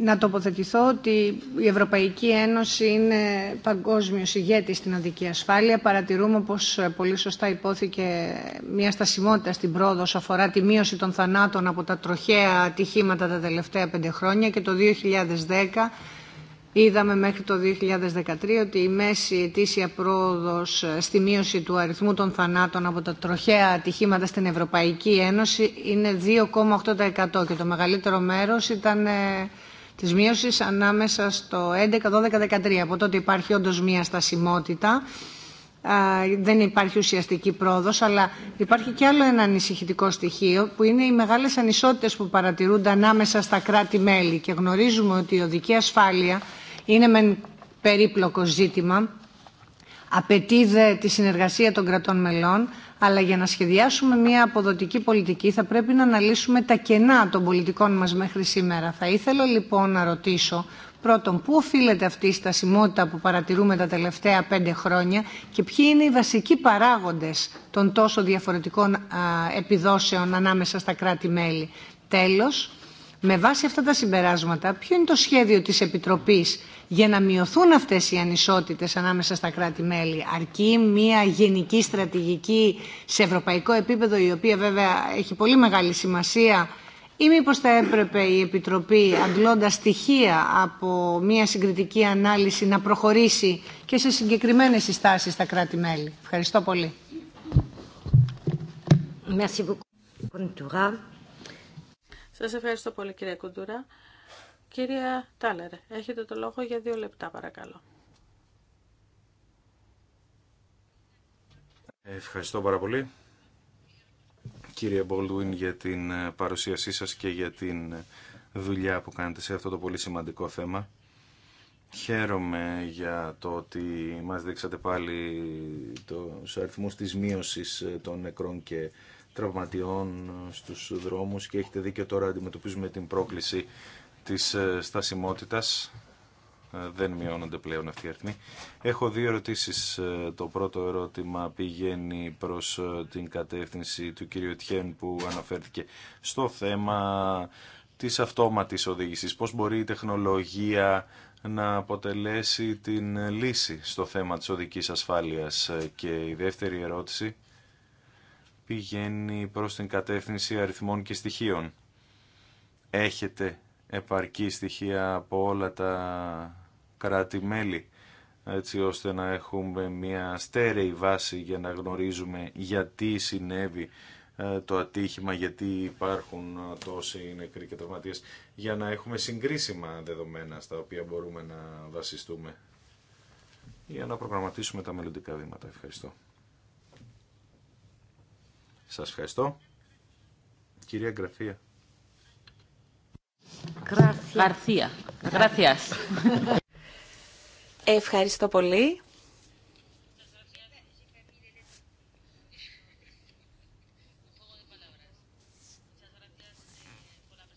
να τοποθετηθώ ότι η Ευρωπαϊκή Ένωση είναι παγκόσμιος ηγέτη στην οδική ασφάλεια. Παρατηρούμε, όπω πολύ σωστά υπόθηκε, μια στασιμότητα στην πρόοδο αφορά τη μείωση των θανάτων από τα τροχαία ατυχήματα τα τελευταία πέντε χρόνια και το 2010 Είδαμε μέχρι το 2013 ότι η μέση ετήσια πρόοδος στη μείωση του αριθμού των θανάτων από τα τροχαία ατυχήματα στην Ευρωπαϊκή Ένωση είναι 2,8% και το μεγαλύτερο μέρος ήταν ε, Τη μείωση ανάμεσα στο 11, 12, 13. Από τότε υπάρχει όντω μία στασιμότητα. Δεν υπάρχει ουσιαστική πρόοδο, αλλά υπάρχει και άλλο ένα ανησυχητικό στοιχείο που είναι οι μεγάλες ανισότητες που παρατηρούνται ανάμεσα στα κράτη-μέλη και γνωρίζουμε ότι η οδική ασφάλεια είναι μεν περίπλοκο ζήτημα Απαιτεί δε τη συνεργασία των κρατών μελών, αλλά για να σχεδιάσουμε μια αποδοτική πολιτική θα πρέπει να αναλύσουμε τα κενά των πολιτικών μας μέχρι σήμερα. Θα ήθελα λοιπόν να ρωτήσω πρώτον πού οφείλεται αυτή η στασιμότητα που παρατηρούμε τα τελευταία πέντε χρόνια και ποιοι είναι οι βασικοί παράγοντες των τόσο διαφορετικών επιδόσεων ανάμεσα στα κράτη-μέλη. Τέλος, με βάση αυτά τα συμπεράσματα, ποιο είναι το σχέδιο της Επιτροπής για να μειωθούν αυτές οι ανισότητες ανάμεσα στα κράτη-μέλη. Αρκεί μια γενική στρατηγική σε ευρωπαϊκό επίπεδο, η οποία βέβαια έχει πολύ μεγάλη σημασία, ή μήπω θα έπρεπε η Επιτροπή, αντλώντας στοιχεία από μια συγκριτική ανάλυση, να προχωρήσει και σε συγκεκριμένες συστάσεις στα κράτη-μέλη. Ευχαριστώ πολύ. Σας ευχαριστώ πολύ κυρία Κουντούρα. Κυρία Τάλερ, έχετε το λόγο για δύο λεπτά παρακαλώ. Ευχαριστώ πάρα πολύ κύριε Μπολτουίν για την ε, παρουσίασή σας και για την ε, δουλειά που κάνετε σε αυτό το πολύ σημαντικό θέμα. Χαίρομαι για το ότι μας δείξατε πάλι το αριθμούς της μείωσης ε, των νεκρών και τραυματιών στους δρόμους και έχετε δει και τώρα αντιμετωπίζουμε την πρόκληση της ε, στασιμότητας. Ε, δεν μειώνονται πλέον αυτοί οι αριθμοί. Έχω δύο ερωτήσεις. Ε, το πρώτο ερώτημα πηγαίνει προς την κατεύθυνση του κύριου Τιέν που αναφέρθηκε στο θέμα της αυτόματης οδήγησης. Πώς μπορεί η τεχνολογία να αποτελέσει την λύση στο θέμα της οδικής ασφάλειας. Και η δεύτερη ερώτηση πηγαίνει προς την κατεύθυνση αριθμών και στοιχείων. Έχετε επαρκή στοιχεία από όλα τα κράτη-μέλη, έτσι ώστε να έχουμε μια στέρεη βάση για να γνωρίζουμε γιατί συνέβη ε, το ατύχημα, γιατί υπάρχουν ε, τόσοι νεκροί και τραυματίες, για να έχουμε συγκρίσιμα δεδομένα στα οποία μπορούμε να βασιστούμε για να προγραμματίσουμε τα μελλοντικά βήματα. Ευχαριστώ. Σας ευχαριστώ. Κυρία Γραφία. Γραφεία. Ευχαριστώ πολύ.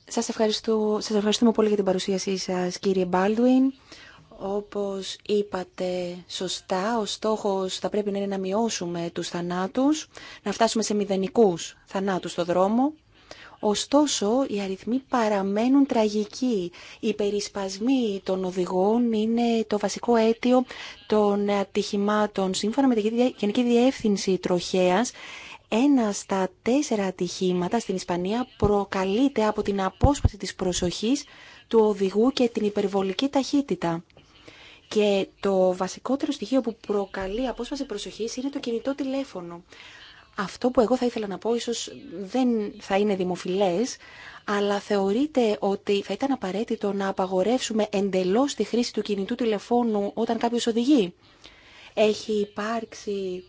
Σας, ευχαριστώ, σας ευχαριστούμε πολύ για την παρουσίασή σας, κύριε Μπάλτουιν. Όπως είπατε σωστά, ο στόχος θα πρέπει να είναι να μειώσουμε τους θανάτους, να φτάσουμε σε μηδενικούς θανάτους στο δρόμο. Ωστόσο, οι αριθμοί παραμένουν τραγικοί. Οι περισπασμοί των οδηγών είναι το βασικό αίτιο των ατυχημάτων. Σύμφωνα με τη Γενική Διεύθυνση Τροχέας, ένα στα τέσσερα ατυχήματα στην Ισπανία προκαλείται από την απόσπαση της προσοχής του οδηγού και την υπερβολική ταχύτητα. Και το βασικότερο στοιχείο που προκαλεί απόσπαση προσοχής είναι το κινητό τηλέφωνο. Αυτό που εγώ θα ήθελα να πω ίσως δεν θα είναι δημοφιλές, αλλά θεωρείτε ότι θα ήταν απαραίτητο να απαγορεύσουμε εντελώς τη χρήση του κινητού τηλεφώνου όταν κάποιος οδηγεί. Έχει υπάρξει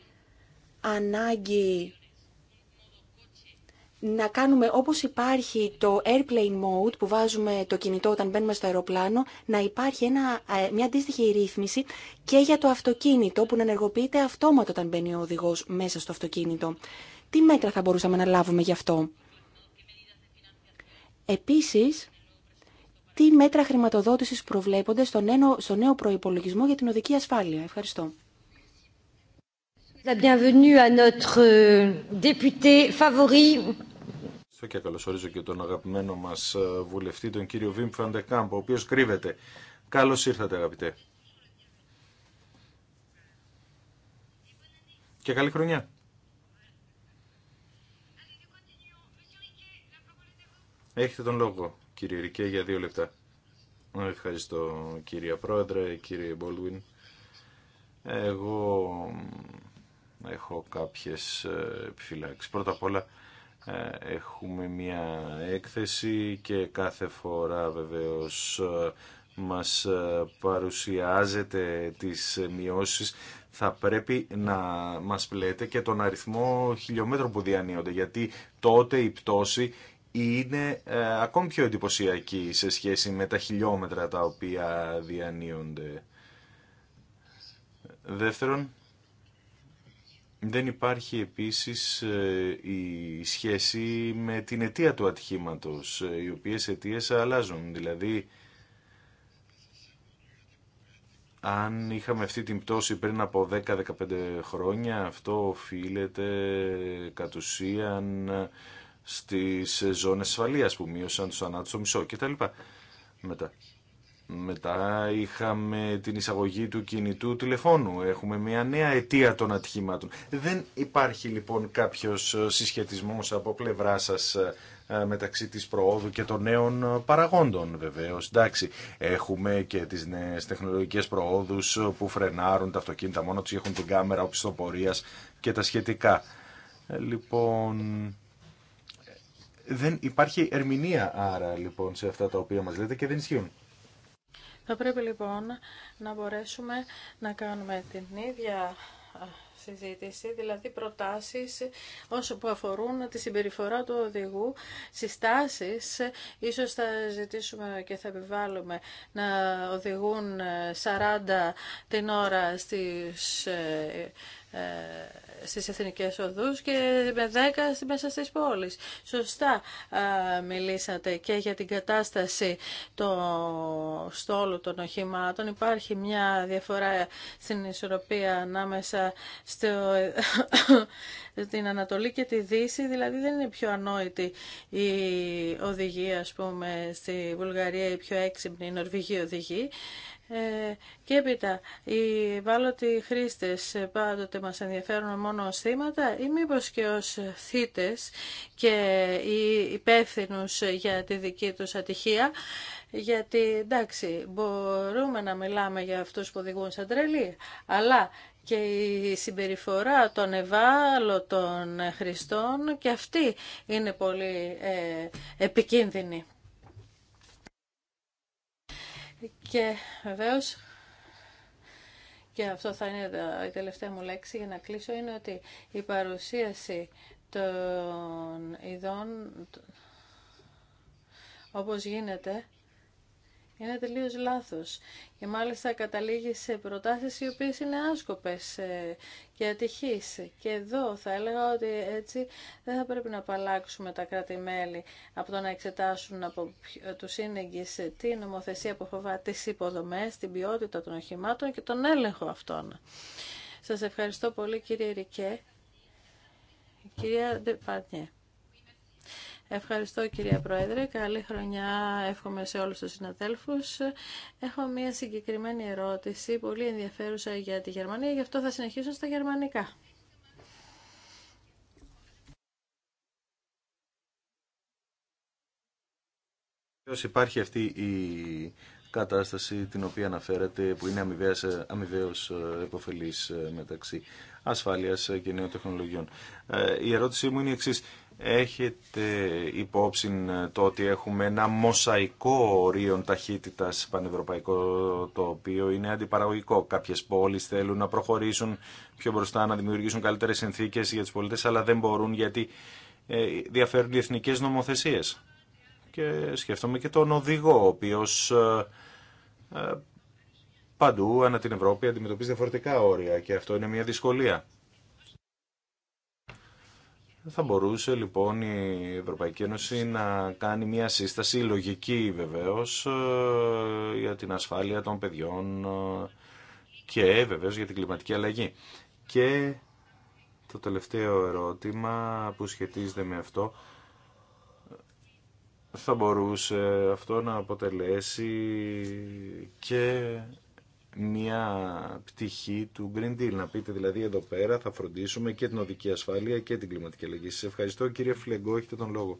ανάγκη να κάνουμε όπως υπάρχει το airplane mode που βάζουμε το κινητό όταν μπαίνουμε στο αεροπλάνο, να υπάρχει ένα, ε, μια αντίστοιχη ρύθμιση και για το αυτοκίνητο που να ενεργοποιείται αυτόματα όταν μπαίνει ο οδηγός μέσα στο αυτοκίνητο. Τι μέτρα θα μπορούσαμε να λάβουμε γι' αυτό. Επίσης, τι μέτρα χρηματοδότησης προβλέπονται στο νέο, στο νέο προϋπολογισμό για την οδική ασφάλεια. Ευχαριστώ. bienvenue à notre euh, député favori, και καλωσορίζω και τον αγαπημένο μας ε, βουλευτή, τον κύριο Βίμ Κάμπο ο οποίος κρύβεται. Καλώς ήρθατε αγαπητέ. Και καλή χρονιά. Έχετε τον λόγο, κύριε Ρικέ, για δύο λεπτά. Ε, ευχαριστώ, κύριε Πρόεδρε, κύριε Μπόλουιν. Εγώ έχω κάποιες ε, επιφυλάξεις. Πρώτα απ' όλα, ε, έχουμε μια έκθεση και κάθε φορά βεβαίως ε, μας ε, παρουσιάζεται τις μειώσεις θα πρέπει να μας πλέτε και τον αριθμό χιλιόμετρων που διανύονται γιατί τότε η πτώση είναι ακόμη πιο εντυπωσιακή σε σχέση με τα χιλιόμετρα τα οποία διανύονται. Δεύτερον, δεν υπάρχει επίσης ε, η σχέση με την αιτία του ατυχήματος, ε, οι οποίες αιτίε αλλάζουν. Δηλαδή, αν είχαμε αυτή την πτώση πριν από 10-15 χρόνια, αυτό οφείλεται κατ' ουσίαν στις ζώνες ασφαλείας που μείωσαν τους ανάτους στο μισό κτλ. Μετά. Μετά είχαμε την εισαγωγή του κινητού τηλεφώνου. Έχουμε μια νέα αιτία των ατυχημάτων. Δεν υπάρχει λοιπόν κάποιος συσχετισμός από πλευρά σας ε, μεταξύ της προόδου και των νέων παραγόντων βεβαίως. Εντάξει, έχουμε και τις νέες τεχνολογικές προόδους που φρενάρουν τα αυτοκίνητα μόνο τους, έχουν την κάμερα οπισθοπορίας και τα σχετικά. Ε, λοιπόν, δεν υπάρχει ερμηνεία άρα λοιπόν σε αυτά τα οποία μας λέτε και δεν ισχύουν. Θα πρέπει λοιπόν να μπορέσουμε να κάνουμε την ίδια συζήτηση, δηλαδή προτάσεις όσο που αφορούν τη συμπεριφορά του οδηγού, συστάσεις, ίσως θα ζητήσουμε και θα επιβάλλουμε να οδηγούν 40 ε, την ώρα στις ε, ε, στις εθνικές οδούς και με 10 μέσα στις πόλεις. Σωστά μιλήσατε και για την κατάσταση το στόλου των οχημάτων. Υπάρχει μια διαφορά στην ισορροπία ανάμεσα στο, στην ε, Ανατολή και τη Δύση, δηλαδή δεν είναι πιο ανόητη η οδηγία, ας πούμε, στη Βουλγαρία, η πιο έξυπνη, η Νορβηγή οδηγεί. Ε, και έπειτα, οι ευάλωτοι χρήστες ε, πάντοτε μας ενδιαφέρουν μόνο ως θύματα ή μήπως και ως θύτες και οι υπεύθυνου για τη δική τους ατυχία. Γιατί, εντάξει, μπορούμε να μιλάμε για αυτούς που οδηγούν σαν τρελή, αλλά και η συμπεριφορά των ευάλωτων χρηστών και αυτή είναι πολύ ε, επικίνδυνη. Και βεβαίω, και αυτό θα είναι η τελευταία μου λέξη για να κλείσω, είναι ότι η παρουσίαση των ειδών όπως γίνεται είναι τελείω λάθο. και μάλιστα καταλήγει σε προτάσει, οι οποίε είναι άσκοπες ε, και ατυχεί. Και εδώ θα έλεγα ότι έτσι δεν θα πρέπει να απαλλάξουμε τα κράτη-μέλη από το να εξετάσουν από τους σύνεγγυ ε, την νομοθεσία που φοβά τι υποδομέ, την ποιότητα των οχημάτων και τον έλεγχο αυτών. Σας ευχαριστώ πολύ κύριε Ρικέ. Κυρία Ευχαριστώ κυρία Πρόεδρε. Καλή χρονιά εύχομαι σε όλους τους συναδέλφους. Έχω μια συγκεκριμένη ερώτηση πολύ ενδιαφέρουσα για τη Γερμανία, γι' αυτό θα συνεχίσω στα γερμανικά. Υπάρχει αυτή η κατάσταση την οποία αναφέρατε που είναι αμοιβαίως υποφελής ε, ε, μεταξύ ασφάλειας και νέων τεχνολογιών. Ε, η ερώτησή μου είναι η εξής. Έχετε υπόψη ε, το ότι έχουμε ένα μοσαϊκό ορίον ταχύτητας πανευρωπαϊκό το οποίο είναι αντιπαραγωγικό. Κάποιες πόλεις θέλουν να προχωρήσουν πιο μπροστά, να δημιουργήσουν καλύτερες συνθήκες για τους πολίτες αλλά δεν μπορούν γιατί ε, διαφέρουν οι εθνικές νομοθεσίες. Και σκέφτομαι και τον οδηγό ο οποίος ε, παντού ανά την Ευρώπη αντιμετωπίζει διαφορετικά όρια και αυτό είναι μια δυσκολία. Θα μπορούσε λοιπόν η Ευρωπαϊκή Ένωση να κάνει μια σύσταση λογική βεβαίως ε, για την ασφάλεια των παιδιών ε, και βεβαίως για την κλιματική αλλαγή. Και το τελευταίο ερώτημα που σχετίζεται με αυτό θα μπορούσε αυτό να αποτελέσει και μια πτυχή του Green Deal. Να πείτε δηλαδή εδώ πέρα θα φροντίσουμε και την οδική ασφάλεια και την κλιματική αλλαγή. Σας ευχαριστώ κύριε Φλεγκό, έχετε τον λόγο.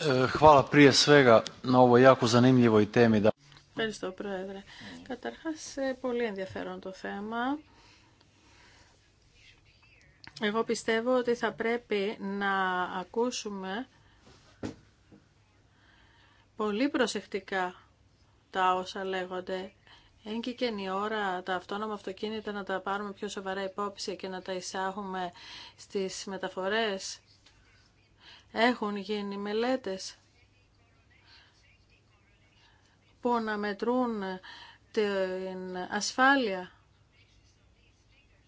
Ε, ευχαριστώ πρόεδρε. Καταρχάς ε, πολύ ενδιαφέρον το θέμα. Εγώ πιστεύω ότι θα πρέπει να ακούσουμε πολύ προσεκτικά τα όσα λέγονται. Εν η ώρα τα αυτόνομα αυτοκίνητα να τα πάρουμε πιο σοβαρά υπόψη και να τα εισάγουμε στις μεταφορές. Έχουν γίνει μελέτες που να μετρούν την ασφάλεια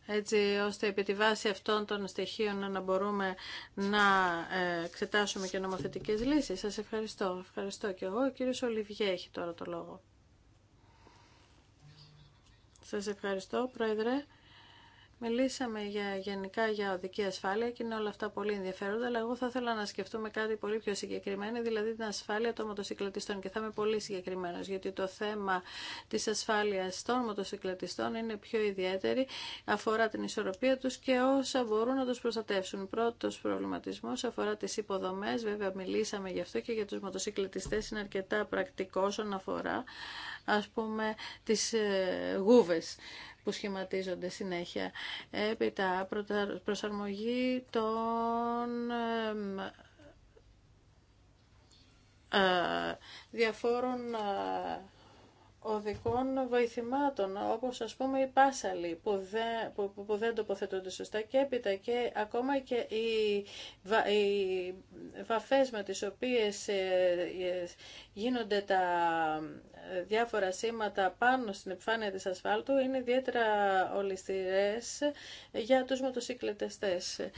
έτσι ώστε επί τη βάση αυτών των στοιχείων να μπορούμε να ε, εξετάσουμε και νομοθετικές λύσεις. Σας ευχαριστώ. Ευχαριστώ και εγώ. Ο κύριος Ολιβιέ έχει τώρα το λόγο. Σας ευχαριστώ, Πρόεδρε. Μιλήσαμε για, γενικά για οδική ασφάλεια και είναι όλα αυτά πολύ ενδιαφέροντα, αλλά εγώ θα ήθελα να σκεφτούμε κάτι πολύ πιο συγκεκριμένο, δηλαδή την ασφάλεια των μοτοσυκλετιστών. Και θα είμαι πολύ συγκεκριμένο, γιατί το θέμα τη ασφάλεια των μοτοσυκλετιστών είναι πιο ιδιαίτερη, αφορά την ισορροπία του και όσα μπορούν να του προστατεύσουν. Πρώτο προβληματισμό αφορά τι υποδομέ, βέβαια μιλήσαμε γι' αυτό και για του μοτοσυκλετιστέ είναι αρκετά πρακτικό όσον αφορά, α πούμε, τι ε, γούβε που σχηματίζονται συνέχεια. Έπειτα, προσαρμογή των ε, διαφόρων ε, οδικών βοηθημάτων, όπως ας πούμε οι πάσαλοι που δεν, δεν τοποθετούνται σωστά και έπειτα ακόμα και οι, οι βαφές με τις οποίες ε, γίνονται τα διάφορα σήματα πάνω στην επιφάνεια της ασφάλτου είναι ιδιαίτερα ολιστηρές για τους μοτοσυκλετεστές. Ε,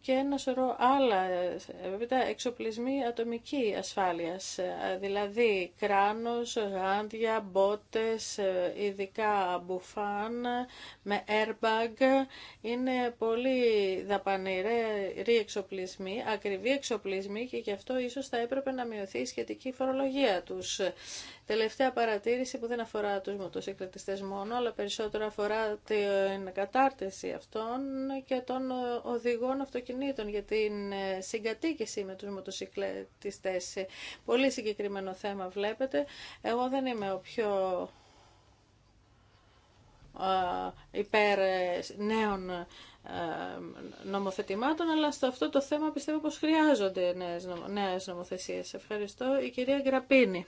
και ένα σωρό άλλα εξοπλισμοί ατομική ασφάλειας, ε, δηλαδή κράνος, γάντια, μπότες, ε, ειδικά μπουφάν με airbag, είναι πολύ δαπανηρή εξοπλισμοί, ακριβή εξοπλισμοί και γι' αυτό ίσως θα έπρεπε να μειωθεί η σχετική φορολογία τους. Τελευταία παρατήρηση που δεν αφορά τους μοτοσυκλετιστές μόνο, αλλά περισσότερο αφορά την κατάρτιση αυτών και των οδηγών αυτοκινήτων για την ε, συγκατοίκηση με τους μοτοσυκλετιστές. Πολύ συγκεκριμένο θέμα βλέπετε. Εγώ δεν είμαι ο πιο υπέρ ε, νέων ε, νομοθετημάτων, αλλά στο αυτό το θέμα πιστεύω πως χρειάζονται νέες νομοθεσίες. Ευχαριστώ. Η κυρία Γραπίνη.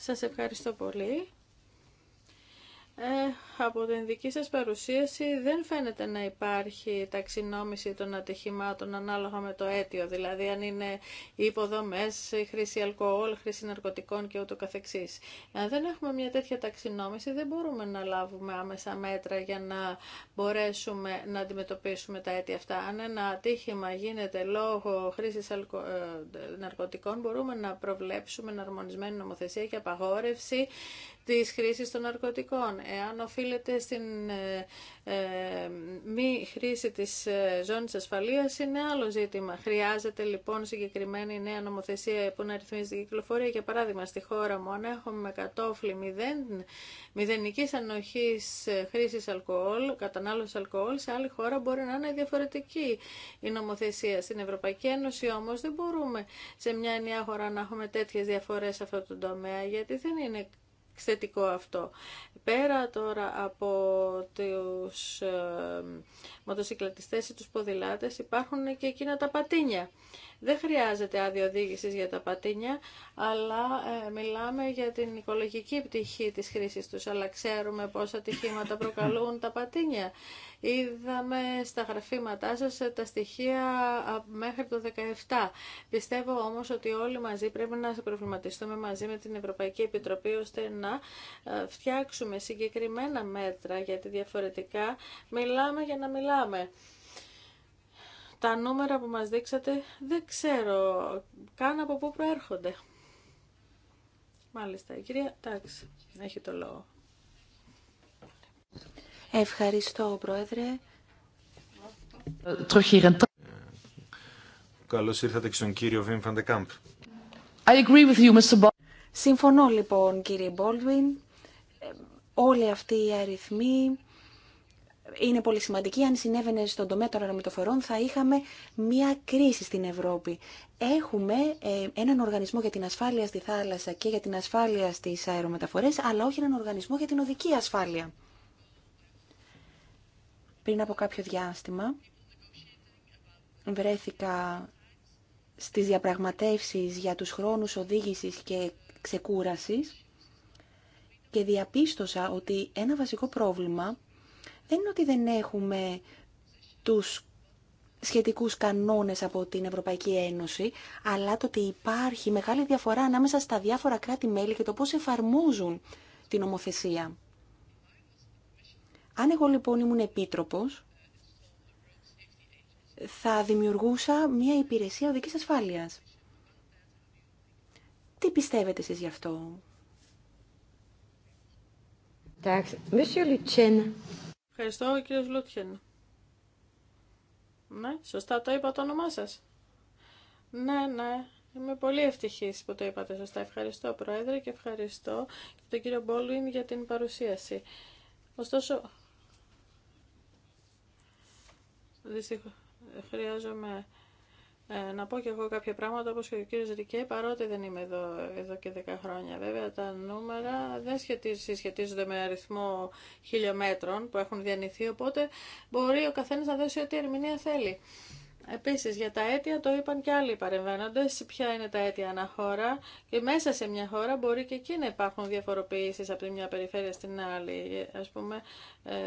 Σας ευχαριστώ πολύ. Ε, από την δική σας παρουσίαση δεν φαίνεται να υπάρχει ταξινόμηση των ατυχημάτων ανάλογα με το αίτιο, δηλαδή αν είναι υποδομές, χρήση αλκοόλ, χρήση ναρκωτικών και ούτω καθεξής. Αν δεν έχουμε μια τέτοια ταξινόμηση δεν μπορούμε να λάβουμε άμεσα μέτρα για να μπορέσουμε να αντιμετωπίσουμε τα αίτια αυτά. Αν ένα ατύχημα γίνεται λόγω χρήσης ε, ναρκωτικών μπορούμε να προβλέψουμε εναρμονισμένη νομοθεσία και απαγόρευση της χρήσης των ναρκωτικών. Εάν οφείλεται στην ε, ε, μη χρήση της ε, ζώνης ασφαλείας είναι άλλο ζήτημα. Χρειάζεται λοιπόν συγκεκριμένη νέα νομοθεσία που να ρυθμίζει την κυκλοφορία. Για παράδειγμα, στη χώρα μου αν έχουμε κατόφλι μηδέν, μηδενικής ανοχής χρήσης αλκοόλ, κατανάλωσης αλκοόλ, σε άλλη χώρα μπορεί να είναι διαφορετική η νομοθεσία. Στην Ευρωπαϊκή Ένωση όμως δεν μπορούμε σε μια ενιαία χώρα να έχουμε τέτοιες διαφορές σε αυτό το τομέα, γιατί δεν είναι θετικό αυτό. Πέρα τώρα από τους ε, μοτοσυκλατιστές ή τους ποδηλάτες υπάρχουν και εκείνα τα πατίνια. Δεν χρειάζεται άδεια οδήγηση για τα πατίνια, αλλά ε, μιλάμε για την οικολογική πτυχή της χρήσης τους, αλλά ξέρουμε πόσα ατυχήματα προκαλούν τα πατίνια. Είδαμε στα γραφήματά σας ε, τα στοιχεία μέχρι το 17. Πιστεύω όμως ότι όλοι μαζί πρέπει να προβληματιστούμε μαζί με την Ευρωπαϊκή Επιτροπή ώστε να ε, φτιάξουμε συγκεκριμένα μέτρα γιατί διαφορετικά μιλάμε για να μιλάμε. Τα νούμερα που μας δείξατε δεν ξέρω καν από πού προέρχονται. Μάλιστα, η κυρία Τάξη έχει το λόγο. Ευχαριστώ, Πρόεδρε. Καλώ ήρθατε και στον κύριο Βίμ Φαντεκάμπ. Συμφωνώ λοιπόν, κύριε Μπόλτουιν. Όλοι αυτοί οι αριθμοί είναι πολύ σημαντικοί. Αν συνέβαινε στον τομέα των αερομετωφορών θα είχαμε μια κρίση στην Ευρώπη. Έχουμε ε, έναν οργανισμό για την ασφάλεια στη θάλασσα και για την ασφάλεια στις αερομεταφορές, αλλά όχι έναν οργανισμό για την οδική ασφάλεια. Πριν από κάποιο διάστημα βρέθηκα στις διαπραγματεύσεις για τους χρόνους οδήγησης και ξεκούρασης και διαπίστωσα ότι ένα βασικό πρόβλημα δεν είναι ότι δεν έχουμε τους σχετικούς κανόνες από την Ευρωπαϊκή Ένωση, αλλά το ότι υπάρχει μεγάλη διαφορά ανάμεσα στα διάφορα κράτη-μέλη και το πώς εφαρμόζουν την νομοθεσία. Αν εγώ λοιπόν ήμουν επίτροπος, θα δημιουργούσα μια υπηρεσία οδικής ασφάλειας. Τι πιστεύετε εσείς γι' αυτό? Ευχαριστώ, κύριε Λούτχεν. Ναι, σωστά το είπα το όνομά σας. Ναι, ναι. Είμαι πολύ ευτυχής που το είπατε σωστά. Ευχαριστώ, Πρόεδρε, και ευχαριστώ και τον κύριο Μπόλουιν για την παρουσίαση. Ωστόσο, Δυστυχώς χρειάζομαι ε, να πω και εγώ κάποια πράγματα όπως και ο κύριος Ρικέ, παρότι δεν είμαι εδώ, εδώ και 10 χρόνια. Βέβαια τα νούμερα δεν σχετίζονται με αριθμό χιλιόμετρων που έχουν διανυθεί, οπότε μπορεί ο καθένας να δώσει ό,τι ερμηνεία θέλει. Επίσης, για τα αίτια το είπαν και άλλοι παρεμβαίνοντες, ποια είναι τα αίτια αναχώρα και μέσα σε μια χώρα μπορεί και εκεί να υπάρχουν διαφοροποιήσεις από τη μια περιφέρεια στην άλλη, ας πούμε, ε, ε,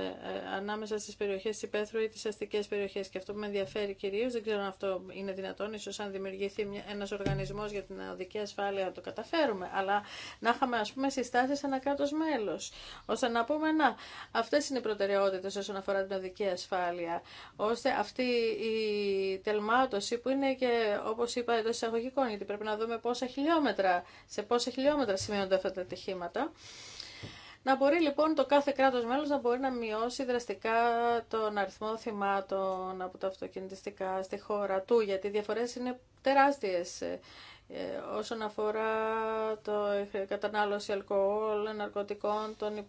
ανάμεσα στις περιοχές της υπαίθρου ή τις αστικές περιοχές. Και αυτό που με ενδιαφέρει κυρίως, δεν ξέρω αν αυτό είναι δυνατόν, ίσως αν δημιουργηθεί μια, ένας οργανισμός για την οδική ασφάλεια να το καταφέρουμε, αλλά να είχαμε ας πούμε συστάσεις ανακάτως ένα μέλος, ώστε να πούμε να, αυτές είναι οι προτεραιότητες όσον αφορά την οδική ασφάλεια, ώστε αυτή η τελμάτωση που είναι και όπως είπα εντό εισαγωγικών γιατί πρέπει να δούμε πόσα χιλιόμετρα, σε πόσα χιλιόμετρα σημαίνονται αυτά τα ατυχήματα. Να μπορεί λοιπόν το κάθε κράτος μέλος να μπορεί να μειώσει δραστικά τον αριθμό θυμάτων από τα αυτοκινητιστικά στη χώρα του, γιατί οι διαφορές είναι τεράστιες ε, όσον αφορά το κατανάλωση αλκοόλ, ναρκωτικών, τον ε,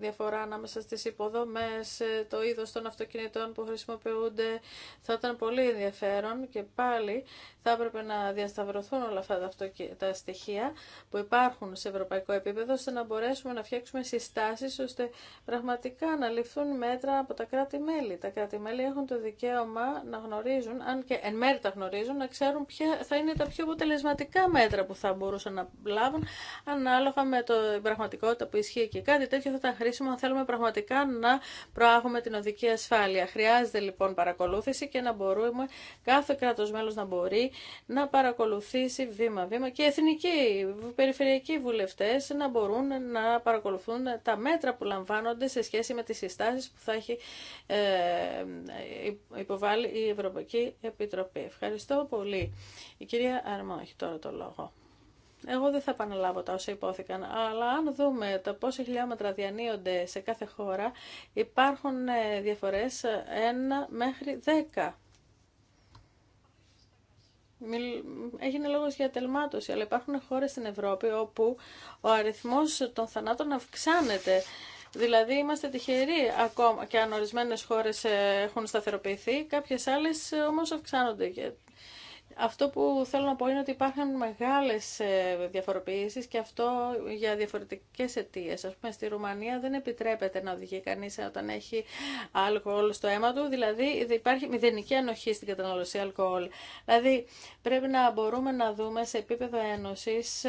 διαφορά ανάμεσα στις υποδομές, ε, το είδος των αυτοκινητών που χρησιμοποιούνται, θα ήταν πολύ ενδιαφέρον και πάλι θα έπρεπε να διασταυρωθούν όλα αυτά τα στοιχεία που υπάρχουν σε ευρωπαϊκό επίπεδο, ώστε να μπορέσουμε να φτιάξουμε συστάσεις, ώστε πραγματικά να ληφθούν μέτρα από τα κράτη-μέλη. Τα κράτη-μέλη έχουν το δικαίωμα να γνωρίζουν, αν και εν μέρει τα γνωρίζουν, να ξέρουν ποια θα είναι τα πιο αποτελεσματικά μέτρα που θα μπορούσαν να λάβουν, ανάλογα με την πραγματικότητα που ισχύει και κάτι τέτοιο θα ήταν χρήσιμο αν θέλουμε πραγματικά να προάγουμε την οδική ασφάλεια. Χρειάζεται λοιπόν παρακολούθηση και να μπορούμε κάθε κράτος μέλος να μπορεί να παρακολουθήσει βήμα-βήμα και εθνικοί περιφερειακοί βουλευτές να μπορούν να παρακολουθούν τα μέτρα που λαμβάνονται σε σχέση με τις συστάσεις που θα έχει ε, υποβάλει η Ευρωπαϊκή Επιτροπή. Ευχαριστώ πολύ. Η κυρία Αρμό έχει τώρα το λόγο. Εγώ δεν θα επαναλάβω τα όσα υπόθηκαν, αλλά αν δούμε τα πόσα χιλιόμετρα διανύονται σε κάθε χώρα, υπάρχουν ε, διαφορές 1 ε, μέχρι 10. Έγινε λόγος για τελμάτωση, αλλά υπάρχουν χώρες στην Ευρώπη όπου ο αριθμός των θανάτων αυξάνεται. Δηλαδή είμαστε τυχεροί ακόμα και αν ορισμένε χώρες ε, έχουν σταθεροποιηθεί, κάποιες άλλες όμως αυξάνονται. Αυτό που θέλω να πω είναι ότι υπάρχουν μεγάλες ε, διαφοροποιήσεις και αυτό για διαφορετικές αιτίε. Ας πούμε στη Ρουμανία δεν επιτρέπεται να οδηγεί κανείς όταν έχει αλκοόλ στο αίμα του, δηλαδή υπάρχει μηδενική ανοχή στην κατανάλωση αλκοόλ. Δηλαδή πρέπει να μπορούμε να δούμε σε επίπεδο ένωσης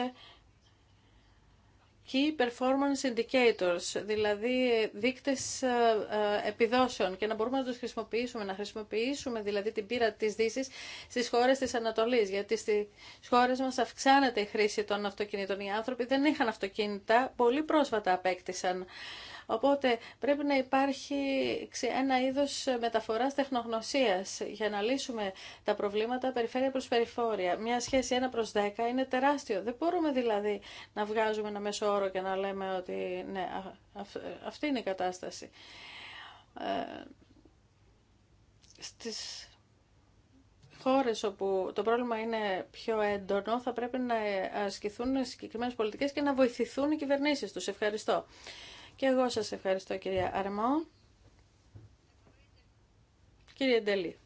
Key Performance Indicators, δηλαδή δείκτες ε, ε, επιδόσεων και να μπορούμε να τους χρησιμοποιήσουμε, να χρησιμοποιήσουμε δηλαδή την πείρα της Δύσης στις χώρες της Ανατολής, γιατί στις χώρες μας αυξάνεται η χρήση των αυτοκινήτων. Οι άνθρωποι δεν είχαν αυτοκίνητα, πολύ πρόσφατα απέκτησαν Οπότε πρέπει να υπάρχει ένα είδος μεταφοράς τεχνογνωσίας για να λύσουμε τα προβλήματα περιφέρεια προς περιφόρεια. Μια σχέση 1 προς 10 είναι τεράστιο. Δεν μπορούμε δηλαδή να βγάζουμε ένα μέσο όρο και να λέμε ότι ναι, αυτή είναι η κατάσταση. Ε, στις χώρες όπου το πρόβλημα είναι πιο έντονο θα πρέπει να ασκηθούν συγκεκριμένες πολιτικές και να βοηθηθούν οι κυβερνήσεις τους. Ευχαριστώ. Και εγώ σας ευχαριστώ κυρία Αρμό. Κύριε Ντελή.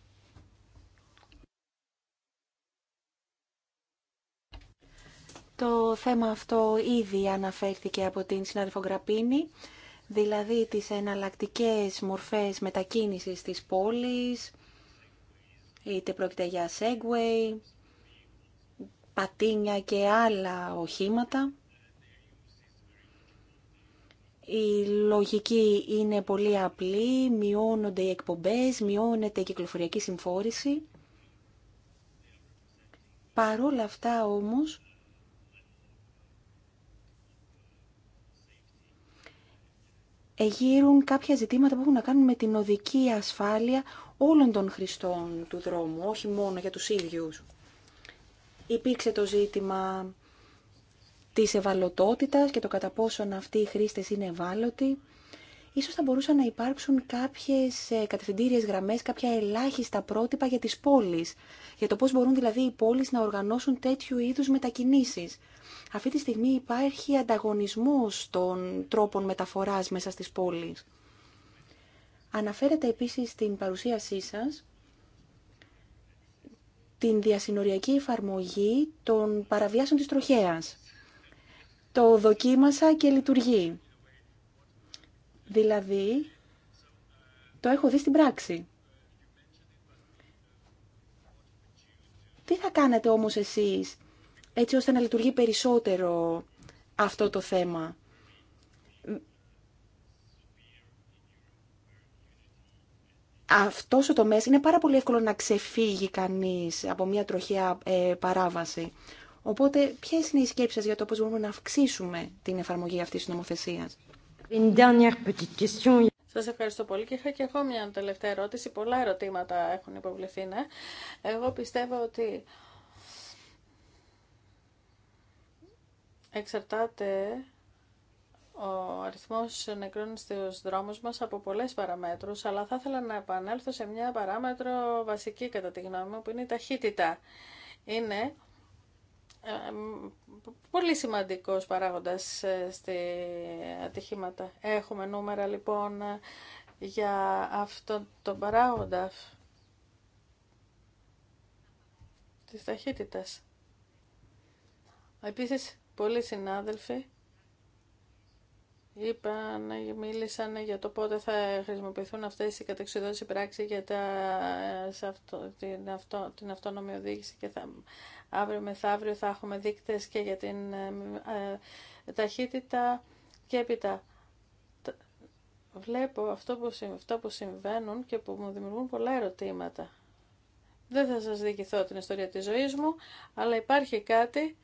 Το θέμα αυτό ήδη αναφέρθηκε από την συνάδελφο δηλαδή τις εναλλακτικές μορφές μετακίνησης της πόλης, είτε πρόκειται για segway, πατίνια και άλλα οχήματα. Η λογική είναι πολύ απλή, μειώνονται οι εκπομπές, μειώνεται η κυκλοφοριακή συμφόρηση. Παρόλα αυτά όμως, εγείρουν κάποια ζητήματα που έχουν να κάνουν με την οδική ασφάλεια όλων των χρηστών του δρόμου, όχι μόνο για τους ίδιους. Υπήρξε το ζήτημα της ευαλωτότητας και το κατά πόσον αυτοί οι χρήστες είναι ευάλωτοι. Ίσως θα μπορούσαν να υπάρξουν κάποιες ε, κατευθυντήριες γραμμές, κάποια ελάχιστα πρότυπα για τις πόλεις, για το πώς μπορούν δηλαδή οι πόλεις να οργανώσουν τέτοιου είδους μετακινήσεις. Αυτή τη στιγμή υπάρχει ανταγωνισμός των τρόπων μεταφοράς μέσα στις πόλεις. Αναφέρετε επίσης στην παρουσίασή σας την διασυνοριακή εφαρμογή των παραβιάσεων της τροχέας το δοκίμασα και λειτουργεί. Δηλαδή, το έχω δει στην πράξη. Τι θα κάνετε όμως εσείς, έτσι ώστε να λειτουργεί περισσότερο αυτό το θέμα. Αυτό ο τομέας είναι πάρα πολύ εύκολο να ξεφύγει κανείς από μια τροχιά ε, παράβαση. Οπότε, ποιε είναι οι σκέψει για το πώ μπορούμε να αυξήσουμε την εφαρμογή αυτή τη νομοθεσία. Σα ευχαριστώ πολύ και είχα και εγώ μια τελευταία ερώτηση. Πολλά ερωτήματα έχουν υποβληθεί, ναι. Εγώ πιστεύω ότι εξαρτάται ο αριθμός νεκρών στους δρόμους μας από πολλές παραμέτρους, αλλά θα ήθελα να επανέλθω σε μια παράμετρο βασική κατά τη γνώμη μου, που είναι η ταχύτητα. Είναι πολύ σημαντικός παράγοντας ε, στη ατυχήματα. Έχουμε νούμερα λοιπόν για αυτό το παράγοντα της ταχύτητας. Επίσης, πολλοί συνάδελφοι είπαν, μίλησαν για το πότε θα χρησιμοποιηθούν αυτές οι κατεξοδότητες πράξεις για τα, αυτό, την, αυτόνομη οδήγηση και θα, αύριο μεθαύριο θα έχουμε δείκτες και για την ε, ε, ταχύτητα και έπειτα. Βλέπω αυτό που, αυτό που συμβαίνουν και που μου δημιουργούν πολλά ερωτήματα. Δεν θα σας διοικηθώ την ιστορία της ζωής μου, αλλά υπάρχει κάτι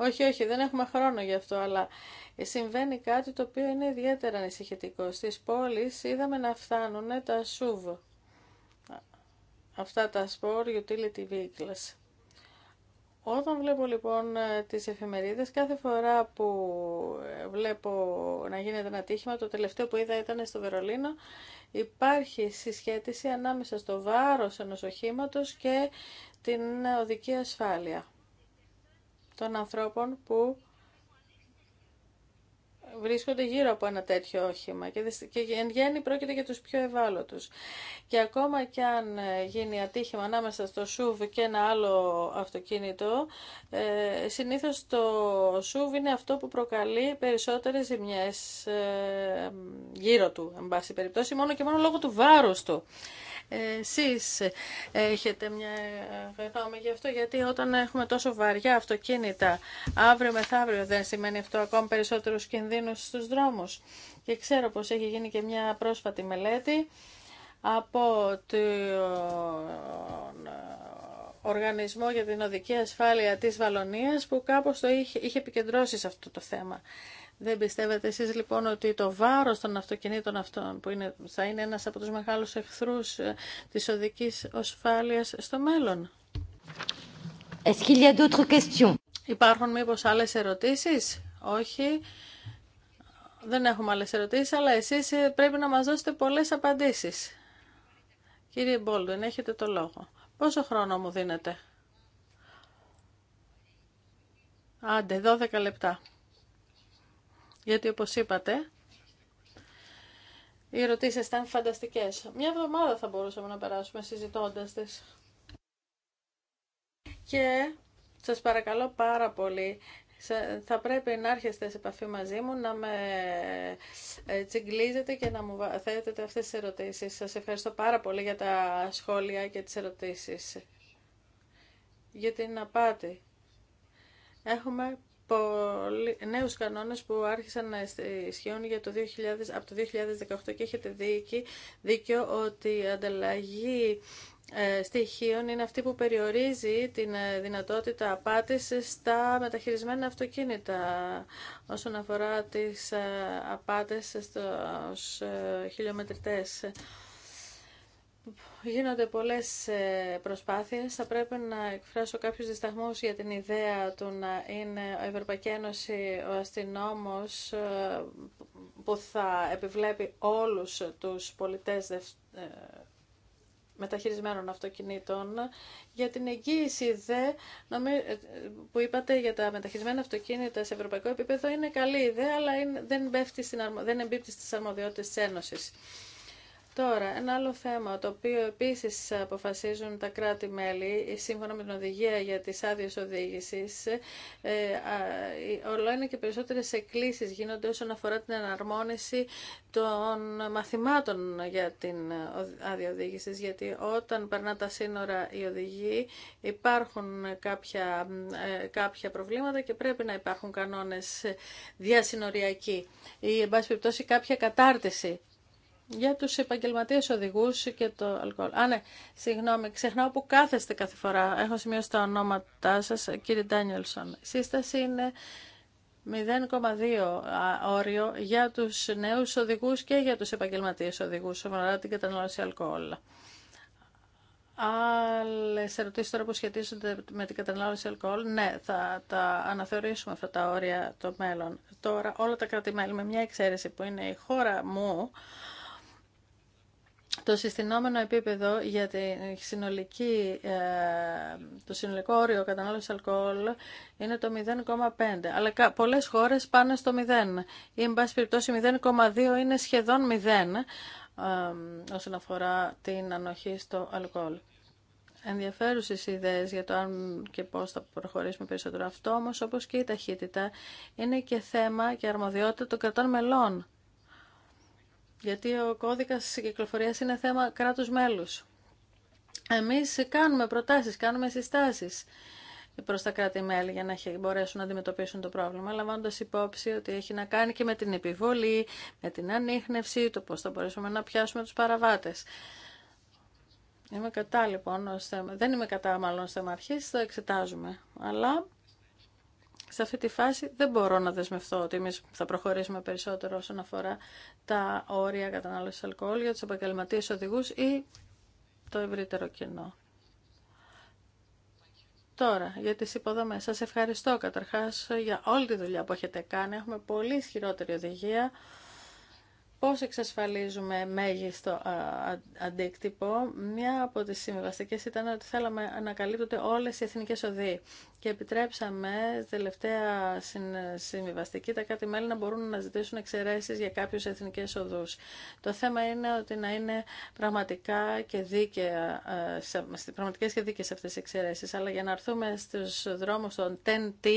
όχι, όχι, δεν έχουμε χρόνο γι' αυτό, αλλά συμβαίνει κάτι το οποίο είναι ιδιαίτερα ανησυχητικό. Στις πόλεις είδαμε να φτάνουν τα SUV, αυτά τα Sport Utility Vehicles. Όταν βλέπω λοιπόν τις εφημερίδες, κάθε φορά που βλέπω να γίνεται ένα τύχημα, το τελευταίο που είδα ήταν στο Βερολίνο, υπάρχει συσχέτιση ανάμεσα στο βάρος ενός οχήματος και την οδική ασφάλεια των ανθρώπων που βρίσκονται γύρω από ένα τέτοιο όχημα και, και εν γέννη πρόκειται για τους πιο ευάλωτους. Και ακόμα και αν ε, γίνει ατύχημα ανάμεσα στο SUV και ένα άλλο αυτοκίνητο, ε, συνήθως το SUV είναι αυτό που προκαλεί περισσότερες ζημιές ε, γύρω του, εν πάση περιπτώσει, μόνο και μόνο λόγω του βάρους του εσείς έχετε μια γνώμη γι' αυτό, γιατί όταν έχουμε τόσο βαριά αυτοκίνητα αύριο μεθαύριο δεν σημαίνει αυτό ακόμη περισσότερους κινδύνους στους δρόμους. Και ξέρω πως έχει γίνει και μια πρόσφατη μελέτη από τον Οργανισμό για την Οδική Ασφάλεια της Βαλονίας που κάπως το είχε, είχε επικεντρώσει σε αυτό το θέμα. Δεν πιστεύετε εσείς λοιπόν ότι το βάρος των αυτοκινήτων αυτών που είναι, θα είναι ένας από τους μεγάλους εχθρούς ε, της οδικής ασφάλειας στο μέλλον. Υπάρχουν μήπως άλλες ερωτήσεις. Όχι. Δεν έχουμε άλλες ερωτήσεις, αλλά εσείς ε, πρέπει να μας δώσετε πολλές απαντήσεις. Κύριε έχετε το λόγο. Πόσο χρόνο μου δίνετε. Άντε, 12 λεπτά γιατί όπως είπατε, οι ερωτήσει ήταν φανταστικές. Μια εβδομάδα θα μπορούσαμε να περάσουμε συζητώντας τις. Και σας παρακαλώ πάρα πολύ, θα πρέπει να έρχεστε σε επαφή μαζί μου, να με ε, τσιγκλίζετε και να μου θέτετε αυτές τις ερωτήσεις. Σας ευχαριστώ πάρα πολύ για τα σχόλια και τις ερωτήσεις. Για την απάτη. Έχουμε νέους κανόνες που άρχισαν να ισχύουν για το 2000, από το 2018 και έχετε δίκιο, δίκιο ότι η ανταλλαγή ε, στοιχείων είναι αυτή που περιορίζει την ε, δυνατότητα απάτησης στα μεταχειρισμένα αυτοκίνητα όσον αφορά τις ε, απάτες στους χιλιομετρητές γίνονται πολλές ε, προσπάθειες. Θα πρέπει να εκφράσω κάποιους δισταγμούς για την ιδέα του να είναι η Ευρωπαϊκή Ένωση ο αστυνόμος ε, που θα επιβλέπει όλους τους πολιτές ε, μεταχειρισμένων αυτοκινήτων. Για την εγγύηση δε, που είπατε για τα μεταχειρισμένα αυτοκίνητα σε ευρωπαϊκό επίπεδο είναι καλή ιδέα, αλλά δεν, στην δεν εμπίπτει στις αρμοδιότητες της Ένωσης. Τώρα, ένα άλλο θέμα, το οποίο επίσης αποφασίζουν τα κράτη-μέλη, σύμφωνα με την οδηγία για τις άδειες οδήγησης, ε, όλο είναι και περισσότερες εκκλήσεις γίνονται όσον αφορά την εναρμόνιση των μαθημάτων για την άδεια οδήγησης, γιατί όταν περνά τα σύνορα η οδηγοί υπάρχουν κάποια, ε, κάποια προβλήματα και πρέπει να υπάρχουν κανόνες διασυνοριακοί ή, εν πάση περιπτώσει, κάποια κατάρτιση για τους επαγγελματίες οδηγούς και το αλκοόλ. Α, ναι, συγγνώμη, ξεχνάω που κάθεστε κάθε φορά. Έχω σημειώσει τα ονόματά σας, κύριε Ντάνιελσον. Η σύσταση είναι 0,2 όριο για τους νέους οδηγούς και για τους επαγγελματίες οδηγούς, αφορά την κατανάλωση αλκοόλ. Άλλε ερωτήσει τώρα που σχετίζονται με την κατανάλωση αλκοόλ. Ναι, θα τα αναθεωρήσουμε αυτά τα όρια το μέλλον. Τώρα όλα τα κρατη με μια εξαίρεση που είναι η χώρα μου, το συστηνόμενο επίπεδο για τη συνολική, ε, το συνολικό όριο κατανάλωση αλκοόλ είναι το 0,5. Αλλά πολλές χώρες πάνε στο 0. Ή, εν πάση περιπτώσει, 0,2 είναι σχεδόν 0 όσον αφορά την ανοχή στο αλκοόλ. Ενδιαφέρουσε ιδέε για το αν και πώς θα προχωρήσουμε περισσότερο αυτό, όμω, όπω και η ταχύτητα είναι και θέμα και αρμοδιότητα των κρατών μελών γιατί ο κώδικας κυκλοφορίας είναι θέμα κράτους μέλους. Εμείς κάνουμε προτάσεις, κάνουμε συστάσεις προς τα κράτη-μέλη για να μπορέσουν να αντιμετωπίσουν το πρόβλημα, λαμβάνοντας υπόψη ότι έχει να κάνει και με την επιβολή, με την ανείχνευση, το πώς θα μπορέσουμε να πιάσουμε τους παραβάτες. Είμαι κατά λοιπόν, θέμα... δεν είμαι κατά μάλλον ως θέμα αρχής, το εξετάζουμε. Αλλά σε αυτή τη φάση δεν μπορώ να δεσμευτώ ότι εμεί θα προχωρήσουμε περισσότερο όσον αφορά τα όρια κατανάλωσης αλκοόλ για του επαγγελματίε οδηγού ή το ευρύτερο κοινό. Τώρα, για τις υποδομές. Σας ευχαριστώ καταρχάς για όλη τη δουλειά που έχετε κάνει. Έχουμε πολύ ισχυρότερη οδηγία. Πώς εξασφαλίζουμε μέγιστο αντίκτυπο. Μία από τις συμβιβαστικές ήταν ότι θέλαμε να καλύπτονται όλες οι εθνικές οδοί και επιτρέψαμε τελευταία συμβιβαστική τα κάτι μέλη να μπορούν να ζητήσουν εξαιρέσει για κάποιους εθνικές οδούς. Το θέμα είναι ότι να είναι πραγματικά και δίκαια, πραγματικές και δίκαιες αυτές οι εξαιρέσεις, αλλά για να έρθουμε στους δρόμους των TEN-T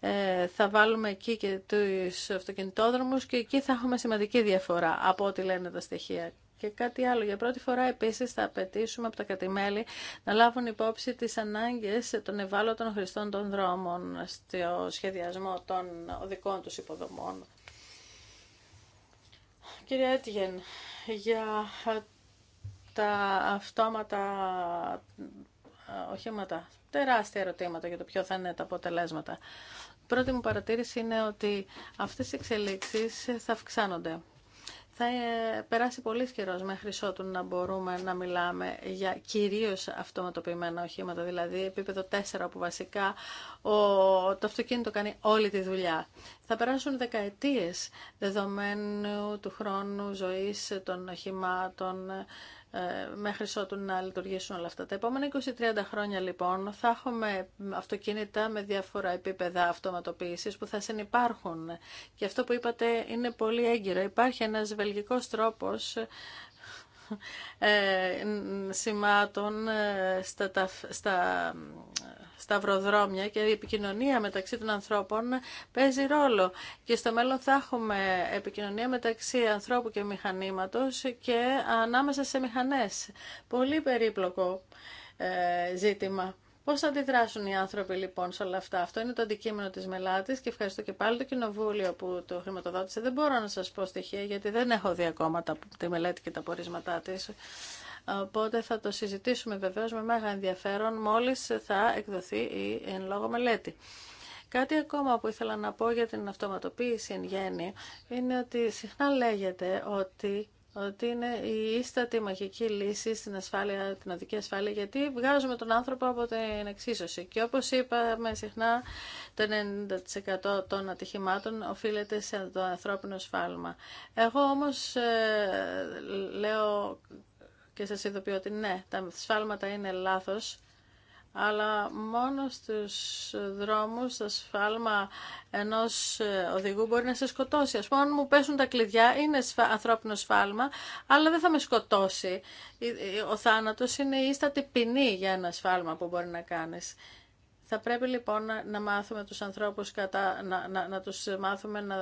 ε, θα βάλουμε εκεί και τους αυτοκινητόδρομους και εκεί θα έχουμε σημαντική διαφορά φορά από ό,τι λένε τα στοιχεία. Και κάτι άλλο, για πρώτη φορά επίσης θα απαιτήσουμε από τα κατημέλη να λάβουν υπόψη τις ανάγκες των ευάλωτων χρηστών των δρόμων στο σχεδιασμό των οδικών τους υποδομών. Κύριε Έτγεν, για τα αυτόματα οχήματα, τεράστια ερωτήματα για το ποιο θα είναι τα αποτελέσματα. πρώτη μου παρατήρηση είναι ότι αυτές οι εξελίξεις θα αυξάνονται θα ε, περάσει πολύ καιρό μέχρι ότου να μπορούμε να μιλάμε για κυρίω αυτοματοποιημένα οχήματα, δηλαδή επίπεδο 4, που βασικά ο, το αυτοκίνητο κάνει όλη τη δουλειά. Θα περάσουν δεκαετίε δεδομένου του χρόνου ζωής των οχημάτων, ε, μέχρι ότου να λειτουργήσουν όλα αυτά. Τα επόμενα 20-30 χρόνια λοιπόν θα έχουμε αυτοκίνητα με διάφορα επίπεδα αυτοματοποίησης που θα συνεπάρχουν. Και αυτό που είπατε είναι πολύ έγκυρο. Υπάρχει ένας βελγικός τρόπος ε, ε σημάτων ε, στα, στα σταυροδρόμια και η επικοινωνία μεταξύ των ανθρώπων παίζει ρόλο. Και στο μέλλον θα έχουμε επικοινωνία μεταξύ ανθρώπου και μηχανήματος και ανάμεσα σε μηχανές. Πολύ περίπλοκο ε, ζήτημα. Πώς θα αντιδράσουν οι άνθρωποι λοιπόν σε όλα αυτά. Αυτό είναι το αντικείμενο της μελάτη και ευχαριστώ και πάλι το Κοινοβούλιο που το χρηματοδότησε. Δεν μπορώ να σα πω στοιχεία γιατί δεν έχω δει ακόμα τη μελέτη και τα πορίσματά τη. Οπότε θα το συζητήσουμε βεβαίως με μεγάλο ενδιαφέρον μόλις θα εκδοθεί η εν λόγω μελέτη. Κάτι ακόμα που ήθελα να πω για την αυτοματοποίηση εν γέννη είναι ότι συχνά λέγεται ότι ότι είναι η ίστατη μαγική λύση στην ασφάλεια, την οδική ασφάλεια, γιατί βγάζουμε τον άνθρωπο από την εξίσωση. Και όπως είπαμε συχνά, το 90% των ατυχημάτων οφείλεται σε το ανθρώπινο σφάλμα. Εγώ όμως ε, λέω και σας ειδοποιώ ότι ναι, τα σφάλματα είναι λάθος, αλλά μόνο στους δρόμους το σφάλμα ενός ε, οδηγού μπορεί να σε σκοτώσει. Ας πούμε, αν μου πέσουν τα κλειδιά, είναι ανθρώπινο σφάλμα, αλλά δεν θα με σκοτώσει. Ο θάνατος είναι η ίστατη ποινή για ένα σφάλμα που μπορεί να κάνεις. Θα πρέπει λοιπόν να μάθουμε τους ανθρώπους, κατά, να, να, τους μάθουμε να,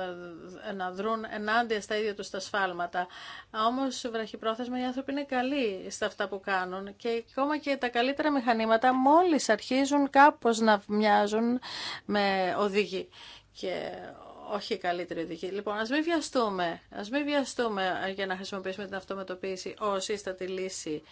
να δρουν ενάντια στα ίδια τους τα σφάλματα. Όμως βραχυπρόθεσμα οι άνθρωποι είναι καλοί στα αυτά που κάνουν και ακόμα και τα καλύτερα μηχανήματα μόλις αρχίζουν κάπως να μοιάζουν με οδηγή. Και όχι καλύτερη οδηγή. Λοιπόν, ας μην βιαστούμε, ας μην βιαστούμε για να χρησιμοποιήσουμε την αυτομετωπίση ως ίστατη λύση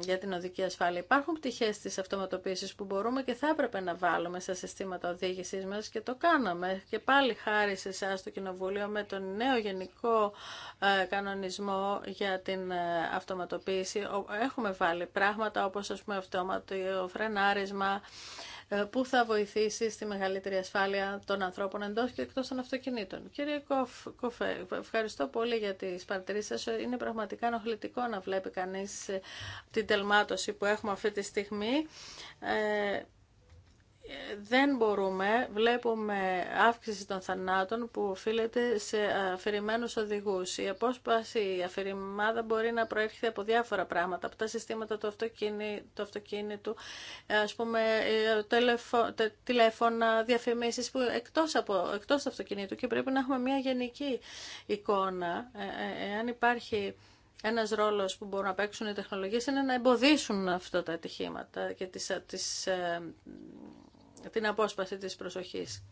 για την οδική ασφάλεια. Υπάρχουν πτυχέ τη αυτοματοποίησης που μπορούμε και θα έπρεπε να βάλουμε στα συστήματα οδήγησής μας και το κάναμε. Και πάλι χάρη σε εσά το Κοινοβούλιο με τον νέο γενικό ε, κανονισμό για την ε, αυτοματοποίηση έχουμε βάλει πράγματα όπως α πούμε αυτόματο φρενάρισμα, ε, που θα βοηθήσει στη μεγαλύτερη ασφάλεια των ανθρώπων εντός και εκτός των αυτοκινήτων. Κύριε Κοφέ, ευχαριστώ πολύ για τι παρατηρήσει σα. Είναι πραγματικά ενοχλητικό να βλέπει κανεί ε, την τελμάτωση που έχουμε αυτή τη στιγμή. Ε, δεν μπορούμε, βλέπουμε αύξηση των θανάτων που οφείλεται σε αφηρημένους οδηγούς. Η απόσπαση, η αφηρημάδα μπορεί να προέρχεται από διάφορα πράγματα, από τα συστήματα του αυτοκίνητου, ας πούμε, ε, τηλέφωνα, διαφημίσεις που εκτός, από, εκτός του αυτοκίνητου και πρέπει να έχουμε μια γενική εικόνα. Αν ε, ε, υπάρχει ένας ρόλος που μπορούν να παίξουν οι τεχνολογίε, είναι να εμποδίσουν αυτά τα ατυχήματα και τις, την απόσπαση της προσοχής.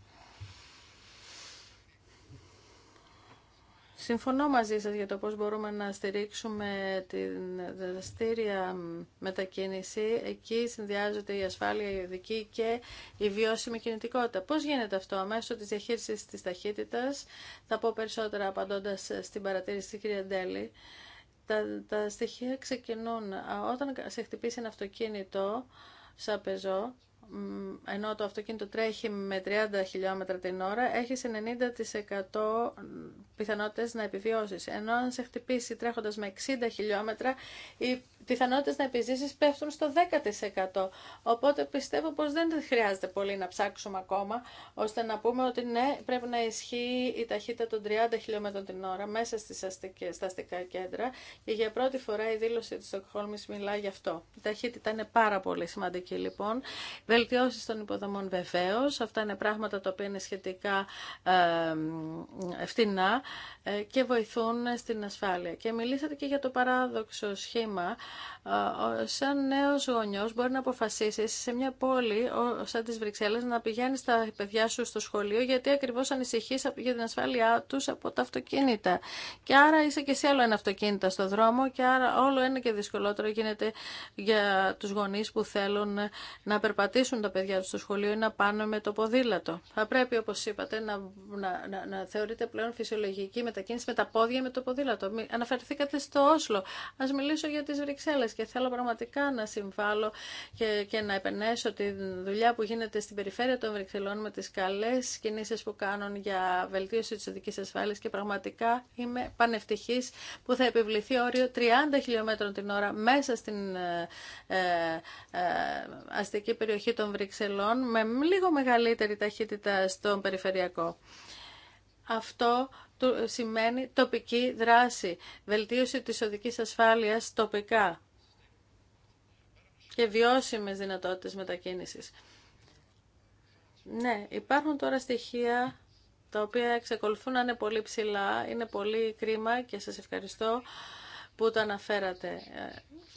Συμφωνώ μαζί σας για το πώς μπορούμε να στηρίξουμε την δραστήρια μετακίνηση. Εκεί συνδυάζεται η ασφάλεια, η οδική και η βιώσιμη κινητικότητα. Πώς γίνεται αυτό μέσω της διαχείρισης της ταχύτητας. Θα πω περισσότερα απαντώντας στην παρατήρηση της κυρία Ντέλη. Τα, τα στοιχεία ξεκινούν. Όταν σε χτυπήσει ένα αυτοκίνητο σαν πεζό, ενώ το αυτοκίνητο τρέχει με 30 χιλιόμετρα την ώρα, έχεις 90% πιθανότητες να επιβιώσεις. Ενώ αν σε χτυπήσει τρέχοντας με 60 χιλιόμετρα, οι πιθανότητες να επιζήσεις πέφτουν στο 10%. Οπότε πιστεύω πως δεν χρειάζεται πολύ να ψάξουμε ακόμα, ώστε να πούμε ότι ναι, πρέπει να ισχύει η ταχύτητα των 30 χιλιόμετρων την ώρα μέσα στις αστικές, στα αστικά κέντρα και για πρώτη φορά η δήλωση της Στοκχόλμη μιλά γι' αυτό. Η ταχύτητα είναι πάρα πολύ σημαντική λοιπόν βελτιώσεις των υποδομών βεβαίω. Αυτά είναι πράγματα τα οποία είναι σχετικά ε, φτηνά ε, και βοηθούν στην ασφάλεια. Και μιλήσατε και για το παράδοξο σχήμα. Ε, σαν νέος γονιός μπορεί να αποφασίσεις σε μια πόλη σαν τις Βρυξέλλες να πηγαίνεις τα παιδιά σου στο σχολείο γιατί ακριβώς ανησυχείς για την ασφάλειά τους από τα αυτοκίνητα. Και άρα είσαι και σε άλλο ένα αυτοκίνητα στο δρόμο και άρα όλο ένα και δυσκολότερο γίνεται για τους γονείς που θέλουν να περπατήσουν αφήσουν τα παιδιά του στο σχολείο ή να πάνε με το ποδήλατο. Θα πρέπει, όπω είπατε, να, να, να, να θεωρείται πλέον φυσιολογική μετακίνηση με τα πόδια με το ποδήλατο. Αναφερθήκατε στο Όσλο. Α μιλήσω για τι Βρυξέλλε και θέλω πραγματικά να συμβάλλω και, και να επενέσω τη δουλειά που γίνεται στην περιφέρεια των Βρυξελών με τι καλέ κινήσει που κάνουν για βελτίωση τη οδική ασφάλεια και πραγματικά είμαι πανευτυχή που θα επιβληθεί όριο 30 χιλιόμετρων την ώρα μέσα στην ε, ε, ε αστική περιοχή των Βρυξελών με λίγο μεγαλύτερη ταχύτητα στον περιφερειακό. Αυτό σημαίνει τοπική δράση, βελτίωση της οδικής ασφάλειας τοπικά και βιώσιμες δυνατότητες μετακίνησης. Ναι, υπάρχουν τώρα στοιχεία τα οποία εξακολουθούν να είναι πολύ ψηλά. Είναι πολύ κρίμα και σας ευχαριστώ που το αναφέρατε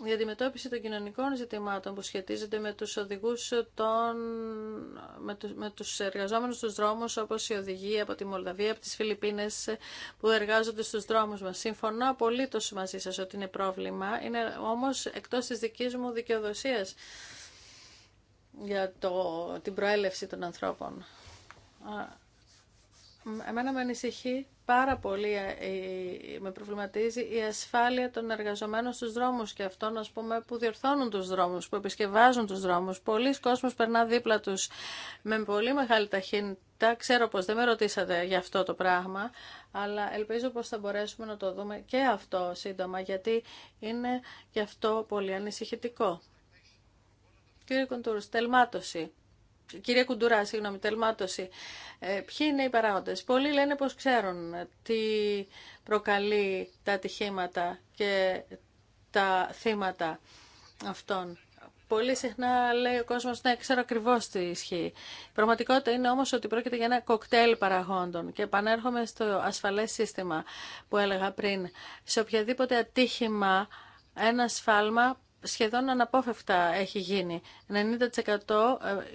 η αντιμετώπιση των κοινωνικών ζητημάτων που σχετίζονται με τους οδηγούς των, με, τους, με τους εργαζόμενους στους δρόμους όπως οι οδηγοί από τη Μολδαβία, από τις Φιλιππίνες που εργάζονται στους δρόμους μας. Συμφωνώ απολύτω μαζί σας ότι είναι πρόβλημα, είναι όμως εκτός της δικής μου δικαιοδοσίας για το, την προέλευση των ανθρώπων. Εμένα με ανησυχεί πάρα πολύ, ε, ε, με προβληματίζει η ασφάλεια των εργαζομένων στους δρόμους και αυτών ας πούμε, που διορθώνουν τους δρόμους, που επισκευάζουν τους δρόμους. Πολλοί κόσμος περνά δίπλα τους με πολύ μεγάλη ταχύτητα. Ξέρω πως δεν με ρωτήσατε για αυτό το πράγμα, αλλά ελπίζω πως θα μπορέσουμε να το δούμε και αυτό σύντομα, γιατί είναι γι' αυτό πολύ ανησυχητικό. Κύριε Κοντούρου, τελμάτωση. Κυρία Κουντουρά, συγγνώμη, τελμάτωση. Ε, ποιοι είναι οι παράγοντε, Πολλοί λένε πώ ξέρουν τι προκαλεί τα ατυχήματα και τα θύματα αυτών. Πολύ συχνά λέει ο κόσμος, να ξέρω ακριβώ τι ισχύει. Η πραγματικότητα είναι όμως ότι πρόκειται για ένα κοκτέιλ παραγόντων και επανέρχομαι στο ασφαλές σύστημα που έλεγα πριν. Σε οποιαδήποτε ατύχημα, ένα σφάλμα σχεδόν αναπόφευκτα έχει γίνει. 90% ε,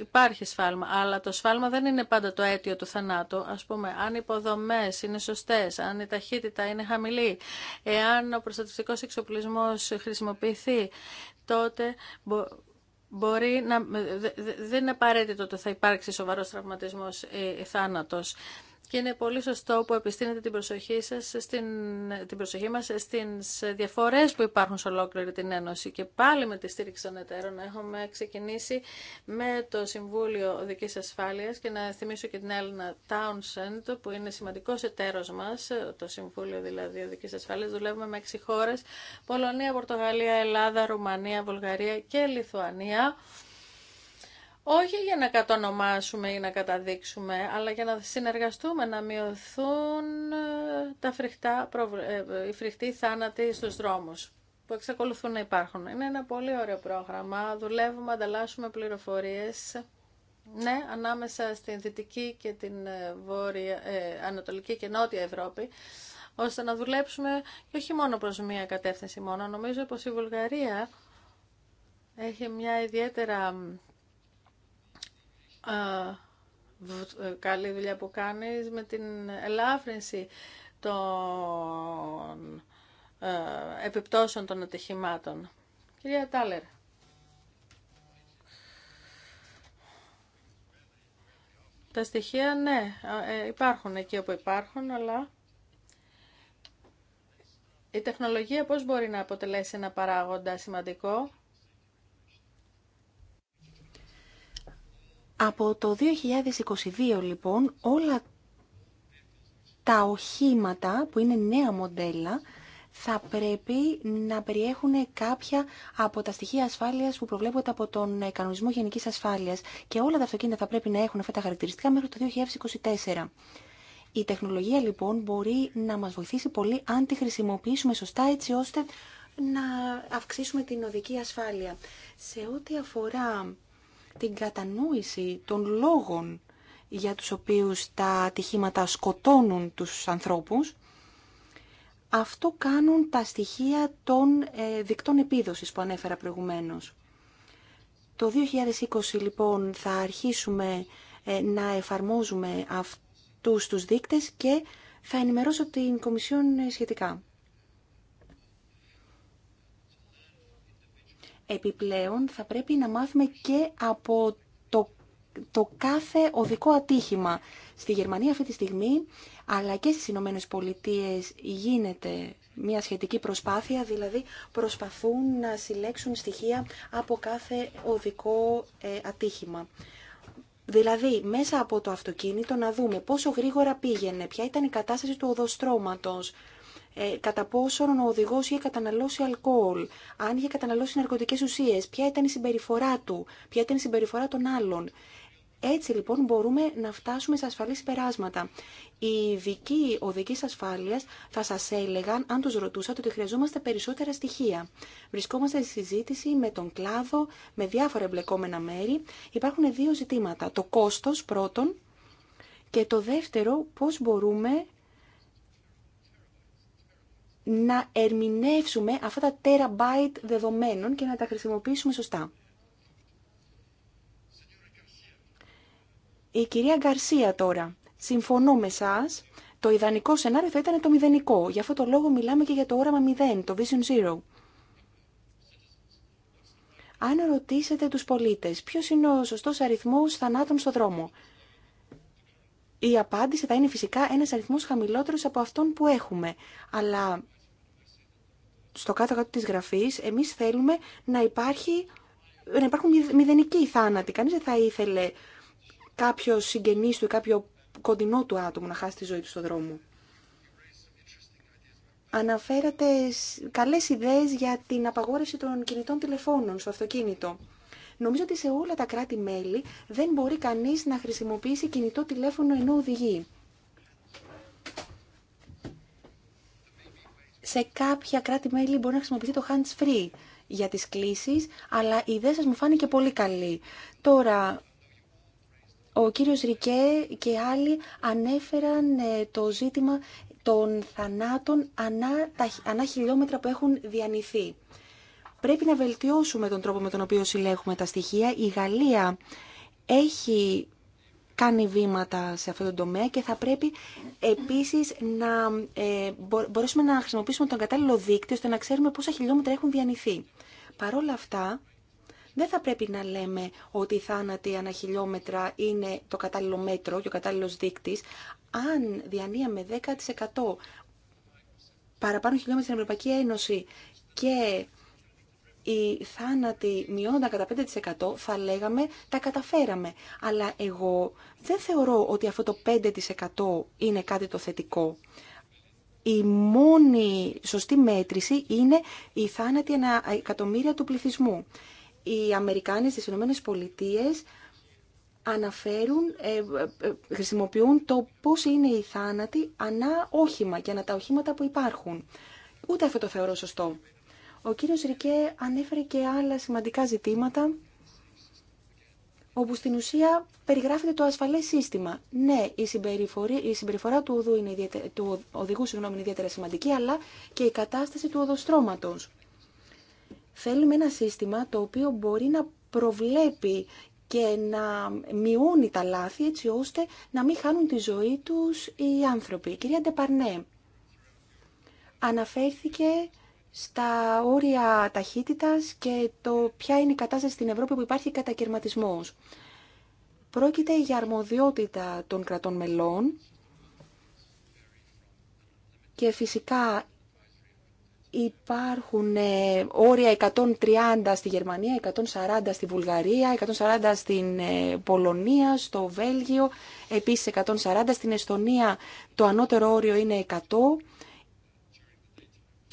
υπάρχει σφάλμα, αλλά το σφάλμα δεν είναι πάντα το αίτιο του θανάτου. Ας πούμε, αν οι υποδομές είναι σωστές, αν η ταχύτητα είναι χαμηλή, εάν ο προστατευτικός εξοπλισμός χρησιμοποιηθεί, τότε μπορεί να, δεν είναι απαραίτητο ότι θα υπάρξει σοβαρός τραυματισμός ή ε, θάνατος και είναι πολύ σωστό που επιστήνετε την προσοχή, σας, στην, την προσοχή μας στις διαφορές που υπάρχουν σε ολόκληρη την Ένωση και πάλι με τη στήριξη των εταίρων έχουμε ξεκινήσει με το Συμβούλιο Οδικής Ασφάλειας και να θυμίσω και την Έλληνα Townsend που είναι σημαντικός εταίρος μας, το Συμβούλιο δηλαδή Οδικής Ασφάλειας, δουλεύουμε με έξι χώρες, Πολωνία, Πορτογαλία, Ελλάδα, Ρουμανία, Βουλγαρία και Λιθουανία όχι για να κατονομάσουμε ή να καταδείξουμε, αλλά για να συνεργαστούμε, να μειωθούν ε, τα φρικτά, ε, ε, οι φρικτοί θάνατοι στους δρόμους που εξακολουθούν να υπάρχουν. Είναι ένα πολύ ωραίο πρόγραμμα. Δουλεύουμε, ανταλλάσσουμε πληροφορίες. Ναι, ανάμεσα στην Δυτική και την Ανατολική και Νότια Ευρώπη, ώστε να δουλέψουμε και όχι μόνο προς μία κατεύθυνση μόνο. Νομίζω πως η Βουλγαρία έχει μια ιδιαίτερα ε, καλή δουλειά που κάνεις με την ελάφρυνση των ε, επιπτώσεων των ατυχημάτων. Κυρία Τάλερ. Τα στοιχεία, ναι, ε, υπάρχουν εκεί όπου υπάρχουν, αλλά η τεχνολογία πώς μπορεί να αποτελέσει ένα παράγοντα σημαντικό Από το 2022 λοιπόν όλα τα οχήματα που είναι νέα μοντέλα θα πρέπει να περιέχουν κάποια από τα στοιχεία ασφάλεια που προβλέπονται από τον Κανονισμό Γενική Ασφάλεια και όλα τα αυτοκίνητα θα πρέπει να έχουν αυτά τα χαρακτηριστικά μέχρι το 2024. Η τεχνολογία λοιπόν μπορεί να μας βοηθήσει πολύ αν τη χρησιμοποιήσουμε σωστά έτσι ώστε να αυξήσουμε την οδική ασφάλεια. Σε ό,τι αφορά την κατανόηση των λόγων για τους οποίους τα ατυχήματα σκοτώνουν τους ανθρώπους. Αυτό κάνουν τα στοιχεία των ε, δικτών επίδοσης που ανέφερα προηγουμένως. Το 2020 λοιπόν θα αρχίσουμε ε, να εφαρμόζουμε αυτούς τους δείκτες και θα ενημερώσω την Κομισιόν ε, σχετικά. Επιπλέον θα πρέπει να μάθουμε και από το, κάθε οδικό ατύχημα. Στη Γερμανία αυτή τη στιγμή, αλλά και στις Ηνωμένε Πολιτείε γίνεται μια σχετική προσπάθεια, δηλαδή προσπαθούν να συλλέξουν στοιχεία από κάθε οδικό ε, ατύχημα. Δηλαδή, μέσα από το αυτοκίνητο να δούμε πόσο γρήγορα πήγαινε, ποια ήταν η κατάσταση του οδοστρώματος, ε, κατά πόσο ο οδηγό είχε καταναλώσει αλκοόλ, αν είχε καταναλώσει ναρκωτικέ ουσίε, ποια ήταν η συμπεριφορά του, ποια ήταν η συμπεριφορά των άλλων. Έτσι λοιπόν μπορούμε να φτάσουμε σε ασφαλή συμπεράσματα. Οι ειδικοί οδική ασφάλεια θα σα έλεγαν, αν του ρωτούσατε, ότι χρειαζόμαστε περισσότερα στοιχεία. Βρισκόμαστε στη συζήτηση με τον κλάδο, με διάφορα εμπλεκόμενα μέρη. Υπάρχουν δύο ζητήματα. Το κόστο πρώτον και το δεύτερο, πώ μπορούμε να ερμηνεύσουμε αυτά τα terabyte δεδομένων και να τα χρησιμοποιήσουμε σωστά. Η κυρία Γκαρσία τώρα. Συμφωνώ με εσά. Το ιδανικό σενάριο θα ήταν το μηδενικό. Γι' αυτό το λόγο μιλάμε και για το όραμα 0, το Vision Zero. Αν ρωτήσετε τους πολίτες ποιος είναι ο σωστός αριθμός θανάτων στο δρόμο, η απάντηση θα είναι φυσικά ένας αριθμός χαμηλότερος από αυτόν που έχουμε. Αλλά στο κάτω-κάτω της γραφής, εμείς θέλουμε να, υπάρχει, να υπάρχουν μηδενικοί θάνατοι. Κανείς δεν θα ήθελε κάποιο συγγενής του ή κάποιο κοντινό του άτομο να χάσει τη ζωή του στον δρόμο. Αναφέρατε καλές ιδέες για την απαγόρευση των κινητών τηλεφώνων στο αυτοκίνητο. Νομίζω ότι σε όλα τα κράτη-μέλη δεν μπορεί κανείς να χρησιμοποιήσει κινητό τηλέφωνο ενώ οδηγεί. σε κάποια κράτη-μέλη μπορεί να χρησιμοποιηθεί το hands-free για τις κλήσεις, αλλά η ιδέα σας μου φάνηκε πολύ καλή. Τώρα, ο κύριος Ρικέ και άλλοι ανέφεραν ε, το ζήτημα των θανάτων ανά, ανά χιλιόμετρα που έχουν διανυθεί. Πρέπει να βελτιώσουμε τον τρόπο με τον οποίο συλλέγουμε τα στοιχεία. Η Γαλλία έχει κάνει βήματα σε αυτό το τομέα και θα πρέπει επίσης να ε, μπορέσουμε να χρησιμοποιήσουμε τον κατάλληλο δίκτυο ώστε να ξέρουμε πόσα χιλιόμετρα έχουν διανυθεί. Παρ' όλα αυτά, δεν θα πρέπει να λέμε ότι η θάνατη ανά χιλιόμετρα είναι το κατάλληλο μέτρο και ο κατάλληλος δείκτης. Αν διανύαμε 10% παραπάνω χιλιόμετρα στην Ευρωπαϊκή Ένωση και οι θάνατοι μειώνονταν κατά 5% θα λέγαμε τα καταφέραμε. Αλλά εγώ δεν θεωρώ ότι αυτό το 5% είναι κάτι το θετικό. Η μόνη σωστή μέτρηση είναι η θάνατη ένα εκατομμύρια του πληθυσμού. Οι Αμερικάνοι στις Ηνωμένες Πολιτείες αναφέρουν, ε, ε, ε, χρησιμοποιούν το πώς είναι η θάνατοι ανά όχημα και ανά τα οχήματα που υπάρχουν. Ούτε αυτό το θεωρώ σωστό. Ο κύριος Ρικέ ανέφερε και άλλα σημαντικά ζητήματα όπου στην ουσία περιγράφεται το ασφαλές σύστημα. Ναι, η, η συμπεριφορά του, οδού είναι οδηγού συγγνώμη, είναι ιδιαίτερα σημαντική, αλλά και η κατάσταση του οδοστρώματος. Θέλουμε ένα σύστημα το οποίο μπορεί να προβλέπει και να μειώνει τα λάθη έτσι ώστε να μην χάνουν τη ζωή τους οι άνθρωποι. κυρία Ντεπαρνέ αναφέρθηκε στα όρια ταχύτητας και το ποια είναι η κατάσταση στην Ευρώπη που υπάρχει κατακαιρματισμός. Πρόκειται για αρμοδιότητα των κρατών μελών και φυσικά υπάρχουν ε, όρια 130 στη Γερμανία, 140 στη Βουλγαρία, 140 στην ε, Πολωνία, στο Βέλγιο, επίσης 140 στην Εστονία το ανώτερο όριο είναι 100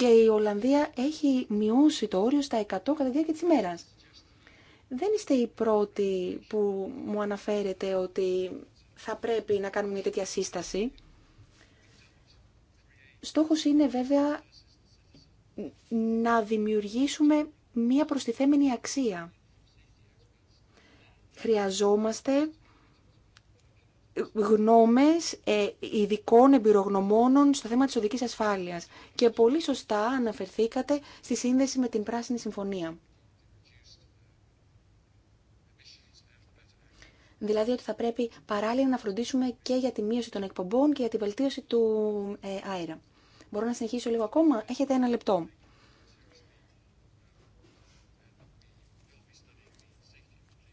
και η Ολλανδία έχει μειώσει το όριο στα 100 κατά τη διάρκεια Δεν είστε οι πρώτοι που μου αναφέρετε ότι θα πρέπει να κάνουμε μια τέτοια σύσταση. Στόχος είναι βέβαια να δημιουργήσουμε μια προστιθέμενη αξία. Χρειαζόμαστε γνώμες ε, ειδικών εμπειρογνωμόνων στο θέμα της οδικής ασφάλειας. Και πολύ σωστά αναφερθήκατε στη σύνδεση με την Πράσινη Συμφωνία. Δηλαδή ότι θα πρέπει παράλληλα να φροντίσουμε και για τη μείωση των εκπομπών και για τη βελτίωση του ε, αέρα. Μπορώ να συνεχίσω λίγο ακόμα. Έχετε ένα λεπτό.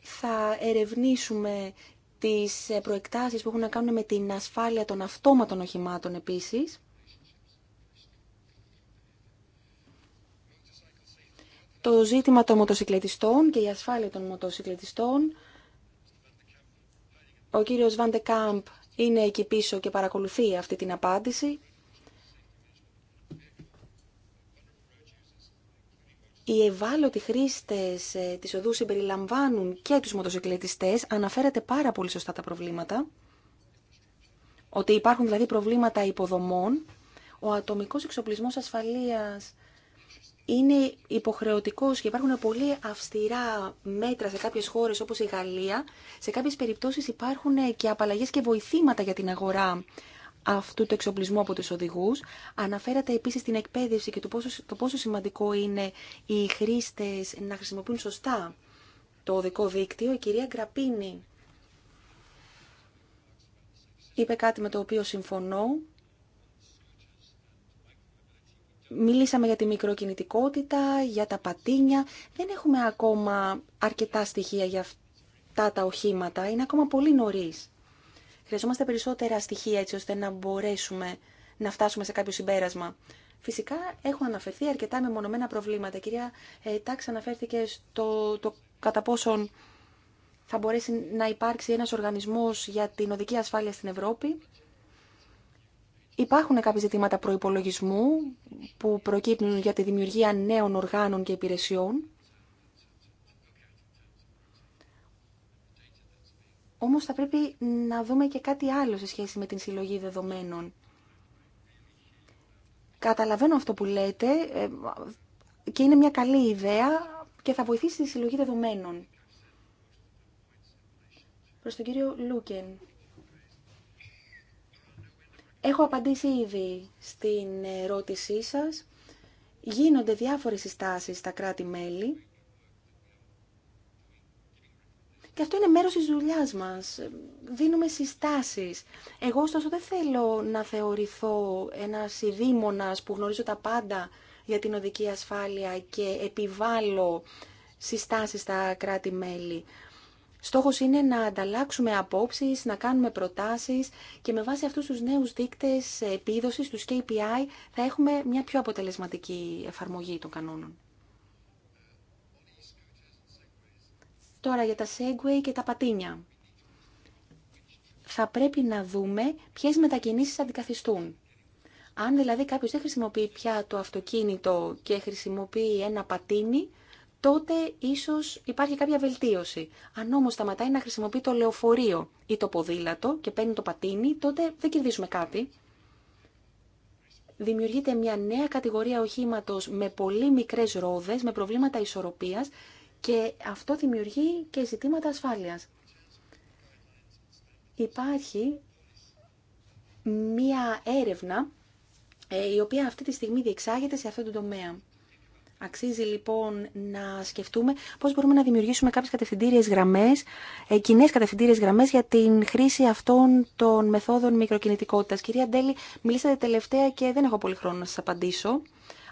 Θα ερευνήσουμε τις ε, προεκτάσεις που έχουν να κάνουν με την ασφάλεια των αυτόματων οχημάτων επίσης. Το ζήτημα των μοτοσυκλετιστών και η ασφάλεια των μοτοσυκλετιστών. Ο κύριος Βαντεκάμπ είναι εκεί πίσω και παρακολουθεί αυτή την απάντηση. οι ευάλωτοι χρήστε ε, τη οδού συμπεριλαμβάνουν και τους μοτοσυκλετιστέ. Αναφέρατε πάρα πολύ σωστά τα προβλήματα. Ότι υπάρχουν δηλαδή προβλήματα υποδομών. Ο ατομικός εξοπλισμό ασφαλεία είναι υποχρεωτικός και υπάρχουν πολύ αυστηρά μέτρα σε κάποιες χώρες όπως η Γαλλία. Σε κάποιες περιπτώσει υπάρχουν και απαλλαγέ και βοηθήματα για την αγορά αυτού του εξοπλισμού από τους οδηγούς. Αναφέρατε επίσης την εκπαίδευση και το πόσο, το σημαντικό είναι οι χρήστες να χρησιμοποιούν σωστά το οδικό δίκτυο. Η κυρία Γκραπίνη είπε κάτι με το οποίο συμφωνώ. Μιλήσαμε για τη μικροκινητικότητα, για τα πατίνια. Δεν έχουμε ακόμα αρκετά στοιχεία για αυτά τα οχήματα. Είναι ακόμα πολύ νωρίς. Χρειαζόμαστε περισσότερα στοιχεία έτσι ώστε να μπορέσουμε να φτάσουμε σε κάποιο συμπέρασμα. Φυσικά έχουν αναφερθεί αρκετά μεμονωμένα προβλήματα. Η κυρία ε, Τάξ αναφέρθηκε στο το κατά πόσον θα μπορέσει να υπάρξει ένας οργανισμός για την οδική ασφάλεια στην Ευρώπη. Υπάρχουν κάποια ζητήματα προϋπολογισμού που προκύπτουν για τη δημιουργία νέων οργάνων και υπηρεσιών. Όμως θα πρέπει να δούμε και κάτι άλλο σε σχέση με την συλλογή δεδομένων. Καταλαβαίνω αυτό που λέτε ε, και είναι μια καλή ιδέα και θα βοηθήσει τη συλλογή δεδομένων. Προς τον κύριο Λούκεν. Έχω απαντήσει ήδη στην ερώτησή σας. Γίνονται διάφορες συστάσεις στα κράτη-μέλη και αυτό είναι μέρος της δουλειάς μας. Δίνουμε συστάσεις. Εγώ ωστόσο δεν θέλω να θεωρηθώ ένας ειδήμονας που γνωρίζω τα πάντα για την οδική ασφάλεια και επιβάλλω συστάσεις στα κράτη-μέλη. Στόχος είναι να ανταλλάξουμε απόψεις, να κάνουμε προτάσεις και με βάση αυτούς τους νέους δείκτες επίδοσης, τους KPI, θα έχουμε μια πιο αποτελεσματική εφαρμογή των κανόνων. Τώρα για τα Segway και τα πατίνια. Θα πρέπει να δούμε ποιες μετακινήσεις αντικαθιστούν. Αν δηλαδή κάποιος δεν χρησιμοποιεί πια το αυτοκίνητο και χρησιμοποιεί ένα πατίνι, τότε ίσως υπάρχει κάποια βελτίωση. Αν όμως σταματάει να χρησιμοποιεί το λεωφορείο ή το ποδήλατο και παίρνει το πατίνι, τότε δεν κερδίζουμε κάτι. Δημιουργείται μια νέα κατηγορία οχήματος με πολύ μικρές ρόδες, με προβλήματα ισορροπίας και αυτό δημιουργεί και ζητήματα ασφάλειας. Υπάρχει μία έρευνα ε, η οποία αυτή τη στιγμή διεξάγεται σε αυτό το τομέα. Αξίζει λοιπόν να σκεφτούμε πώς μπορούμε να δημιουργήσουμε κάποιες κατευθυντήριες γραμμές, ε, κοινέ κατευθυντήριες γραμμές για την χρήση αυτών των μεθόδων μικροκινητικότητας. Κυρία Ντέλη, μιλήσατε τελευταία και δεν έχω πολύ χρόνο να σας απαντήσω.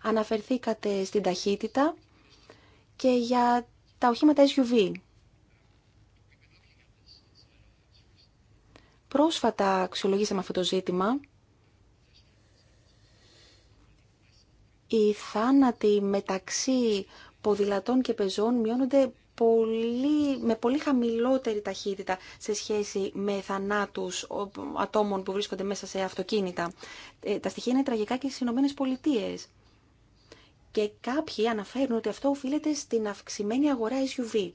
Αναφερθήκατε στην ταχύτητα και για τα οχήματα SUV. Πρόσφατα αξιολογήσαμε αυτό το ζήτημα. Οι θάνατοι μεταξύ ποδηλατών και πεζών μειώνονται πολύ, με πολύ χαμηλότερη ταχύτητα σε σχέση με θανάτους ατόμων που βρίσκονται μέσα σε αυτοκίνητα. Ε, τα στοιχεία είναι τραγικά και στις Ηνωμένες Πολιτείες και κάποιοι αναφέρουν ότι αυτό οφείλεται στην αυξημένη αγορά SUV.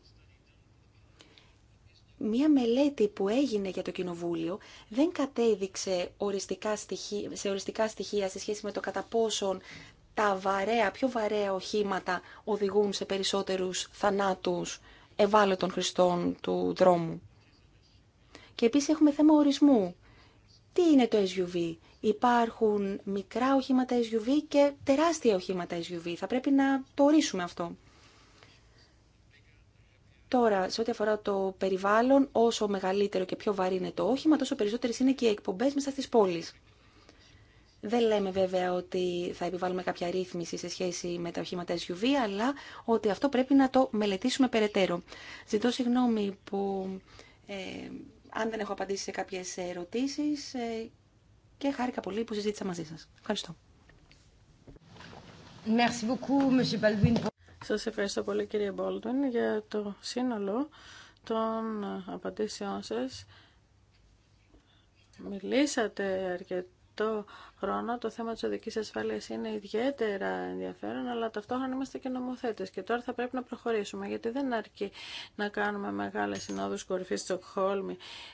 Μία μελέτη που έγινε για το Κοινοβούλιο δεν κατέδειξε οριστικά στοιχεία, σε οριστικά στοιχεία σε σχέση με το κατά πόσον τα βαρέα, πιο βαρέα οχήματα οδηγούν σε περισσότερους θανάτους ευάλωτων χρηστών του δρόμου. Και επίσης έχουμε θέμα ορισμού. Τι είναι το SUV, Υπάρχουν μικρά οχήματα SUV και τεράστια οχήματα SUV. Θα πρέπει να το ορίσουμε αυτό. Τώρα, σε ό,τι αφορά το περιβάλλον, όσο μεγαλύτερο και πιο βαρύ είναι το όχημα, τόσο περισσότερε είναι και οι εκπομπέ μέσα στι πόλει. Δεν λέμε βέβαια ότι θα επιβάλλουμε κάποια ρύθμιση σε σχέση με τα οχήματα SUV, αλλά ότι αυτό πρέπει να το μελετήσουμε περαιτέρω. Ζητώ συγγνώμη που ε, αν δεν έχω απαντήσει σε κάποιες ερωτήσεις ε, και χάρηκα πολύ που συζήτησα μαζί σας. Ευχαριστώ. Merci beaucoup, Σας ευχαριστώ πολύ κύριε Baldwin για το σύνολο των απαντήσεών σας. Μιλήσατε αρκετά το χρόνο το θέμα της οδικής ασφάλειας είναι ιδιαίτερα ενδιαφέρον, αλλά ταυτόχρονα είμαστε και νομοθέτες και τώρα θα πρέπει να προχωρήσουμε, γιατί δεν αρκεί να κάνουμε μεγάλες συνόδους κορυφής στο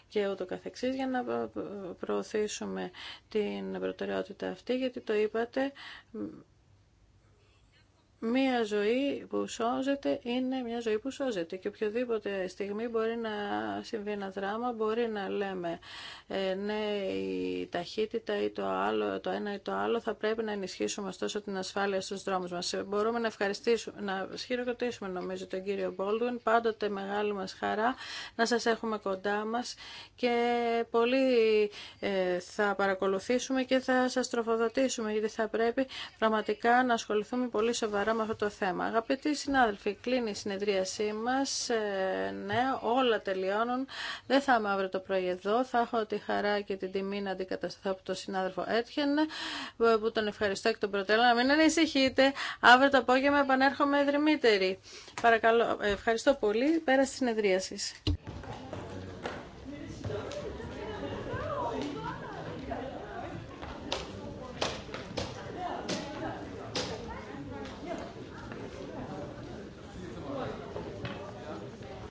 και ούτω καθεξής για να προωθήσουμε την προτεραιότητα αυτή, γιατί το είπατε, Μία ζωή που σώζεται είναι μια ζωή που σώζεται και οποιοδήποτε στιγμή μπορεί να συμβεί ένα δράμα, μπορεί να λέμε ε, ναι η ταχύτητα ή το άλλο, το ένα ή το άλλο θα πρέπει να ενισχύσουμε ωστόσο την ασφάλεια στους δρόμους μας. Μπορούμε να ευχαριστήσουμε, να χειροκροτήσουμε νομίζω τον κύριο Μπόλτουιν, πάντοτε μεγάλη μας χαρά να σας έχουμε κοντά μας και πολύ ε, θα παρακολουθήσουμε και θα σας τροφοδοτήσουμε γιατί θα πρέπει πραγματικά να ασχοληθούμε πολύ σοβαρά με αυτό το θέμα. Αγαπητοί συνάδελφοι, κλείνει η συνεδρίασή μας. Ε, ναι, όλα τελειώνουν. Δεν θα είμαι αύριο το πρωί εδώ. Θα έχω τη χαρά και την τιμή να αντικατασταθώ από τον συνάδελφο Έτχεν, που τον ευχαριστώ και τον προτέλω. Να μην ανησυχείτε. Αύριο το απόγευμα επανέρχομαι δρυμύτερη. Παρακαλώ. Ευχαριστώ πολύ. Πέρα στη συνεδρίαση.